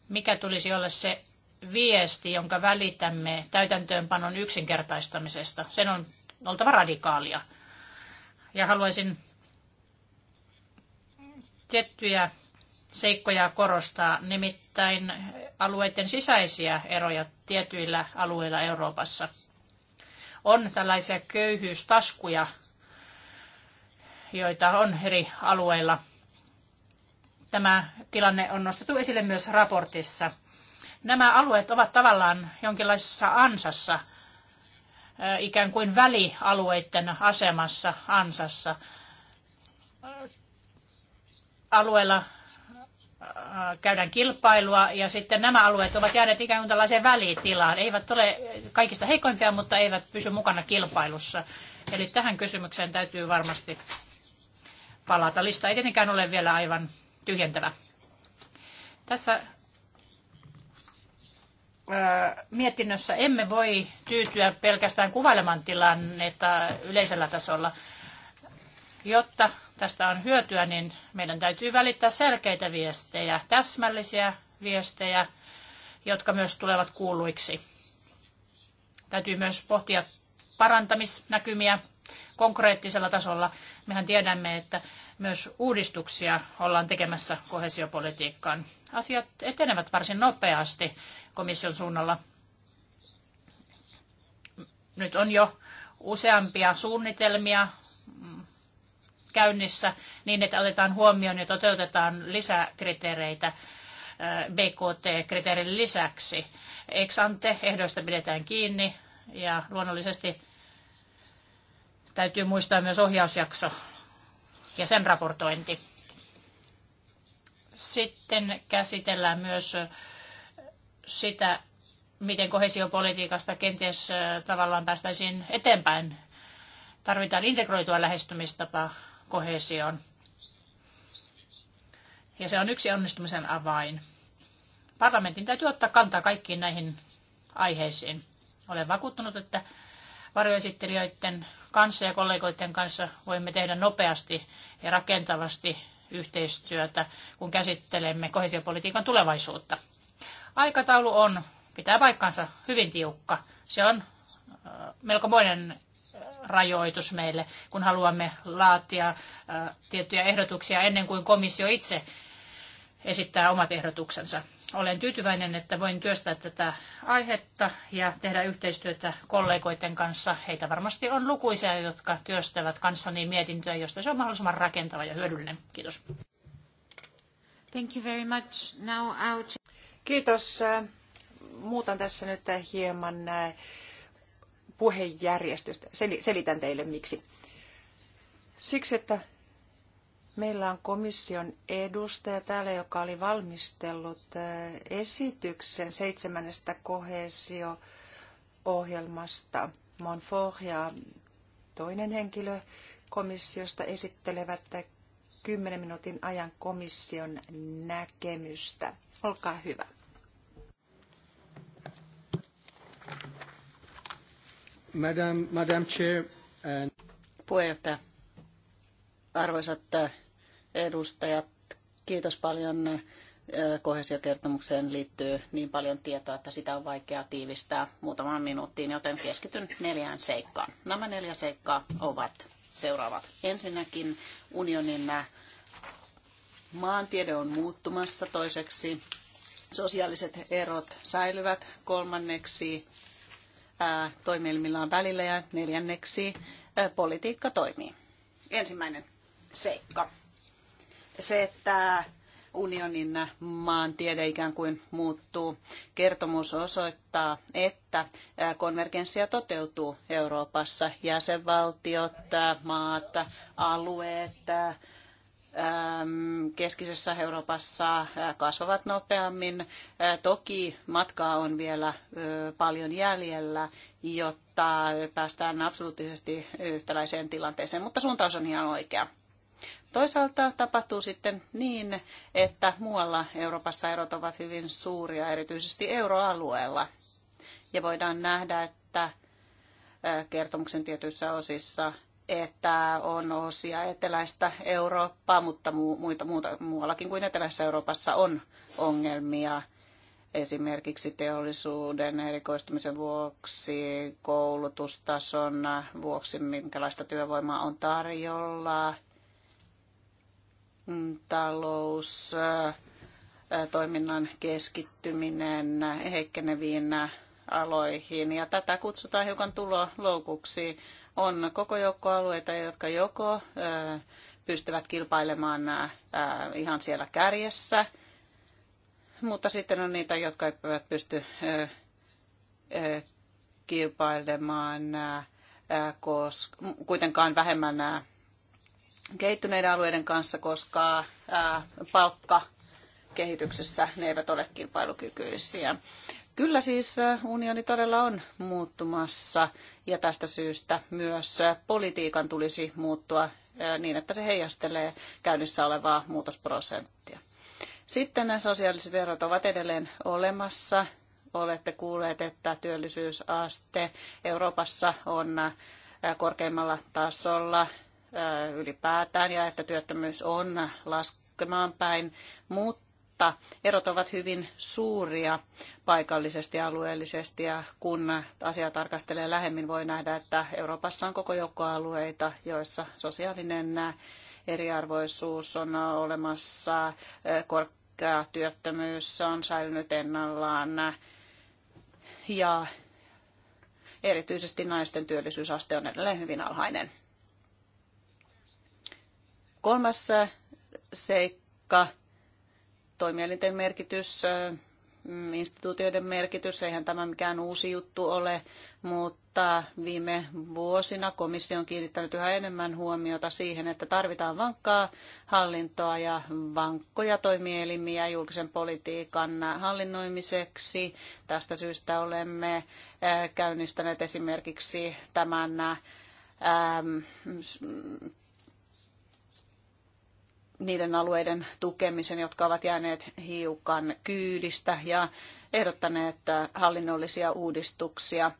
mikä tulisi olla se viesti, jonka välitämme täytäntöönpanon yksinkertaistamisesta. Sen on oltava radikaalia. Ja haluaisin tiettyjä seikkoja korostaa, nimittäin alueiden sisäisiä eroja tietyillä alueilla Euroopassa. On tällaisia köyhyystaskuja, joita on eri alueilla. Tämä tilanne on nostettu esille myös raportissa – Nämä alueet ovat tavallaan jonkinlaisessa ansassa, ikään kuin välialueiden asemassa, ansassa. Alueella käydään kilpailua ja sitten nämä alueet ovat jääneet ikään kuin tällaiseen välitilaan. Eivät ole kaikista heikoimpia, mutta eivät pysy mukana kilpailussa. Eli tähän kysymykseen täytyy varmasti palata. Lista ei tietenkään ole vielä aivan tyhjentävä. Tässä mietinnössä emme voi tyytyä pelkästään kuvailemaan tilannetta yleisellä tasolla. Jotta tästä on hyötyä, niin meidän täytyy välittää selkeitä viestejä, täsmällisiä viestejä, jotka myös tulevat kuuluiksi. Täytyy myös pohtia parantamisnäkymiä konkreettisella tasolla. Mehän tiedämme, että myös uudistuksia ollaan tekemässä kohesiopolitiikkaan. Asiat etenevät varsin nopeasti komission suunnalla. Nyt on jo useampia suunnitelmia käynnissä niin, että otetaan huomioon ja toteutetaan lisäkriteereitä eh, BKT-kriteerin lisäksi. Ex ante ehdoista pidetään kiinni ja luonnollisesti täytyy muistaa myös ohjausjakso ja sen raportointi. Sitten käsitellään myös sitä, miten kohesiopolitiikasta kenties tavallaan päästäisiin eteenpäin. Tarvitaan integroitua lähestymistapaa kohesioon. Ja se on yksi onnistumisen avain. Parlamentin täytyy ottaa kantaa kaikkiin näihin aiheisiin. Olen vakuuttunut, että varjoesittelijöiden kanssa ja kollegoiden kanssa voimme tehdä nopeasti ja rakentavasti yhteistyötä, kun käsittelemme kohesiopolitiikan tulevaisuutta. Aikataulu on, pitää paikkansa, hyvin tiukka. Se on melkomoinen rajoitus meille, kun haluamme laatia tiettyjä ehdotuksia ennen kuin komissio itse esittää omat ehdotuksensa. Olen tyytyväinen, että voin työstää tätä aihetta ja tehdä yhteistyötä kollegoiden kanssa. Heitä varmasti on lukuisia, jotka työstävät kanssani mietintöä, josta se on mahdollisimman rakentava ja hyödyllinen. Kiitos. Thank you very much. Now Kiitos. Muutan tässä nyt hieman äh, puhejärjestystä. Selitän teille miksi. Siksi, että meillä on komission edustaja täällä, joka oli valmistellut äh, esityksen seitsemännestä kohesio-ohjelmasta. Monfort ja toinen henkilö komissiosta esittelevät 10 minuutin ajan komission näkemystä. Olkaa hyvä. Madam, Madam Chair. And... Puheenjohtaja, arvoisat äh, edustajat, kiitos paljon. Äh, kohesiokertomukseen liittyy niin paljon tietoa, että sitä on vaikea tiivistää muutamaan minuuttiin, joten keskityn neljään seikkaan. Nämä neljä seikkaa ovat seuraavat. Ensinnäkin unionin äh, maantiede on muuttumassa. Toiseksi sosiaaliset erot säilyvät. Kolmanneksi toimielimillä on välillä ja neljänneksi politiikka toimii. Ensimmäinen seikka. Se, että unionin maantiede ikään kuin muuttuu. Kertomus osoittaa, että konvergenssia toteutuu Euroopassa. Jäsenvaltiot, maat, alueet, Ähm, keskisessä Euroopassa äh, kasvavat nopeammin. Äh, toki matkaa on vielä paljon jäljellä, jotta päästään absoluuttisesti yhtäläiseen tilanteeseen, mutta suuntaus on ihan oikea. Toisaalta tapahtuu sitten niin, että muualla Euroopassa erot ovat hyvin suuria, erityisesti euroalueella. Ja voidaan nähdä, että kertomuksen tietyissä osissa että on osia eteläistä Eurooppaa, mutta muita, muuta, muuallakin kuin eteläisessä Euroopassa on ongelmia esimerkiksi teollisuuden erikoistumisen vuoksi, koulutustason vuoksi, minkälaista työvoimaa on tarjolla, mm, talous, toiminnan keskittyminen heikkeneviin aloihin. Ja tätä kutsutaan hiukan tuloloukuksi. On koko joukko alueita, jotka joko pystyvät kilpailemaan ihan siellä kärjessä, mutta sitten on niitä, jotka eivät pysty kilpailemaan kuitenkaan vähemmän kehittyneiden alueiden kanssa, koska palkka kehityksessä ne eivät ole kilpailukykyisiä. Kyllä siis unioni todella on muuttumassa ja tästä syystä myös politiikan tulisi muuttua niin, että se heijastelee käynnissä olevaa muutosprosenttia. Sitten nämä sosiaaliset verot ovat edelleen olemassa. Olette kuulleet, että työllisyysaste Euroopassa on korkeimmalla tasolla ylipäätään ja että työttömyys on laskemaan päin, mutta mutta erot ovat hyvin suuria paikallisesti ja alueellisesti ja kun asiaa tarkastelee lähemmin voi nähdä, että Euroopassa on koko joukko alueita, joissa sosiaalinen eriarvoisuus on olemassa, korkea työttömyys on säilynyt ennallaan ja erityisesti naisten työllisyysaste on edelleen hyvin alhainen. Kolmas seikka toimielinten merkitys, instituutioiden merkitys, eihän tämä mikään uusi juttu ole, mutta viime vuosina komissio on kiinnittänyt yhä enemmän huomiota siihen, että tarvitaan vankkaa hallintoa ja vankkoja toimielimiä julkisen politiikan hallinnoimiseksi. Tästä syystä olemme käynnistäneet esimerkiksi tämän niiden alueiden tukemisen, jotka ovat jääneet hiukan kyydistä ja ehdottaneet äh, hallinnollisia uudistuksia.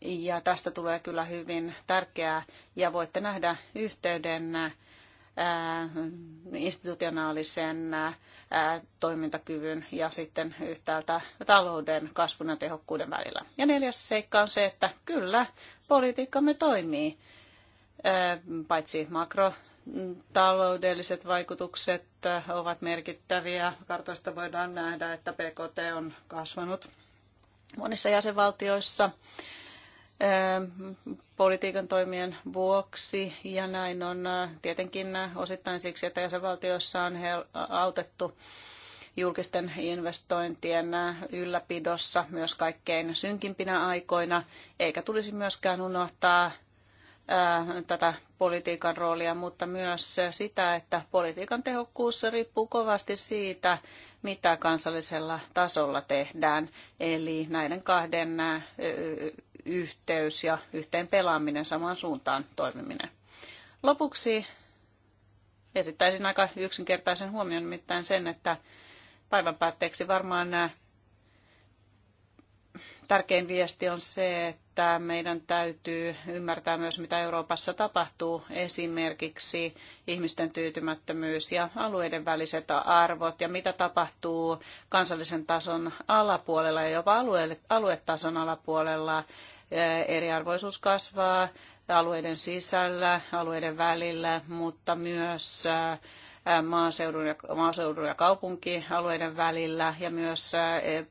Ja tästä tulee kyllä hyvin tärkeää ja voitte nähdä yhteyden äh, institutionaalisen äh, toimintakyvyn ja sitten yhtäältä talouden kasvun ja tehokkuuden välillä. Ja neljäs seikka on se, että kyllä politiikkamme toimii paitsi makro taloudelliset vaikutukset ovat merkittäviä. Kartoista voidaan nähdä, että PKT on kasvanut monissa jäsenvaltioissa ähm, politiikan toimien vuoksi ja näin on äh, tietenkin äh, osittain siksi, että jäsenvaltioissa on autettu julkisten investointien äh, ylläpidossa myös kaikkein synkimpinä aikoina, eikä tulisi myöskään unohtaa Äh, tätä politiikan roolia, mutta myös sitä, että politiikan tehokkuus riippuu kovasti siitä, mitä kansallisella tasolla tehdään. Eli näiden kahden äh, yhteys ja yhteen pelaaminen samaan suuntaan toimiminen. Lopuksi esittäisin aika yksinkertaisen huomion nimittäin sen, että päivän päätteeksi varmaan äh, tärkein viesti on se, että meidän täytyy ymmärtää myös, mitä Euroopassa tapahtuu, esimerkiksi ihmisten tyytymättömyys ja alueiden väliset arvot ja mitä tapahtuu kansallisen tason alapuolella ja jopa aluetason alapuolella. Eh, eriarvoisuus kasvaa alueiden sisällä, alueiden välillä, mutta myös eh, maaseudun ja, maaseudun ja kaupunkialueiden välillä ja myös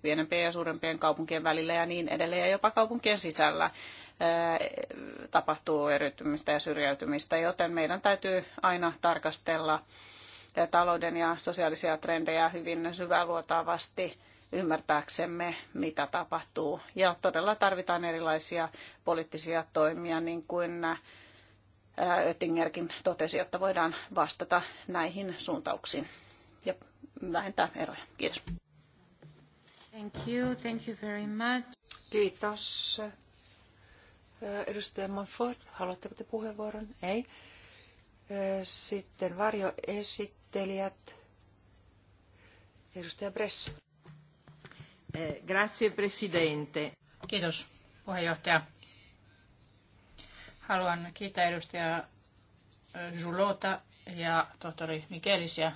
pienempien ja suurempien kaupunkien välillä ja niin edelleen ja jopa kaupunkien sisällä tapahtuu eriytymistä ja syrjäytymistä, joten meidän täytyy aina tarkastella talouden ja sosiaalisia trendejä hyvin syväluotaavasti ymmärtääksemme, mitä tapahtuu. Ja todella tarvitaan erilaisia poliittisia toimia, niin kuin Oettingerkin totesi, jotta voidaan vastata näihin suuntauksiin ja vähentää eroja. Kiitos. Thank you, thank you very much. Kiitos. Edustaja Manfort, haluatteko te puheenvuoron? Ei. Sitten varjoesittelijät. Edustaja Bresso. Eh, grazie, Presidente. Kiitos, puheenjohtaja. Haluan kiittää edustaja Julota ja tohtori Mikelisiä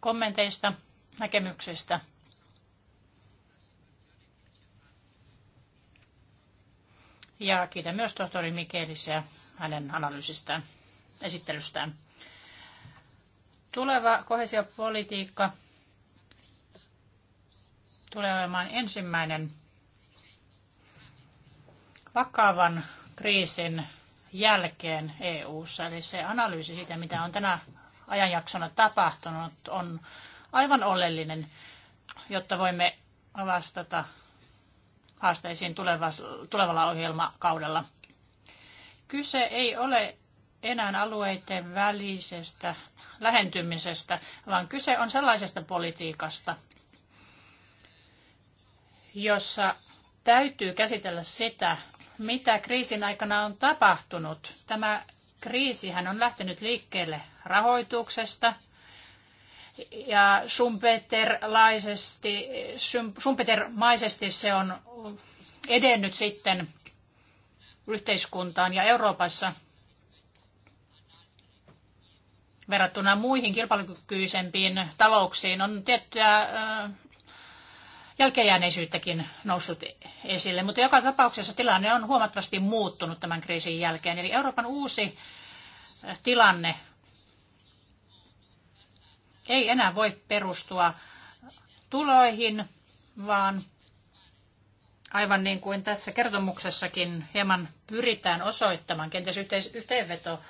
kommenteista, näkemyksistä. Ja kiitän myös tohtori Mikelisiä hänen analyysistään, esittelystään. Tuleva kohesiopolitiikka tulee olemaan ensimmäinen vakavan kriisin jälkeen EU:ssa, eli se analyysi siitä, mitä on tänä ajanjaksona tapahtunut, on aivan oleellinen, jotta voimme vastata haasteisiin tulevalla ohjelmakaudella. Kyse ei ole enää alueiden välisestä lähentymisestä, vaan kyse on sellaisesta politiikasta, jossa täytyy käsitellä sitä, mitä kriisin aikana on tapahtunut. Tämä kriisihän on lähtenyt liikkeelle rahoituksesta ja sumpetermaisesti se on edennyt sitten yhteiskuntaan ja Euroopassa verrattuna muihin kilpailukykyisempiin talouksiin on tiettyä jälkeenjääneisyyttäkin noussut esille, mutta joka tapauksessa tilanne on huomattavasti muuttunut tämän kriisin jälkeen. Eli Euroopan uusi tilanne ei enää voi perustua tuloihin, vaan aivan niin kuin tässä kertomuksessakin hieman pyritään osoittamaan, kenties yhteenveto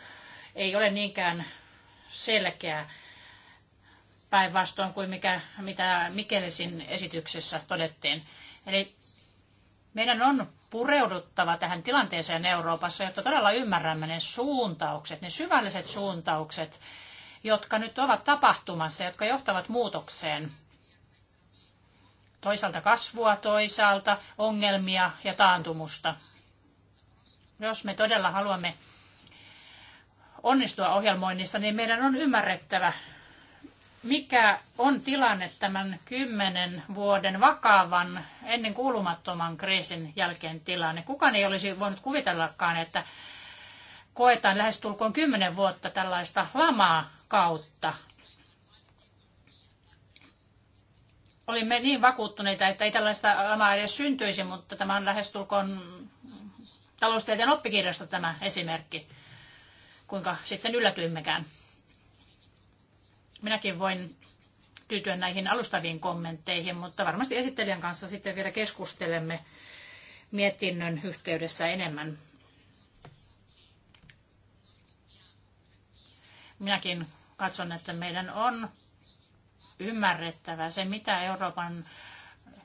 ei ole niinkään selkeää päinvastoin kuin mikä, mitä Mikelisin esityksessä todettiin. Eli meidän on pureuduttava tähän tilanteeseen Euroopassa, jotta todella ymmärrämme ne suuntaukset, ne syvälliset suuntaukset, jotka nyt ovat tapahtumassa, jotka johtavat muutokseen. Toisaalta kasvua, toisaalta ongelmia ja taantumusta. Jos me todella haluamme onnistua ohjelmoinnissa, niin meidän on ymmärrettävä mikä on tilanne tämän kymmenen vuoden vakavan, ennen kuulumattoman kriisin jälkeen tilanne? Kukaan ei olisi voinut kuvitellakaan, että koetaan lähestulkoon kymmenen vuotta tällaista lamaa kautta. Olimme niin vakuuttuneita, että ei tällaista lamaa edes syntyisi, mutta tämä on lähestulkoon taloustieteen oppikirjasta tämä esimerkki, kuinka sitten yllätyimmekään. Minäkin voin tyytyä näihin alustaviin kommentteihin, mutta varmasti esittelijän kanssa sitten vielä keskustelemme mietinnön yhteydessä enemmän. Minäkin katson, että meidän on ymmärrettävä se, mitä Euroopan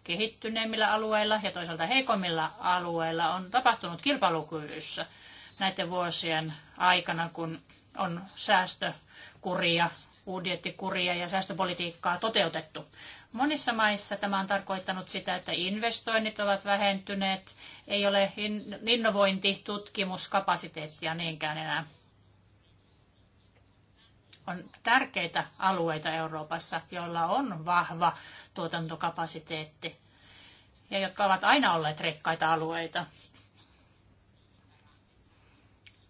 kehittyneimmillä alueilla ja toisaalta heikommilla alueilla on tapahtunut kilpailukyvyssä näiden vuosien aikana, kun on säästökuria budjettikuria ja säästöpolitiikkaa toteutettu. Monissa maissa tämä on tarkoittanut sitä, että investoinnit ovat vähentyneet, ei ole innovointi, tutkimuskapasiteettia niinkään enää. On tärkeitä alueita Euroopassa, joilla on vahva tuotantokapasiteetti ja jotka ovat aina olleet rikkaita alueita.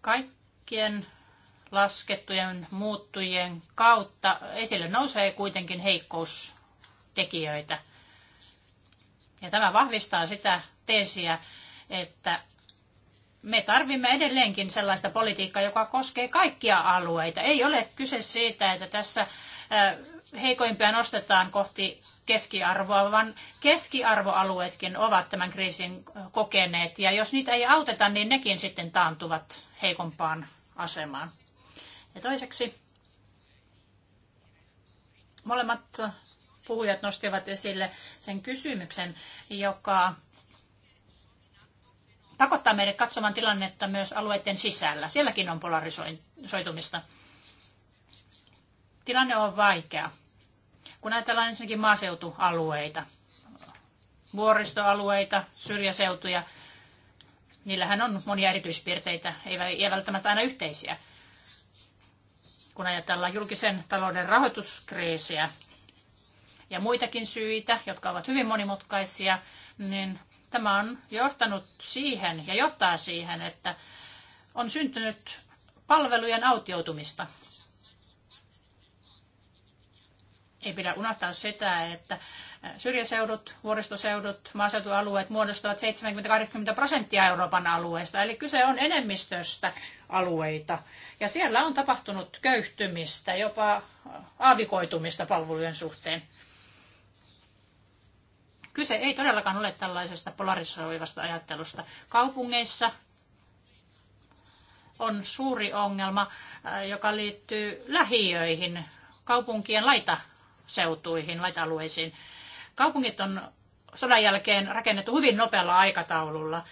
Kaikkien laskettujen muuttujien kautta esille nousee kuitenkin heikkoustekijöitä. Ja tämä vahvistaa sitä teesiä, että me tarvimme edelleenkin sellaista politiikkaa, joka koskee kaikkia alueita. Ei ole kyse siitä, että tässä heikoimpia nostetaan kohti keskiarvoa, vaan keskiarvoalueetkin ovat tämän kriisin kokeneet. Ja jos niitä ei auteta, niin nekin sitten taantuvat heikompaan asemaan. Ja toiseksi molemmat puhujat nostivat esille sen kysymyksen, joka pakottaa meidät katsomaan tilannetta myös alueiden sisällä. Sielläkin on polarisoitumista. Tilanne on vaikea. Kun ajatellaan ensinnäkin maaseutualueita, vuoristoalueita, syrjäseutuja, niillähän on monia erityispiirteitä, ei välttämättä aina yhteisiä – kun ajatellaan julkisen talouden rahoituskriisiä ja muitakin syitä, jotka ovat hyvin monimutkaisia, niin tämä on johtanut siihen ja johtaa siihen, että on syntynyt palvelujen autioitumista. Ei pidä unohtaa sitä, että Syrjäseudut, vuoristoseudut, maaseutualueet muodostavat 70-80 prosenttia Euroopan alueesta, eli kyse on enemmistöstä alueita. Ja siellä on tapahtunut köyhtymistä, jopa aavikoitumista palvelujen suhteen. Kyse ei todellakaan ole tällaisesta polarisoivasta ajattelusta. Kaupungeissa on suuri ongelma, äh, joka liittyy lähiöihin, kaupunkien laita seutuihin, laita-alueisiin. Kaupungit on sodan jälkeen rakennettu hyvin nopealla aikataululla.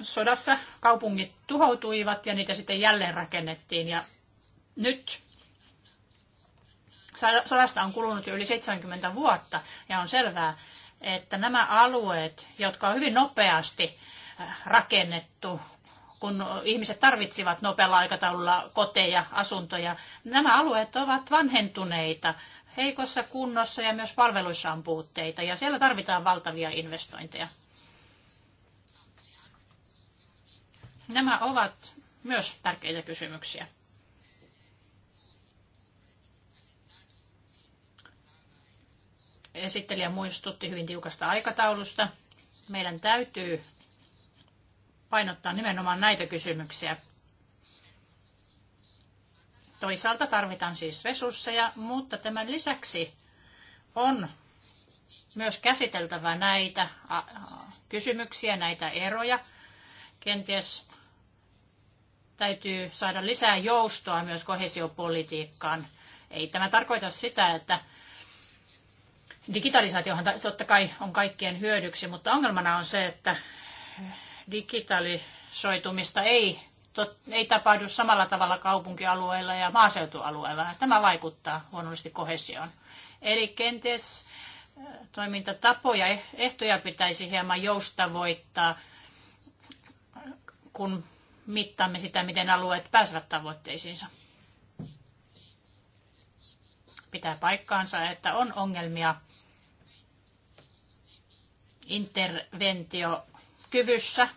Sodassa kaupungit tuhoutuivat ja niitä sitten jälleen rakennettiin. Ja nyt sodasta on kulunut yli 70 vuotta ja on selvää, että nämä alueet, jotka on hyvin nopeasti äh, rakennettu, kun ihmiset tarvitsivat nopealla aikataululla koteja, asuntoja, nämä alueet ovat vanhentuneita, heikossa kunnossa ja myös palveluissa on puutteita ja siellä tarvitaan valtavia investointeja. Nämä ovat myös tärkeitä kysymyksiä. Esittelijä muistutti hyvin tiukasta aikataulusta. Meidän täytyy painottaa nimenomaan näitä kysymyksiä Toisaalta tarvitaan siis resursseja, mutta tämän lisäksi on myös käsiteltävä näitä kysymyksiä, näitä eroja. Kenties täytyy saada lisää joustoa myös kohesiopolitiikkaan. Ei tämä tarkoita sitä, että digitalisaatiohan totta kai on kaikkien hyödyksi, mutta ongelmana on se, että digitalisoitumista ei ei tapahdu samalla tavalla kaupunkialueilla ja maaseutualueilla. Tämä vaikuttaa luonnollisesti kohesioon. Eli kenties äh, toimintatapoja, eh, ehtoja pitäisi hieman joustavoittaa, kun mittaamme sitä, miten alueet pääsevät tavoitteisiinsa. Pitää paikkaansa, että on ongelmia interventiokyvyssä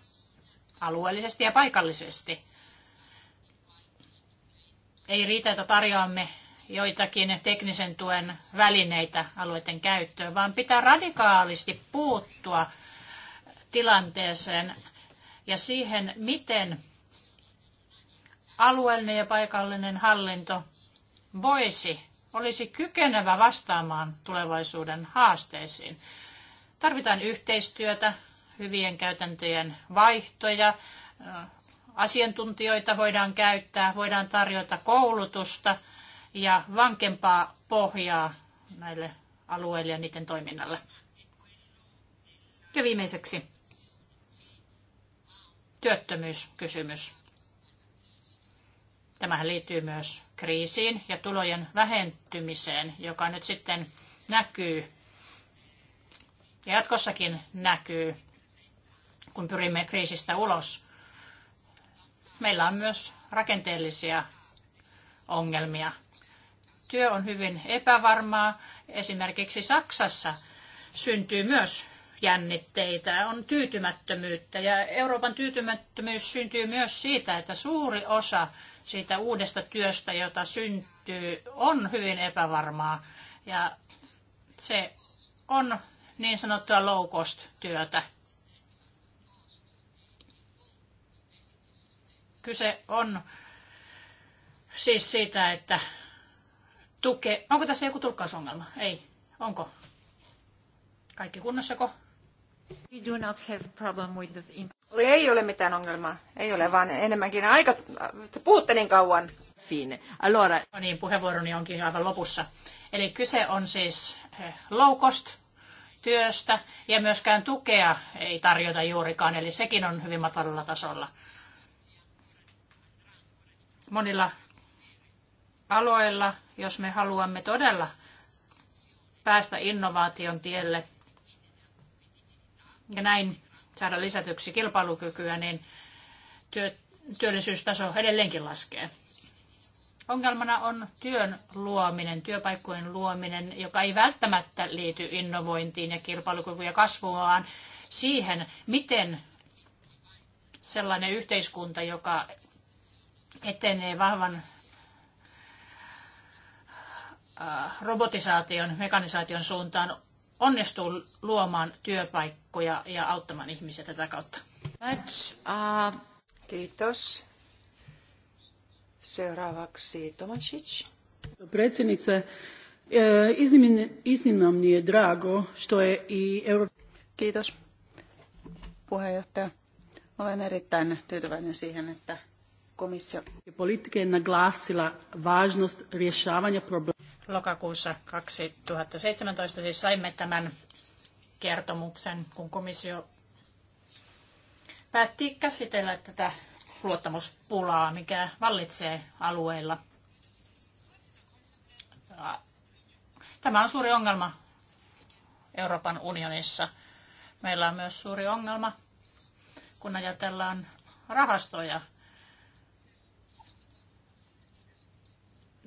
alueellisesti ja paikallisesti. Ei riitä, että tarjoamme joitakin teknisen tuen välineitä alueiden käyttöön, vaan pitää radikaalisti puuttua tilanteeseen ja siihen, miten alueellinen ja paikallinen hallinto voisi, olisi kykenevä vastaamaan tulevaisuuden haasteisiin. Tarvitaan yhteistyötä, hyvien käytäntöjen vaihtoja, asiantuntijoita voidaan käyttää, voidaan tarjota koulutusta ja vankempaa pohjaa näille alueille ja niiden toiminnalle. Ja viimeiseksi työttömyyskysymys. Tämähän liittyy myös kriisiin ja tulojen vähentymiseen, joka nyt sitten näkyy ja jatkossakin näkyy kun pyrimme kriisistä ulos. Meillä on myös rakenteellisia ongelmia. Työ on hyvin epävarmaa. Esimerkiksi Saksassa syntyy myös jännitteitä, on tyytymättömyyttä ja Euroopan tyytymättömyys syntyy myös siitä, että suuri osa siitä uudesta työstä, jota syntyy, on hyvin epävarmaa ja se on niin sanottua low cost työtä. Kyse on siis siitä, että tuke... Onko tässä joku tulkkausongelma? Ei. Onko? Kaikki kunnossako? We do not have problem with the... Ei ole mitään ongelmaa. Ei ole, vaan enemmänkin aika... Puhutte niin kauan. Fine. Allora... No niin, puheenvuoroni onkin aivan lopussa. Eli kyse on siis eh, low cost työstä ja myöskään tukea ei tarjota juurikaan, eli sekin on hyvin matalalla tasolla monilla aloilla, jos me haluamme todella päästä innovaation tielle ja näin saada lisätyksi kilpailukykyä, niin työ, työllisyystaso edelleenkin laskee. Ongelmana on työn luominen, työpaikkojen luominen, joka ei välttämättä liity innovointiin ja kilpailukykyyn ja kasvuun, vaan siihen, miten sellainen yhteiskunta, joka etenee vahvan äh, robotisaation, mekanisaation suuntaan, onnistuu luomaan työpaikkoja ja auttamaan ihmisiä tätä kautta. Uh, Kiitos. Seuraavaksi Tomasic. Predsjednice, e, iznimno mi je drago što je i Euro... Kiitos puheenjohtaja. Olen erittäin tyytyväinen siihen, että komissio. naglasilla naglassilla važnost rješavanja Lokakuussa 2017 siis saimme tämän kertomuksen, kun komissio päätti käsitellä tätä luottamuspulaa, mikä vallitsee alueilla. Tämä on suuri ongelma Euroopan unionissa. Meillä on myös suuri ongelma, kun ajatellaan rahastoja –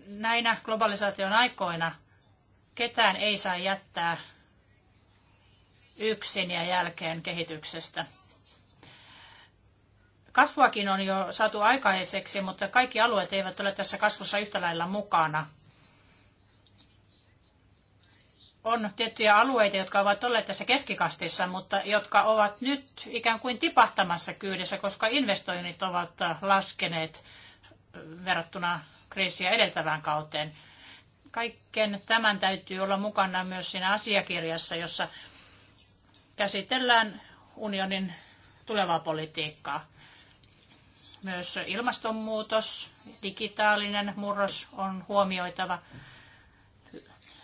näinä globalisaation aikoina ketään ei saa jättää yksin ja jälkeen kehityksestä. Kasvuakin on jo saatu aikaiseksi, mutta kaikki alueet eivät ole tässä kasvussa yhtä lailla mukana. On tiettyjä alueita, jotka ovat olleet tässä keskikastissa, mutta jotka ovat nyt ikään kuin tipahtamassa kyydessä, koska investoinnit ovat laskeneet verrattuna kriisiä edeltävään kauteen. Kaiken tämän täytyy olla mukana myös siinä asiakirjassa, jossa käsitellään unionin tulevaa politiikkaa. Myös ilmastonmuutos, digitaalinen murros on huomioitava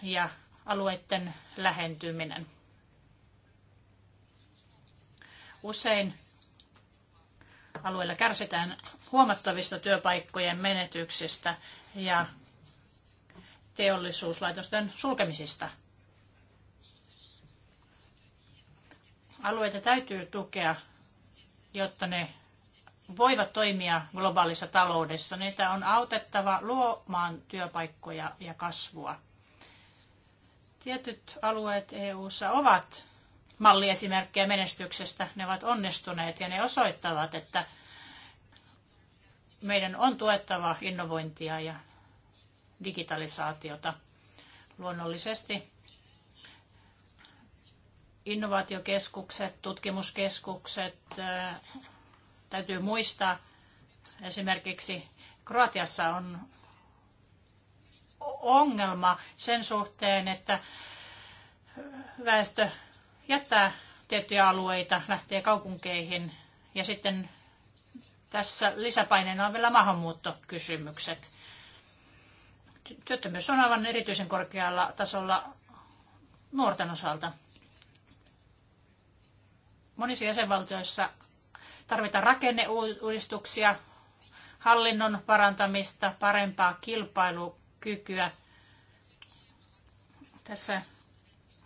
ja alueiden lähentyminen. Usein alueilla kärsitään huomattavista työpaikkojen menetyksistä ja teollisuuslaitosten sulkemisista. Alueita täytyy tukea, jotta ne voivat toimia globaalissa taloudessa. Niitä on autettava luomaan työpaikkoja ja kasvua. Tietyt alueet EU:ssa ovat malliesimerkkejä menestyksestä. Ne ovat onnistuneet ja ne osoittavat, että meidän on tuettava innovointia ja digitalisaatiota. Luonnollisesti innovaatiokeskukset, tutkimuskeskukset täytyy muistaa. Esimerkiksi Kroatiassa on ongelma sen suhteen, että väestö jättää tiettyjä alueita, lähtee kaupunkeihin ja sitten tässä lisäpaineena on vielä maahanmuuttokysymykset. Työttömyys on aivan erityisen korkealla tasolla nuorten osalta. Monissa jäsenvaltioissa tarvitaan rakenneuudistuksia, hallinnon parantamista, parempaa kilpailukykyä. Tässä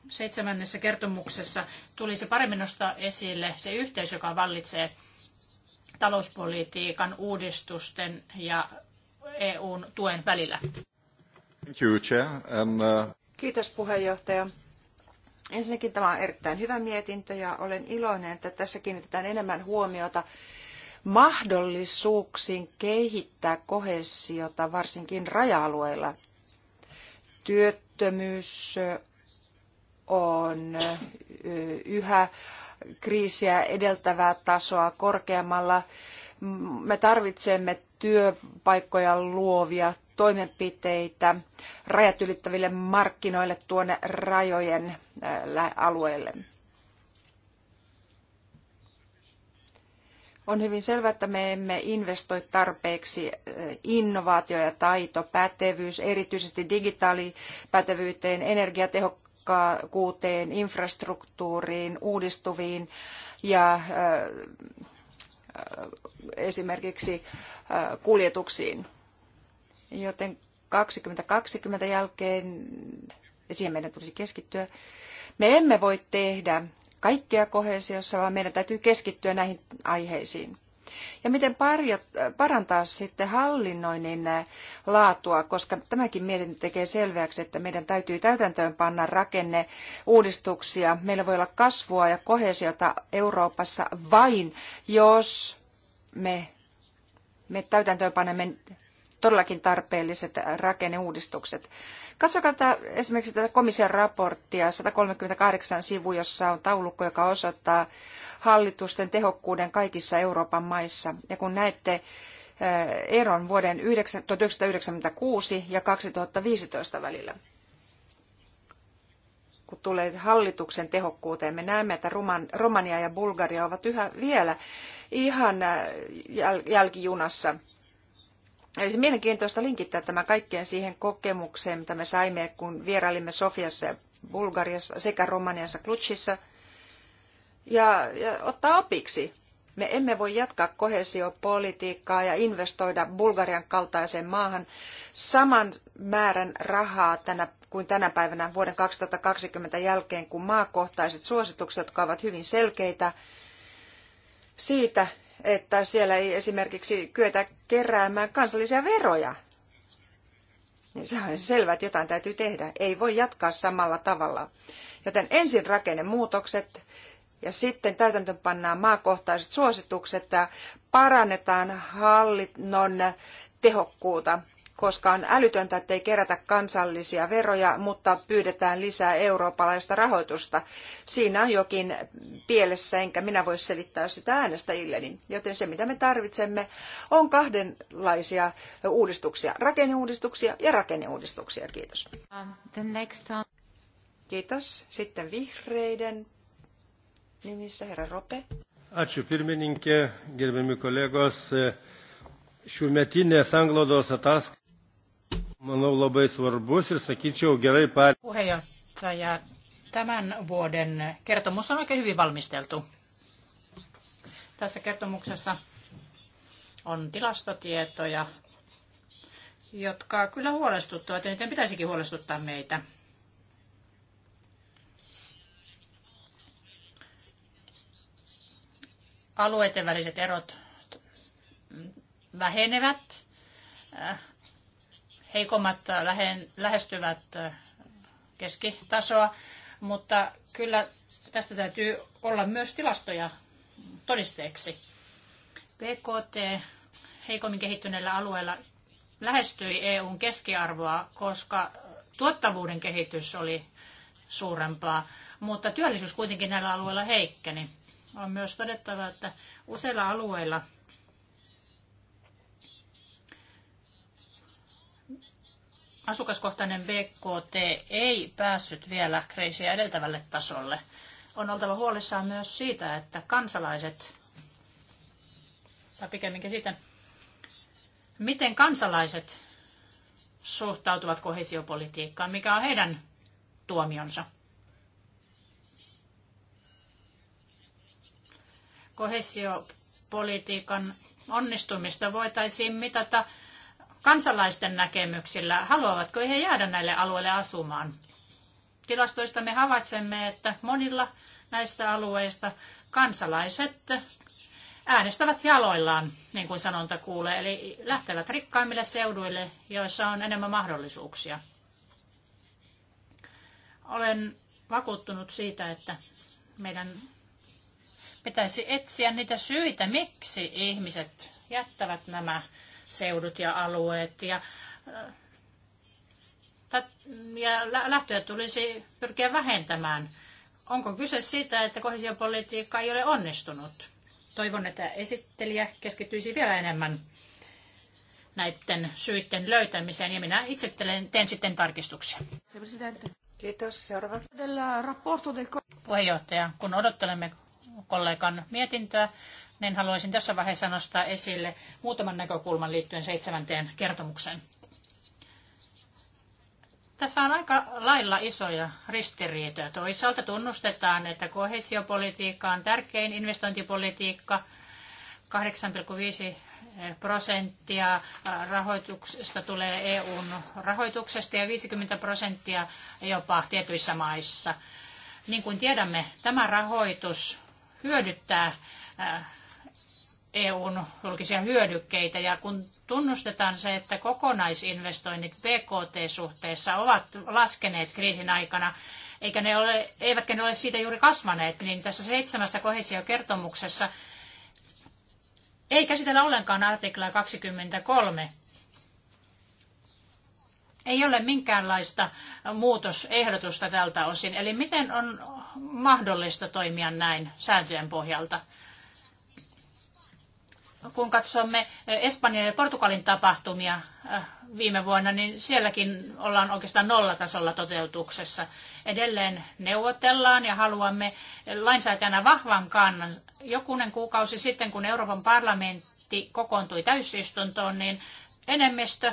seitsemännessä kertomuksessa tulisi paremmin nostaa esille se yhteys, joka vallitsee talouspolitiikan uudistusten ja EUn tuen välillä? Thank you, Chair. And, uh... Kiitos puheenjohtaja. Ensinnäkin tämä on erittäin hyvä mietintö ja olen iloinen, että tässä kiinnitetään enemmän huomiota mahdollisuuksiin kehittää kohessiota varsinkin raja-alueilla. Työttömyys on yhä kriisiä edeltävää tasoa korkeammalla. Mm, me tarvitsemme työpaikkoja luovia toimenpiteitä rajat ylittäville markkinoille tuonne rajojen äh, alueelle. On hyvin selvää, että me emme investoi tarpeeksi äh, innovaatio ja taito, erityisesti digitaalipätevyyteen, energiatehokkuuteen, tehokkuuteen, infrastruktuuriin, uudistuviin ja äh, äh, esimerkiksi äh, kuljetuksiin. Joten 2020 jälkeen, ja siihen meidän tulisi keskittyä, me emme voi tehdä kaikkea kohesiossa, vaan meidän täytyy keskittyä näihin aiheisiin. Ja miten parjat äh, parantaa sitten hallinnoinnin äh, laatua, koska tämäkin mietintö tekee selväksi, että meidän täytyy täytäntöön panna rakenne uudistuksia. Meillä voi olla kasvua ja kohesiota Euroopassa vain, jos me, me täytäntöön panemme todellakin tarpeelliset rakenneuudistukset. Katsokaa tämä, esimerkiksi tätä komission raporttia, 138 sivu, jossa on taulukko, joka osoittaa hallitusten tehokkuuden kaikissa Euroopan maissa. Ja kun näette äh, eron vuoden 1996 ja 2015 välillä, kun tulee hallituksen tehokkuuteen, me näemme, että Romania ja Bulgaria ovat yhä vielä ihan äh, jälkijunassa – olisi mielenkiintoista linkittää tämä kaikkeen siihen kokemukseen, mitä me saimme, kun vierailimme Sofiassa ja Bulgariassa sekä Romaniassa Klutsissa. Ja, ja ottaa opiksi. Me emme voi jatkaa kohesiopolitiikkaa ja investoida Bulgarian kaltaiseen maahan saman määrän rahaa tänä, kuin tänä päivänä vuoden 2020 jälkeen, kun maakohtaiset suositukset, jotka ovat hyvin selkeitä, siitä, että siellä ei esimerkiksi kyetä keräämään kansallisia veroja. Niin se on selvä, että jotain täytyy tehdä. Ei voi jatkaa samalla tavalla. Joten ensin rakennemuutokset ja sitten täytäntöön pannaan maakohtaiset suositukset ja parannetaan hallinnon tehokkuutta koska on älytöntä, ettei kerätä kansallisia veroja, mutta pyydetään lisää eurooppalaista rahoitusta. Siinä on jokin pielessä, enkä minä voi selittää sitä äänestäjilleni. Joten se, mitä me tarvitsemme, on kahdenlaisia uudistuksia. Rakenneuudistuksia ja rakenneuudistuksia. Kiitos. Um, Kiitos. Sitten vihreiden nimissä herra Rope. Ačiū pirmininkė, gerbiami kolegos. Šiųmetinės anglodos ataskaitos. Manau labai svarbus ir sakyčiau gerai pär... Puheenjohtaja, tämän vuoden kertomus on oikein hyvin valmisteltu. Tässä kertomuksessa on tilastotietoja, jotka kyllä huolestuttavat ja niiden pitäisikin huolestuttaa meitä. Alueiden väliset erot vähenevät äh, heikommat äh, lähestyvät äh, keskitasoa, mutta kyllä tästä täytyy olla myös tilastoja todisteeksi. PKT heikommin kehittyneillä alueilla lähestyi EUn keskiarvoa, koska tuottavuuden kehitys oli suurempaa, mutta työllisyys kuitenkin näillä alueilla heikkeni. On myös todettava, että useilla alueilla – asukaskohtainen BKT ei päässyt vielä kriisiä edeltävälle tasolle. On oltava huolissaan myös siitä, että kansalaiset, tai pikemminkin siitä, miten kansalaiset suhtautuvat kohesiopolitiikkaan, mikä on heidän tuomionsa. Kohesiopolitiikan onnistumista voitaisiin mitata kansalaisten näkemyksillä? Haluavatko he jäädä näille alueille asumaan? Tilastoista me havaitsemme, että monilla näistä alueista kansalaiset äänestävät jaloillaan, niin kuin sanonta kuulee, eli lähtevät rikkaimmille seuduille, joissa on enemmän mahdollisuuksia. Olen vakuuttunut siitä, että meidän pitäisi etsiä niitä syitä, miksi ihmiset jättävät nämä seudut ja alueet. Ja, äh, ja lähtöjä tulisi pyrkiä vähentämään. Onko kyse siitä, että kohesiopolitiikka ei ole onnistunut? Toivon, että esittelijä keskittyisi vielä enemmän näiden syiden löytämiseen ja minä itse teen sitten tarkistuksia. Kiitos. Seuraava. Puheenjohtaja, kun odottelemme kollegan mietintöä, niin haluaisin tässä vaiheessa nostaa esille muutaman näkökulman liittyen seitsemänteen kertomukseen. Tässä on aika lailla isoja ristiriitoja. Toisaalta tunnustetaan, että kohesiopolitiikka on tärkein investointipolitiikka. 8,5 prosenttia rahoituksesta tulee EUn rahoituksesta ja 50 prosenttia jopa tietyissä maissa. Niin kuin tiedämme, tämä rahoitus hyödyttää EUn julkisia hyödykkeitä ja kun tunnustetaan se, että kokonaisinvestoinnit BKT-suhteessa ovat laskeneet kriisin aikana, eikä ne ole, eivätkä ne ole siitä juuri kasvaneet, niin tässä seitsemässä kohesiokertomuksessa ei käsitellä ollenkaan artiklaa 23. Ei ole minkäänlaista muutosehdotusta tältä osin. Eli miten on mahdollista toimia näin sääntöjen pohjalta? kun katsomme eh, Espanjan ja Portugalin tapahtumia eh, viime vuonna, niin sielläkin ollaan oikeastaan nollatasolla toteutuksessa. Edelleen neuvotellaan ja haluamme lainsäätäjänä vahvan kannan. Jokunen kuukausi sitten, kun Euroopan parlamentti kokoontui täysistuntoon, niin enemmistö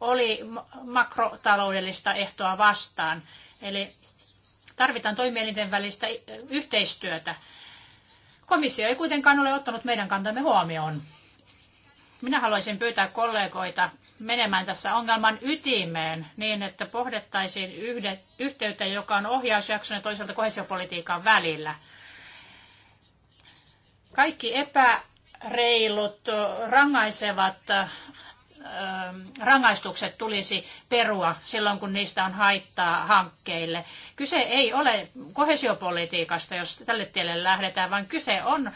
oli makrotaloudellista ehtoa vastaan. Eli tarvitaan toimielinten välistä eh, yhteistyötä Komissio ei kuitenkaan ole ottanut meidän kantamme huomioon. Minä haluaisin pyytää kollegoita menemään tässä ongelman ytimeen niin, että pohdettaisiin yhde, yhteyttä, joka on ohjausjakson ja toisaalta kohesiopolitiikan välillä. Kaikki epäreilut rangaisevat Ähm, rangaistukset tulisi perua silloin, kun niistä on haittaa hankkeille. Kyse ei ole kohesiopolitiikasta, jos tälle tielle lähdetään, vaan kyse on äh,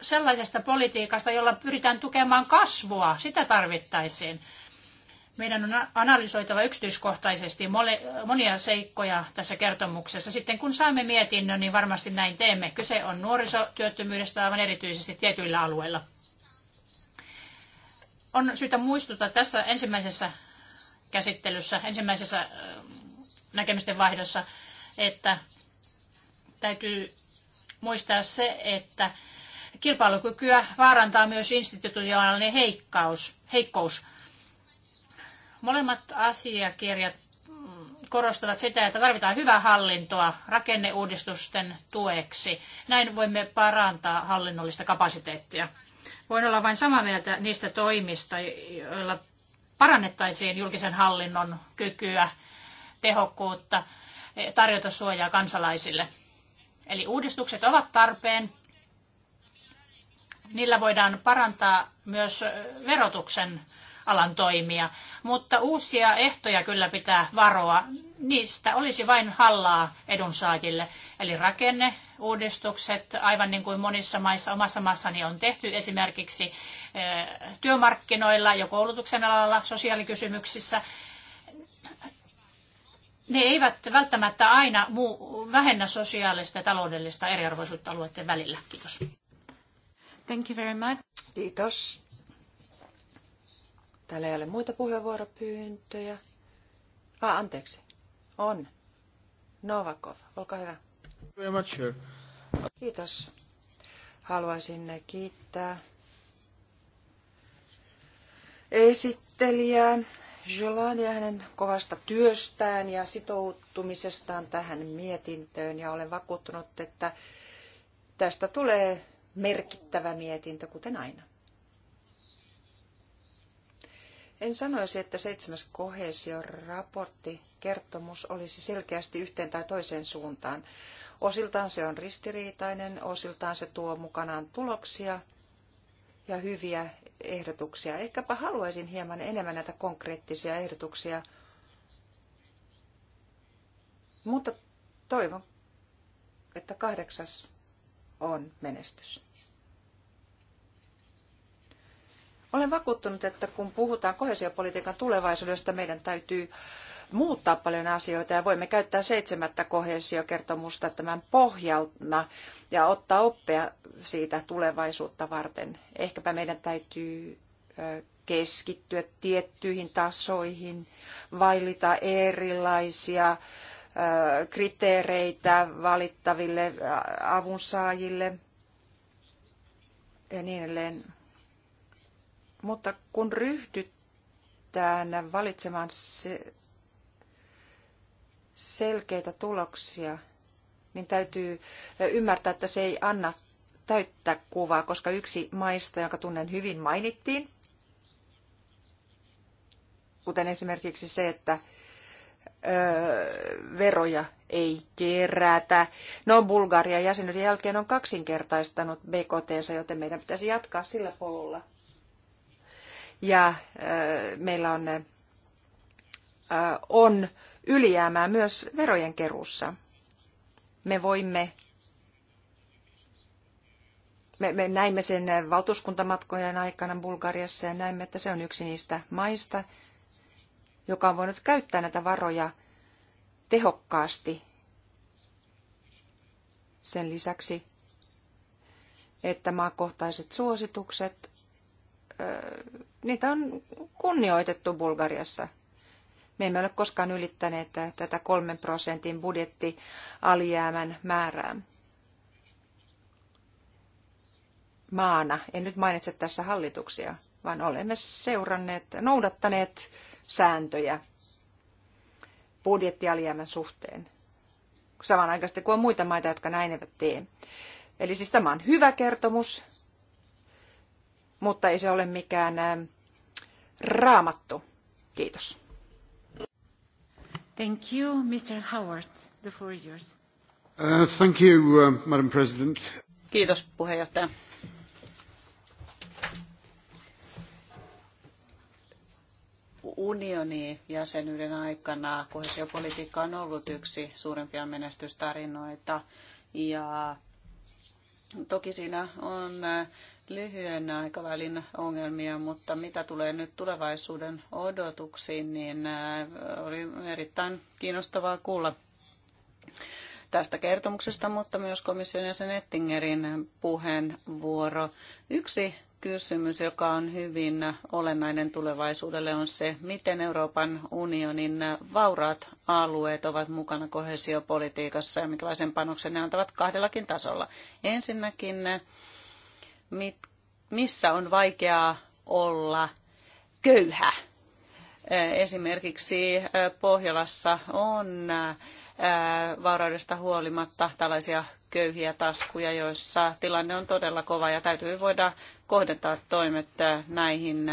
sellaisesta politiikasta, jolla pyritään tukemaan kasvua. Sitä tarvittaisiin. Meidän on analysoitava yksityiskohtaisesti monia seikkoja tässä kertomuksessa. Sitten kun saamme mietinnön, niin varmasti näin teemme. Kyse on nuorisotyöttömyydestä aivan erityisesti tietyillä alueilla on syytä muistuttaa tässä ensimmäisessä käsittelyssä, ensimmäisessä näkemysten vaihdossa, että täytyy muistaa se, että kilpailukykyä vaarantaa myös institutionaalinen heikkaus, heikkous. Molemmat asiakirjat mm, korostavat sitä, että tarvitaan hyvää hallintoa rakenneuudistusten tueksi. Näin voimme parantaa hallinnollista kapasiteettia. Voin olla vain samaa mieltä niistä toimista, joilla parannettaisiin julkisen hallinnon kykyä, tehokkuutta, tarjota suojaa kansalaisille. Eli uudistukset ovat tarpeen. Niillä voidaan parantaa myös verotuksen alan toimia, mutta uusia ehtoja kyllä pitää varoa niistä olisi vain hallaa edunsaajille. Eli rakenneuudistukset, aivan niin kuin monissa maissa, omassa maassani on tehty esimerkiksi eh, työmarkkinoilla ja koulutuksen alalla, sosiaalikysymyksissä, ne eivät välttämättä aina muu, vähennä sosiaalista ja taloudellista eriarvoisuutta alueiden välillä. Kiitos. Thank you very much. Kiitos. Täällä ei ole muita puheenvuoropyyntöjä. Ah, anteeksi. On. Novakov, olkaa hyvä. Very much, sure. Kiitos. Haluaisin kiittää esittelijää ja hänen kovasta työstään ja sitoutumisestaan tähän mietintöön ja olen vakuuttunut, että tästä tulee merkittävä mietintö, kuten aina. En sanoisi, että seitsemäs kohesioraportti raportti kertomus olisi selkeästi yhteen tai toiseen suuntaan. Osiltaan se on ristiriitainen, osiltaan se tuo mukanaan tuloksia ja hyviä ehdotuksia. Ehkäpä haluaisin hieman enemmän näitä konkreettisia ehdotuksia, mutta toivon, että kahdeksas on menestys. Olen vakuuttunut, että kun puhutaan kohesiopolitiikan tulevaisuudesta, meidän täytyy muuttaa paljon asioita ja voimme käyttää seitsemättä kohesiokertomusta tämän pohjalta ja ottaa oppia siitä tulevaisuutta varten. Ehkäpä meidän täytyy keskittyä tiettyihin tasoihin, vailita erilaisia kriteereitä valittaville avunsaajille ja niin edelleen. Mutta kun ryhdytään valitsemaan se, selkeitä tuloksia, niin täytyy ymmärtää, että se ei anna täyttä kuvaa, koska yksi maista, jonka tunnen hyvin, mainittiin. Kuten esimerkiksi se, että veroja ei kerätä. No, Bulgaria jäsenyyden jälkeen on kaksinkertaistanut bkt joten meidän pitäisi jatkaa sillä polulla. Ja meillä on, on ylijäämää myös verojen keruussa. Me voimme me, me näimme sen valtuuskuntamatkojen aikana Bulgariassa ja näimme, että se on yksi niistä maista, joka on voinut käyttää näitä varoja tehokkaasti. Sen lisäksi, että maakohtaiset suositukset, niitä on kunnioitettu Bulgariassa. Me emme ole koskaan ylittäneet tätä kolmen prosentin budjettialijäämän määrää. Maana, en nyt mainitse tässä hallituksia, vaan olemme seuranneet, noudattaneet sääntöjä budjettialijäämän suhteen. Samanaikaisesti kuin on muita maita, jotka näin eivät tee. Eli siis tämä on hyvä kertomus, mutta ei se ole mikään raamattu. Kiitos. Thank you. Mr. Howard, the floor is yours. Uh, thank you, uh, Madam President. Kiitos puheenjohtaja. unioni jäsenyyden aikana kohesiopolitiikka on ollut yksi suurimpia menestystarinoita ja toki siinä on lyhyen aikavälin ongelmia, mutta mitä tulee nyt tulevaisuuden odotuksiin, niin äh, oli erittäin kiinnostavaa kuulla tästä kertomuksesta, mutta myös komission jäsen Ettingerin puheenvuoro. Yksi kysymys, joka on hyvin olennainen tulevaisuudelle, on se, miten Euroopan unionin vauraat alueet ovat mukana kohesiopolitiikassa ja minkälaisen panoksen ne antavat kahdellakin tasolla. Ensinnäkin mit, missä on vaikeaa olla köyhä. Esimerkiksi Pohjolassa on vauraudesta huolimatta tällaisia köyhiä taskuja, joissa tilanne on todella kova ja täytyy voida kohdentaa toimet näihin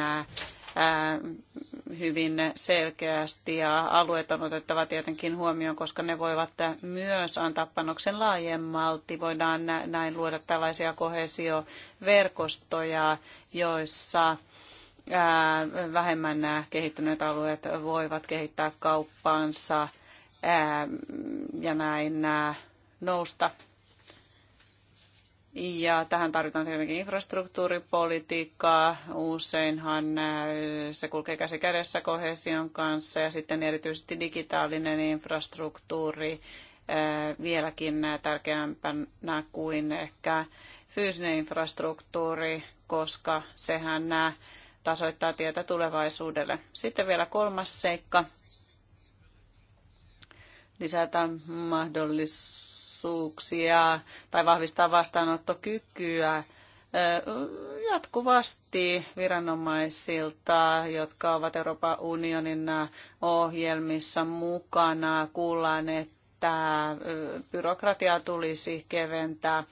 hyvin selkeästi ja alueet on otettava tietenkin huomioon, koska ne voivat myös antaa panoksen laajemmalti. Voidaan näin luoda tällaisia kohesioverkostoja, joissa vähemmän nämä kehittyneet alueet voivat kehittää kauppaansa ja näin nousta ja tähän tarvitaan tietenkin infrastruktuuripolitiikkaa. Useinhan äh, se kulkee käsi kädessä kohesion kanssa ja sitten erityisesti digitaalinen infrastruktuuri äh, vieläkin tärkeämpänä kuin ehkä fyysinen infrastruktuuri, koska sehän nämä äh, tasoittaa tietä tulevaisuudelle. Sitten vielä kolmas seikka. Lisätään mahdollisuus mahdollisuuksia tai vahvistaa vastaanottokykyä jatkuvasti viranomaisilta, jotka ovat Euroopan unionin ohjelmissa mukana, kuullaan, että byrokratiaa tulisi keventää,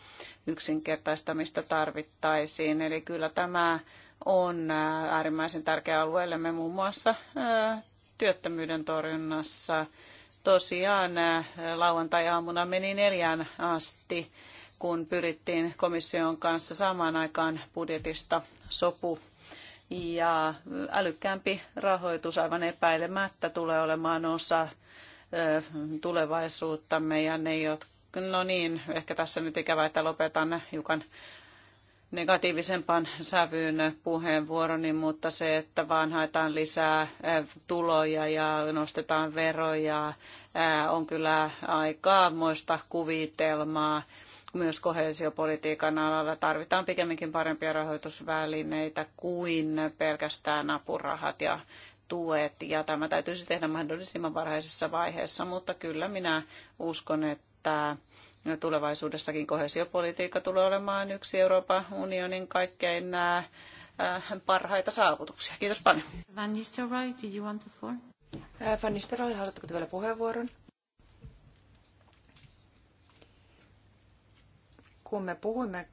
yksinkertaistamista tarvittaisiin. Eli kyllä tämä on äärimmäisen tärkeä alueellemme muun muassa työttömyyden torjunnassa tosiaan äh, lauantai-aamuna meni neljään asti, kun pyrittiin komission kanssa samaan aikaan budjetista sopu. Ja äh, älykkäämpi rahoitus aivan epäilemättä tulee olemaan osa äh, tulevaisuuttamme ja ne, jotka No niin, ehkä tässä nyt ikävä, että lopetan hiukan negatiivisempaan sävyyn puheenvuoroni, mutta se, että vaan haetaan lisää äh, tuloja ja nostetaan veroja, äh, on kyllä aika muista kuvitelmaa. Myös kohesiopolitiikan alalla tarvitaan pikemminkin parempia rahoitusvälineitä kuin pelkästään apurahat ja tuet, ja tämä täytyisi tehdä mahdollisimman varhaisessa vaiheessa, mutta kyllä minä uskon, että tulevaisuudessakin kohesiopolitiikka tulee olemaan yksi Euroopan unionin kaikkein äh, äh, parhaita saavutuksia. Kiitos paljon. Van Nistelrooy, did you want the floor? Äh, Van Nistelrooy, haluatteko vielä puheenvuoron? Kun me puhuimme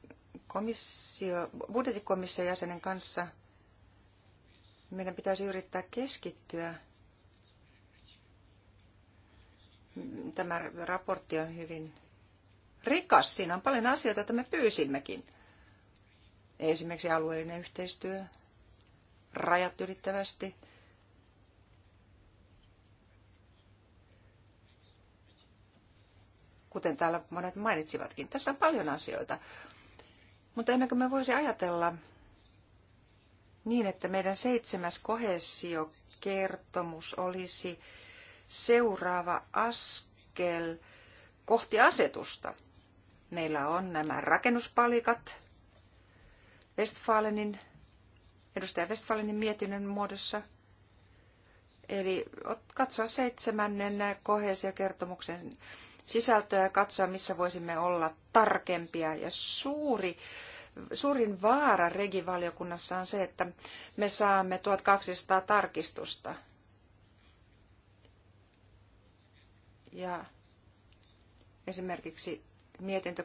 komissio, budjetikomission jäsenen kanssa, meidän pitäisi yrittää keskittyä. Tämä raportti on hyvin rikas. Siinä on paljon asioita, joita me pyysimmekin. Esimerkiksi alueellinen yhteistyö, rajat ylittävästi. Kuten täällä monet mainitsivatkin, tässä on paljon asioita. Mutta emmekö me voisi ajatella niin, että meidän seitsemäs kohesiokertomus olisi seuraava askel kohti asetusta. Meillä on nämä rakennuspalikat Westfalenin, edustaja Westfalenin mietinnön muodossa. Eli katsoa seitsemännen kohesiokertomuksen sisältöä ja katsoa, missä voisimme olla tarkempia. Ja suuri, suurin vaara regivaliokunnassa on se, että me saamme 1200 tarkistusta. Ja esimerkiksi mietintö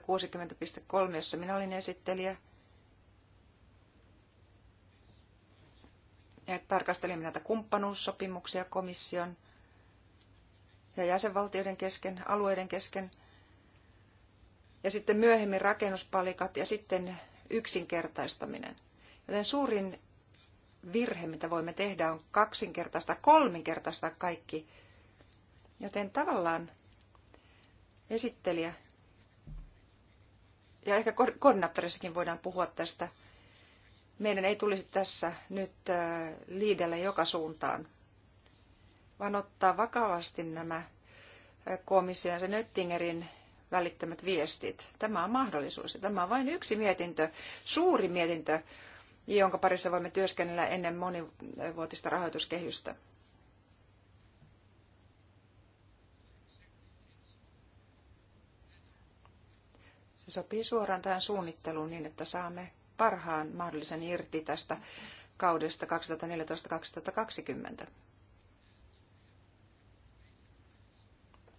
60.3, jossa minä olin esittelijä. Ja tarkastelimme näitä kumppanuussopimuksia komission ja jäsenvaltioiden kesken, alueiden kesken. Ja sitten myöhemmin rakennuspalikat ja sitten yksinkertaistaminen. Joten suurin virhe, mitä voimme tehdä, on kaksinkertaista, kolminkertaista kaikki. Joten tavallaan esittelijä ja ehkä koordinaattorissakin voidaan puhua tästä. Meidän ei tulisi tässä nyt liidellä joka suuntaan, vaan ottaa vakavasti nämä komission ja Nöttingerin välittämät viestit. Tämä on mahdollisuus ja tämä on vain yksi mietintö, suuri mietintö, jonka parissa voimme työskennellä ennen monivuotista rahoituskehystä. Se sopii suoraan tähän suunnitteluun niin, että saamme parhaan mahdollisen irti tästä kaudesta 2014-2020.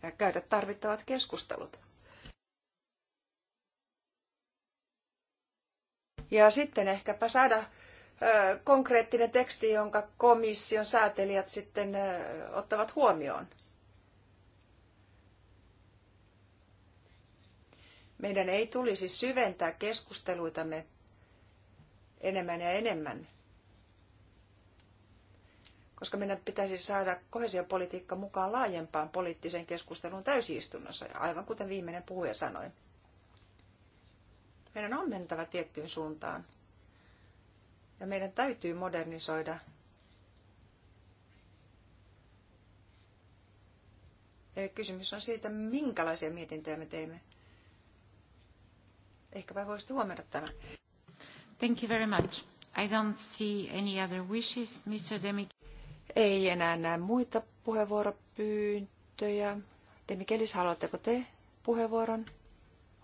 Ja käydä tarvittavat keskustelut. Ja sitten ehkäpä saada konkreettinen teksti, jonka komission säätelijät sitten ottavat huomioon. Meidän ei tulisi syventää keskusteluitamme enemmän ja enemmän, koska meidän pitäisi saada kohesiopolitiikka mukaan laajempaan poliittiseen keskusteluun täysistunnossa, aivan kuten viimeinen puhuja sanoi. Meidän on mentävä tiettyyn suuntaan ja meidän täytyy modernisoida Eli kysymys on siitä, minkälaisia mietintöjä me teemme. Ehkäpä voisitte huomioida tämän. Thank you very much. I don't see any other wishes, Mr. Demik. Ei enää näe muita puheenvuoropyyntöjä. Demikelis, haluatteko te puheenvuoron?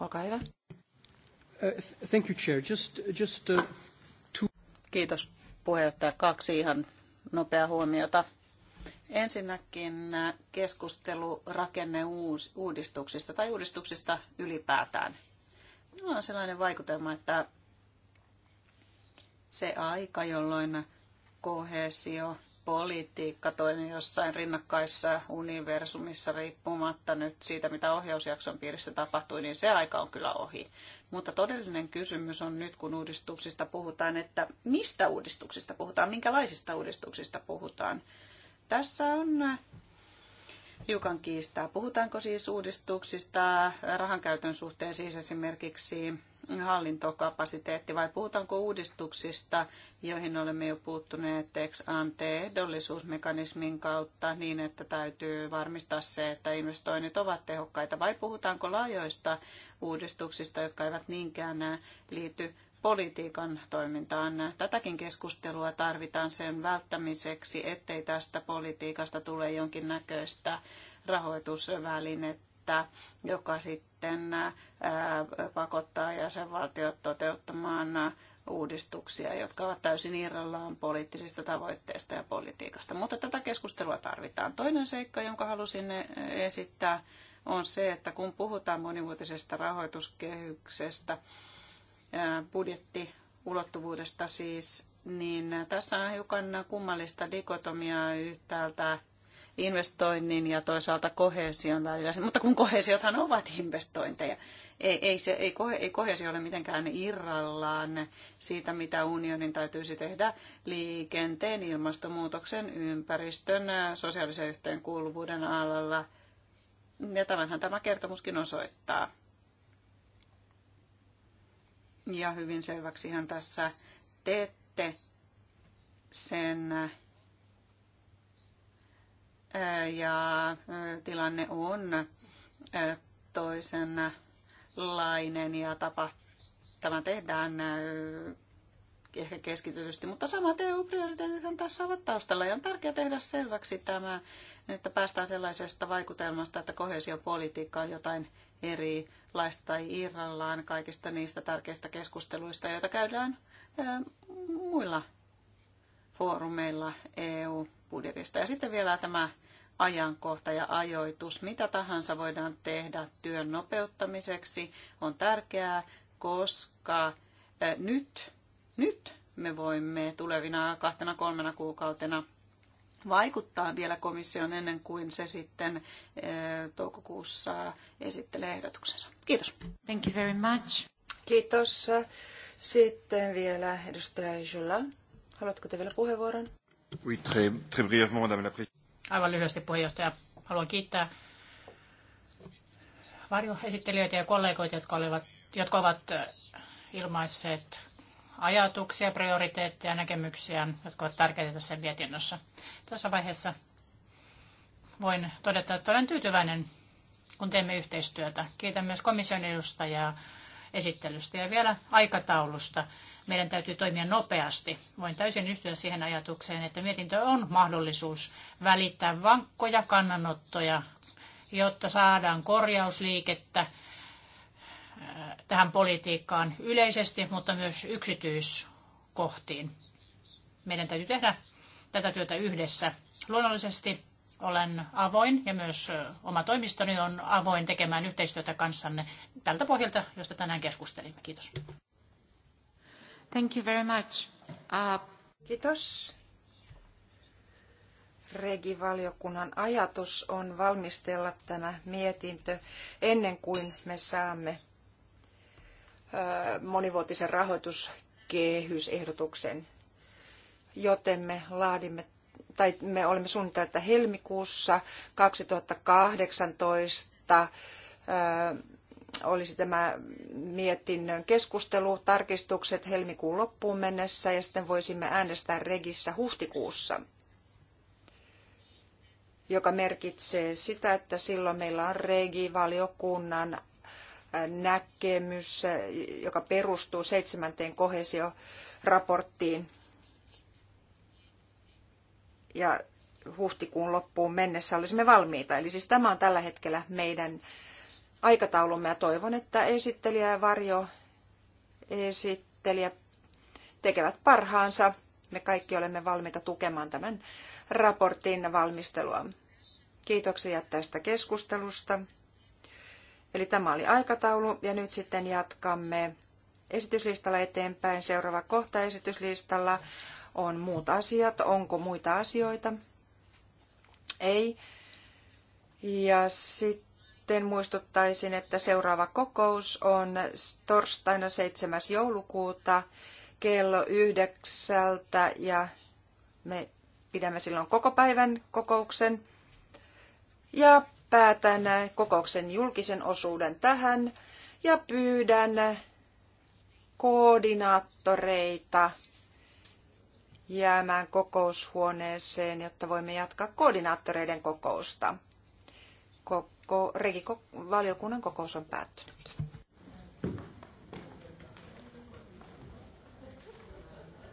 Olkaa hyvä. Uh, thank you, Chair. Just, just, uh, two... Kiitos puheenjohtaja. Kaksi ihan nopea huomiota. Ensinnäkin uh, keskustelu rakenneuudistuksista tai uudistuksista ylipäätään. Minulla on sellainen vaikutelma, että se aika, jolloin kohesio, politiikka toimii jossain rinnakkaissa universumissa riippumatta nyt siitä, mitä ohjausjakson piirissä tapahtui, niin se aika on kyllä ohi. Mutta todellinen kysymys on nyt, kun uudistuksista puhutaan, että mistä uudistuksista puhutaan, minkälaisista uudistuksista puhutaan. Tässä on hiukan kiistaa. Puhutaanko siis uudistuksista rahankäytön suhteen, siis esimerkiksi hallintokapasiteetti, vai puhutaanko uudistuksista, joihin olemme jo puuttuneet ex ante ehdollisuusmekanismin kautta niin, että täytyy varmistaa se, että investoinnit ovat tehokkaita, vai puhutaanko laajoista uudistuksista, jotka eivät niinkään liity politiikan toimintaan. Tätäkin keskustelua tarvitaan sen välttämiseksi, ettei tästä politiikasta tule jonkinnäköistä rahoitusvälinettä, joka sitten pakottaa jäsenvaltiot toteuttamaan uudistuksia, jotka ovat täysin irrallaan poliittisista tavoitteista ja politiikasta. Mutta tätä keskustelua tarvitaan. Toinen seikka, jonka halusin esittää, on se, että kun puhutaan monivuotisesta rahoituskehyksestä, budjettiulottuvuudesta siis, niin tässä on hiukan kummallista dikotomiaa yhtäältä investoinnin ja toisaalta kohesion välillä. Mutta kun kohesiothan ovat investointeja, ei, ei, se, ei, ei kohesio ole mitenkään irrallaan siitä, mitä unionin täytyisi tehdä liikenteen, ilmastonmuutoksen, ympäristön, sosiaalisen yhteenkuuluvuuden alalla. Ja tämänhän tämä kertomuskin osoittaa. Ja hyvin selväksi hän tässä teette sen ja tilanne on toisenlainen ja tapa Tämä tehdään ehkä keskitytysti, mutta samat EU-prioriteetit tässä ovat taustalla ja on tärkeää tehdä selväksi tämä, että päästään sellaisesta vaikutelmasta, että kohesiopolitiikka on jotain eri laista tai irrallaan kaikista niistä tärkeistä keskusteluista, joita käydään eh, muilla foorumeilla EU-budjetista. Ja sitten vielä tämä ajankohta ja ajoitus. Mitä tahansa voidaan tehdä työn nopeuttamiseksi on tärkeää, koska eh, nyt, nyt me voimme tulevina kahtena kolmena kuukautena vaikuttaa vielä komission ennen kuin se sitten eh, toukokuussa esittelee ehdotuksensa. Kiitos. Thank you very much. Kiitos. Sitten vielä edustaja Jola. Haluatko te vielä puheenvuoron? Oui, très, très brièvement, madame la Aivan lyhyesti puheenjohtaja. Haluan kiittää varjoesittelijöitä ja kollegoita, jotka, olivat, jotka ovat eh, ilmaisseet ajatuksia, prioriteetteja, näkemyksiä, jotka ovat tärkeitä tässä mietinnössä. Tässä vaiheessa voin todeta, että olen tyytyväinen, kun teemme yhteistyötä. Kiitän myös komission edustajaa esittelystä ja vielä aikataulusta. Meidän täytyy toimia nopeasti. Voin täysin yhtyä siihen ajatukseen, että mietintö on mahdollisuus välittää vankkoja kannanottoja, jotta saadaan korjausliikettä tähän politiikkaan yleisesti, mutta myös yksityiskohtiin. Meidän täytyy tehdä tätä työtä yhdessä. Luonnollisesti olen avoin ja myös oma toimistoni on avoin tekemään yhteistyötä kanssanne tältä pohjalta, josta tänään keskustelimme. Kiitos. Thank you very much. Uh... Kiitos. Regivaliokunnan ajatus on valmistella tämä mietintö ennen kuin me saamme monivuotisen rahoituskehysehdotuksen, joten me laadimme tai me olemme suunnitelleet, että helmikuussa 2018 olisi tämä mietinnön keskustelu, tarkistukset helmikuun loppuun mennessä ja sitten voisimme äänestää regissä huhtikuussa, joka merkitsee sitä, että silloin meillä on regi-valiokunnan näkemys, joka perustuu seitsemänteen kohesioraporttiin ja huhtikuun loppuun mennessä olisimme valmiita. Eli siis tämä on tällä hetkellä meidän aikataulumme ja toivon, että esittelijä ja varjo esittelijä tekevät parhaansa. Me kaikki olemme valmiita tukemaan tämän raportin valmistelua. Kiitoksia tästä keskustelusta. Eli tämä oli aikataulu ja nyt sitten jatkamme esityslistalla eteenpäin. Seuraava kohta esityslistalla on muut asiat. Onko muita asioita? Ei. Ja sitten muistuttaisin, että seuraava kokous on torstaina 7. joulukuuta kello yhdeksältä ja me pidämme silloin koko päivän kokouksen. Ja päätän kokouksen julkisen osuuden tähän ja pyydän koordinaattoreita jäämään kokoushuoneeseen, jotta voimme jatkaa koordinaattoreiden kokousta. Koko, valiokunnan kokous on päättynyt.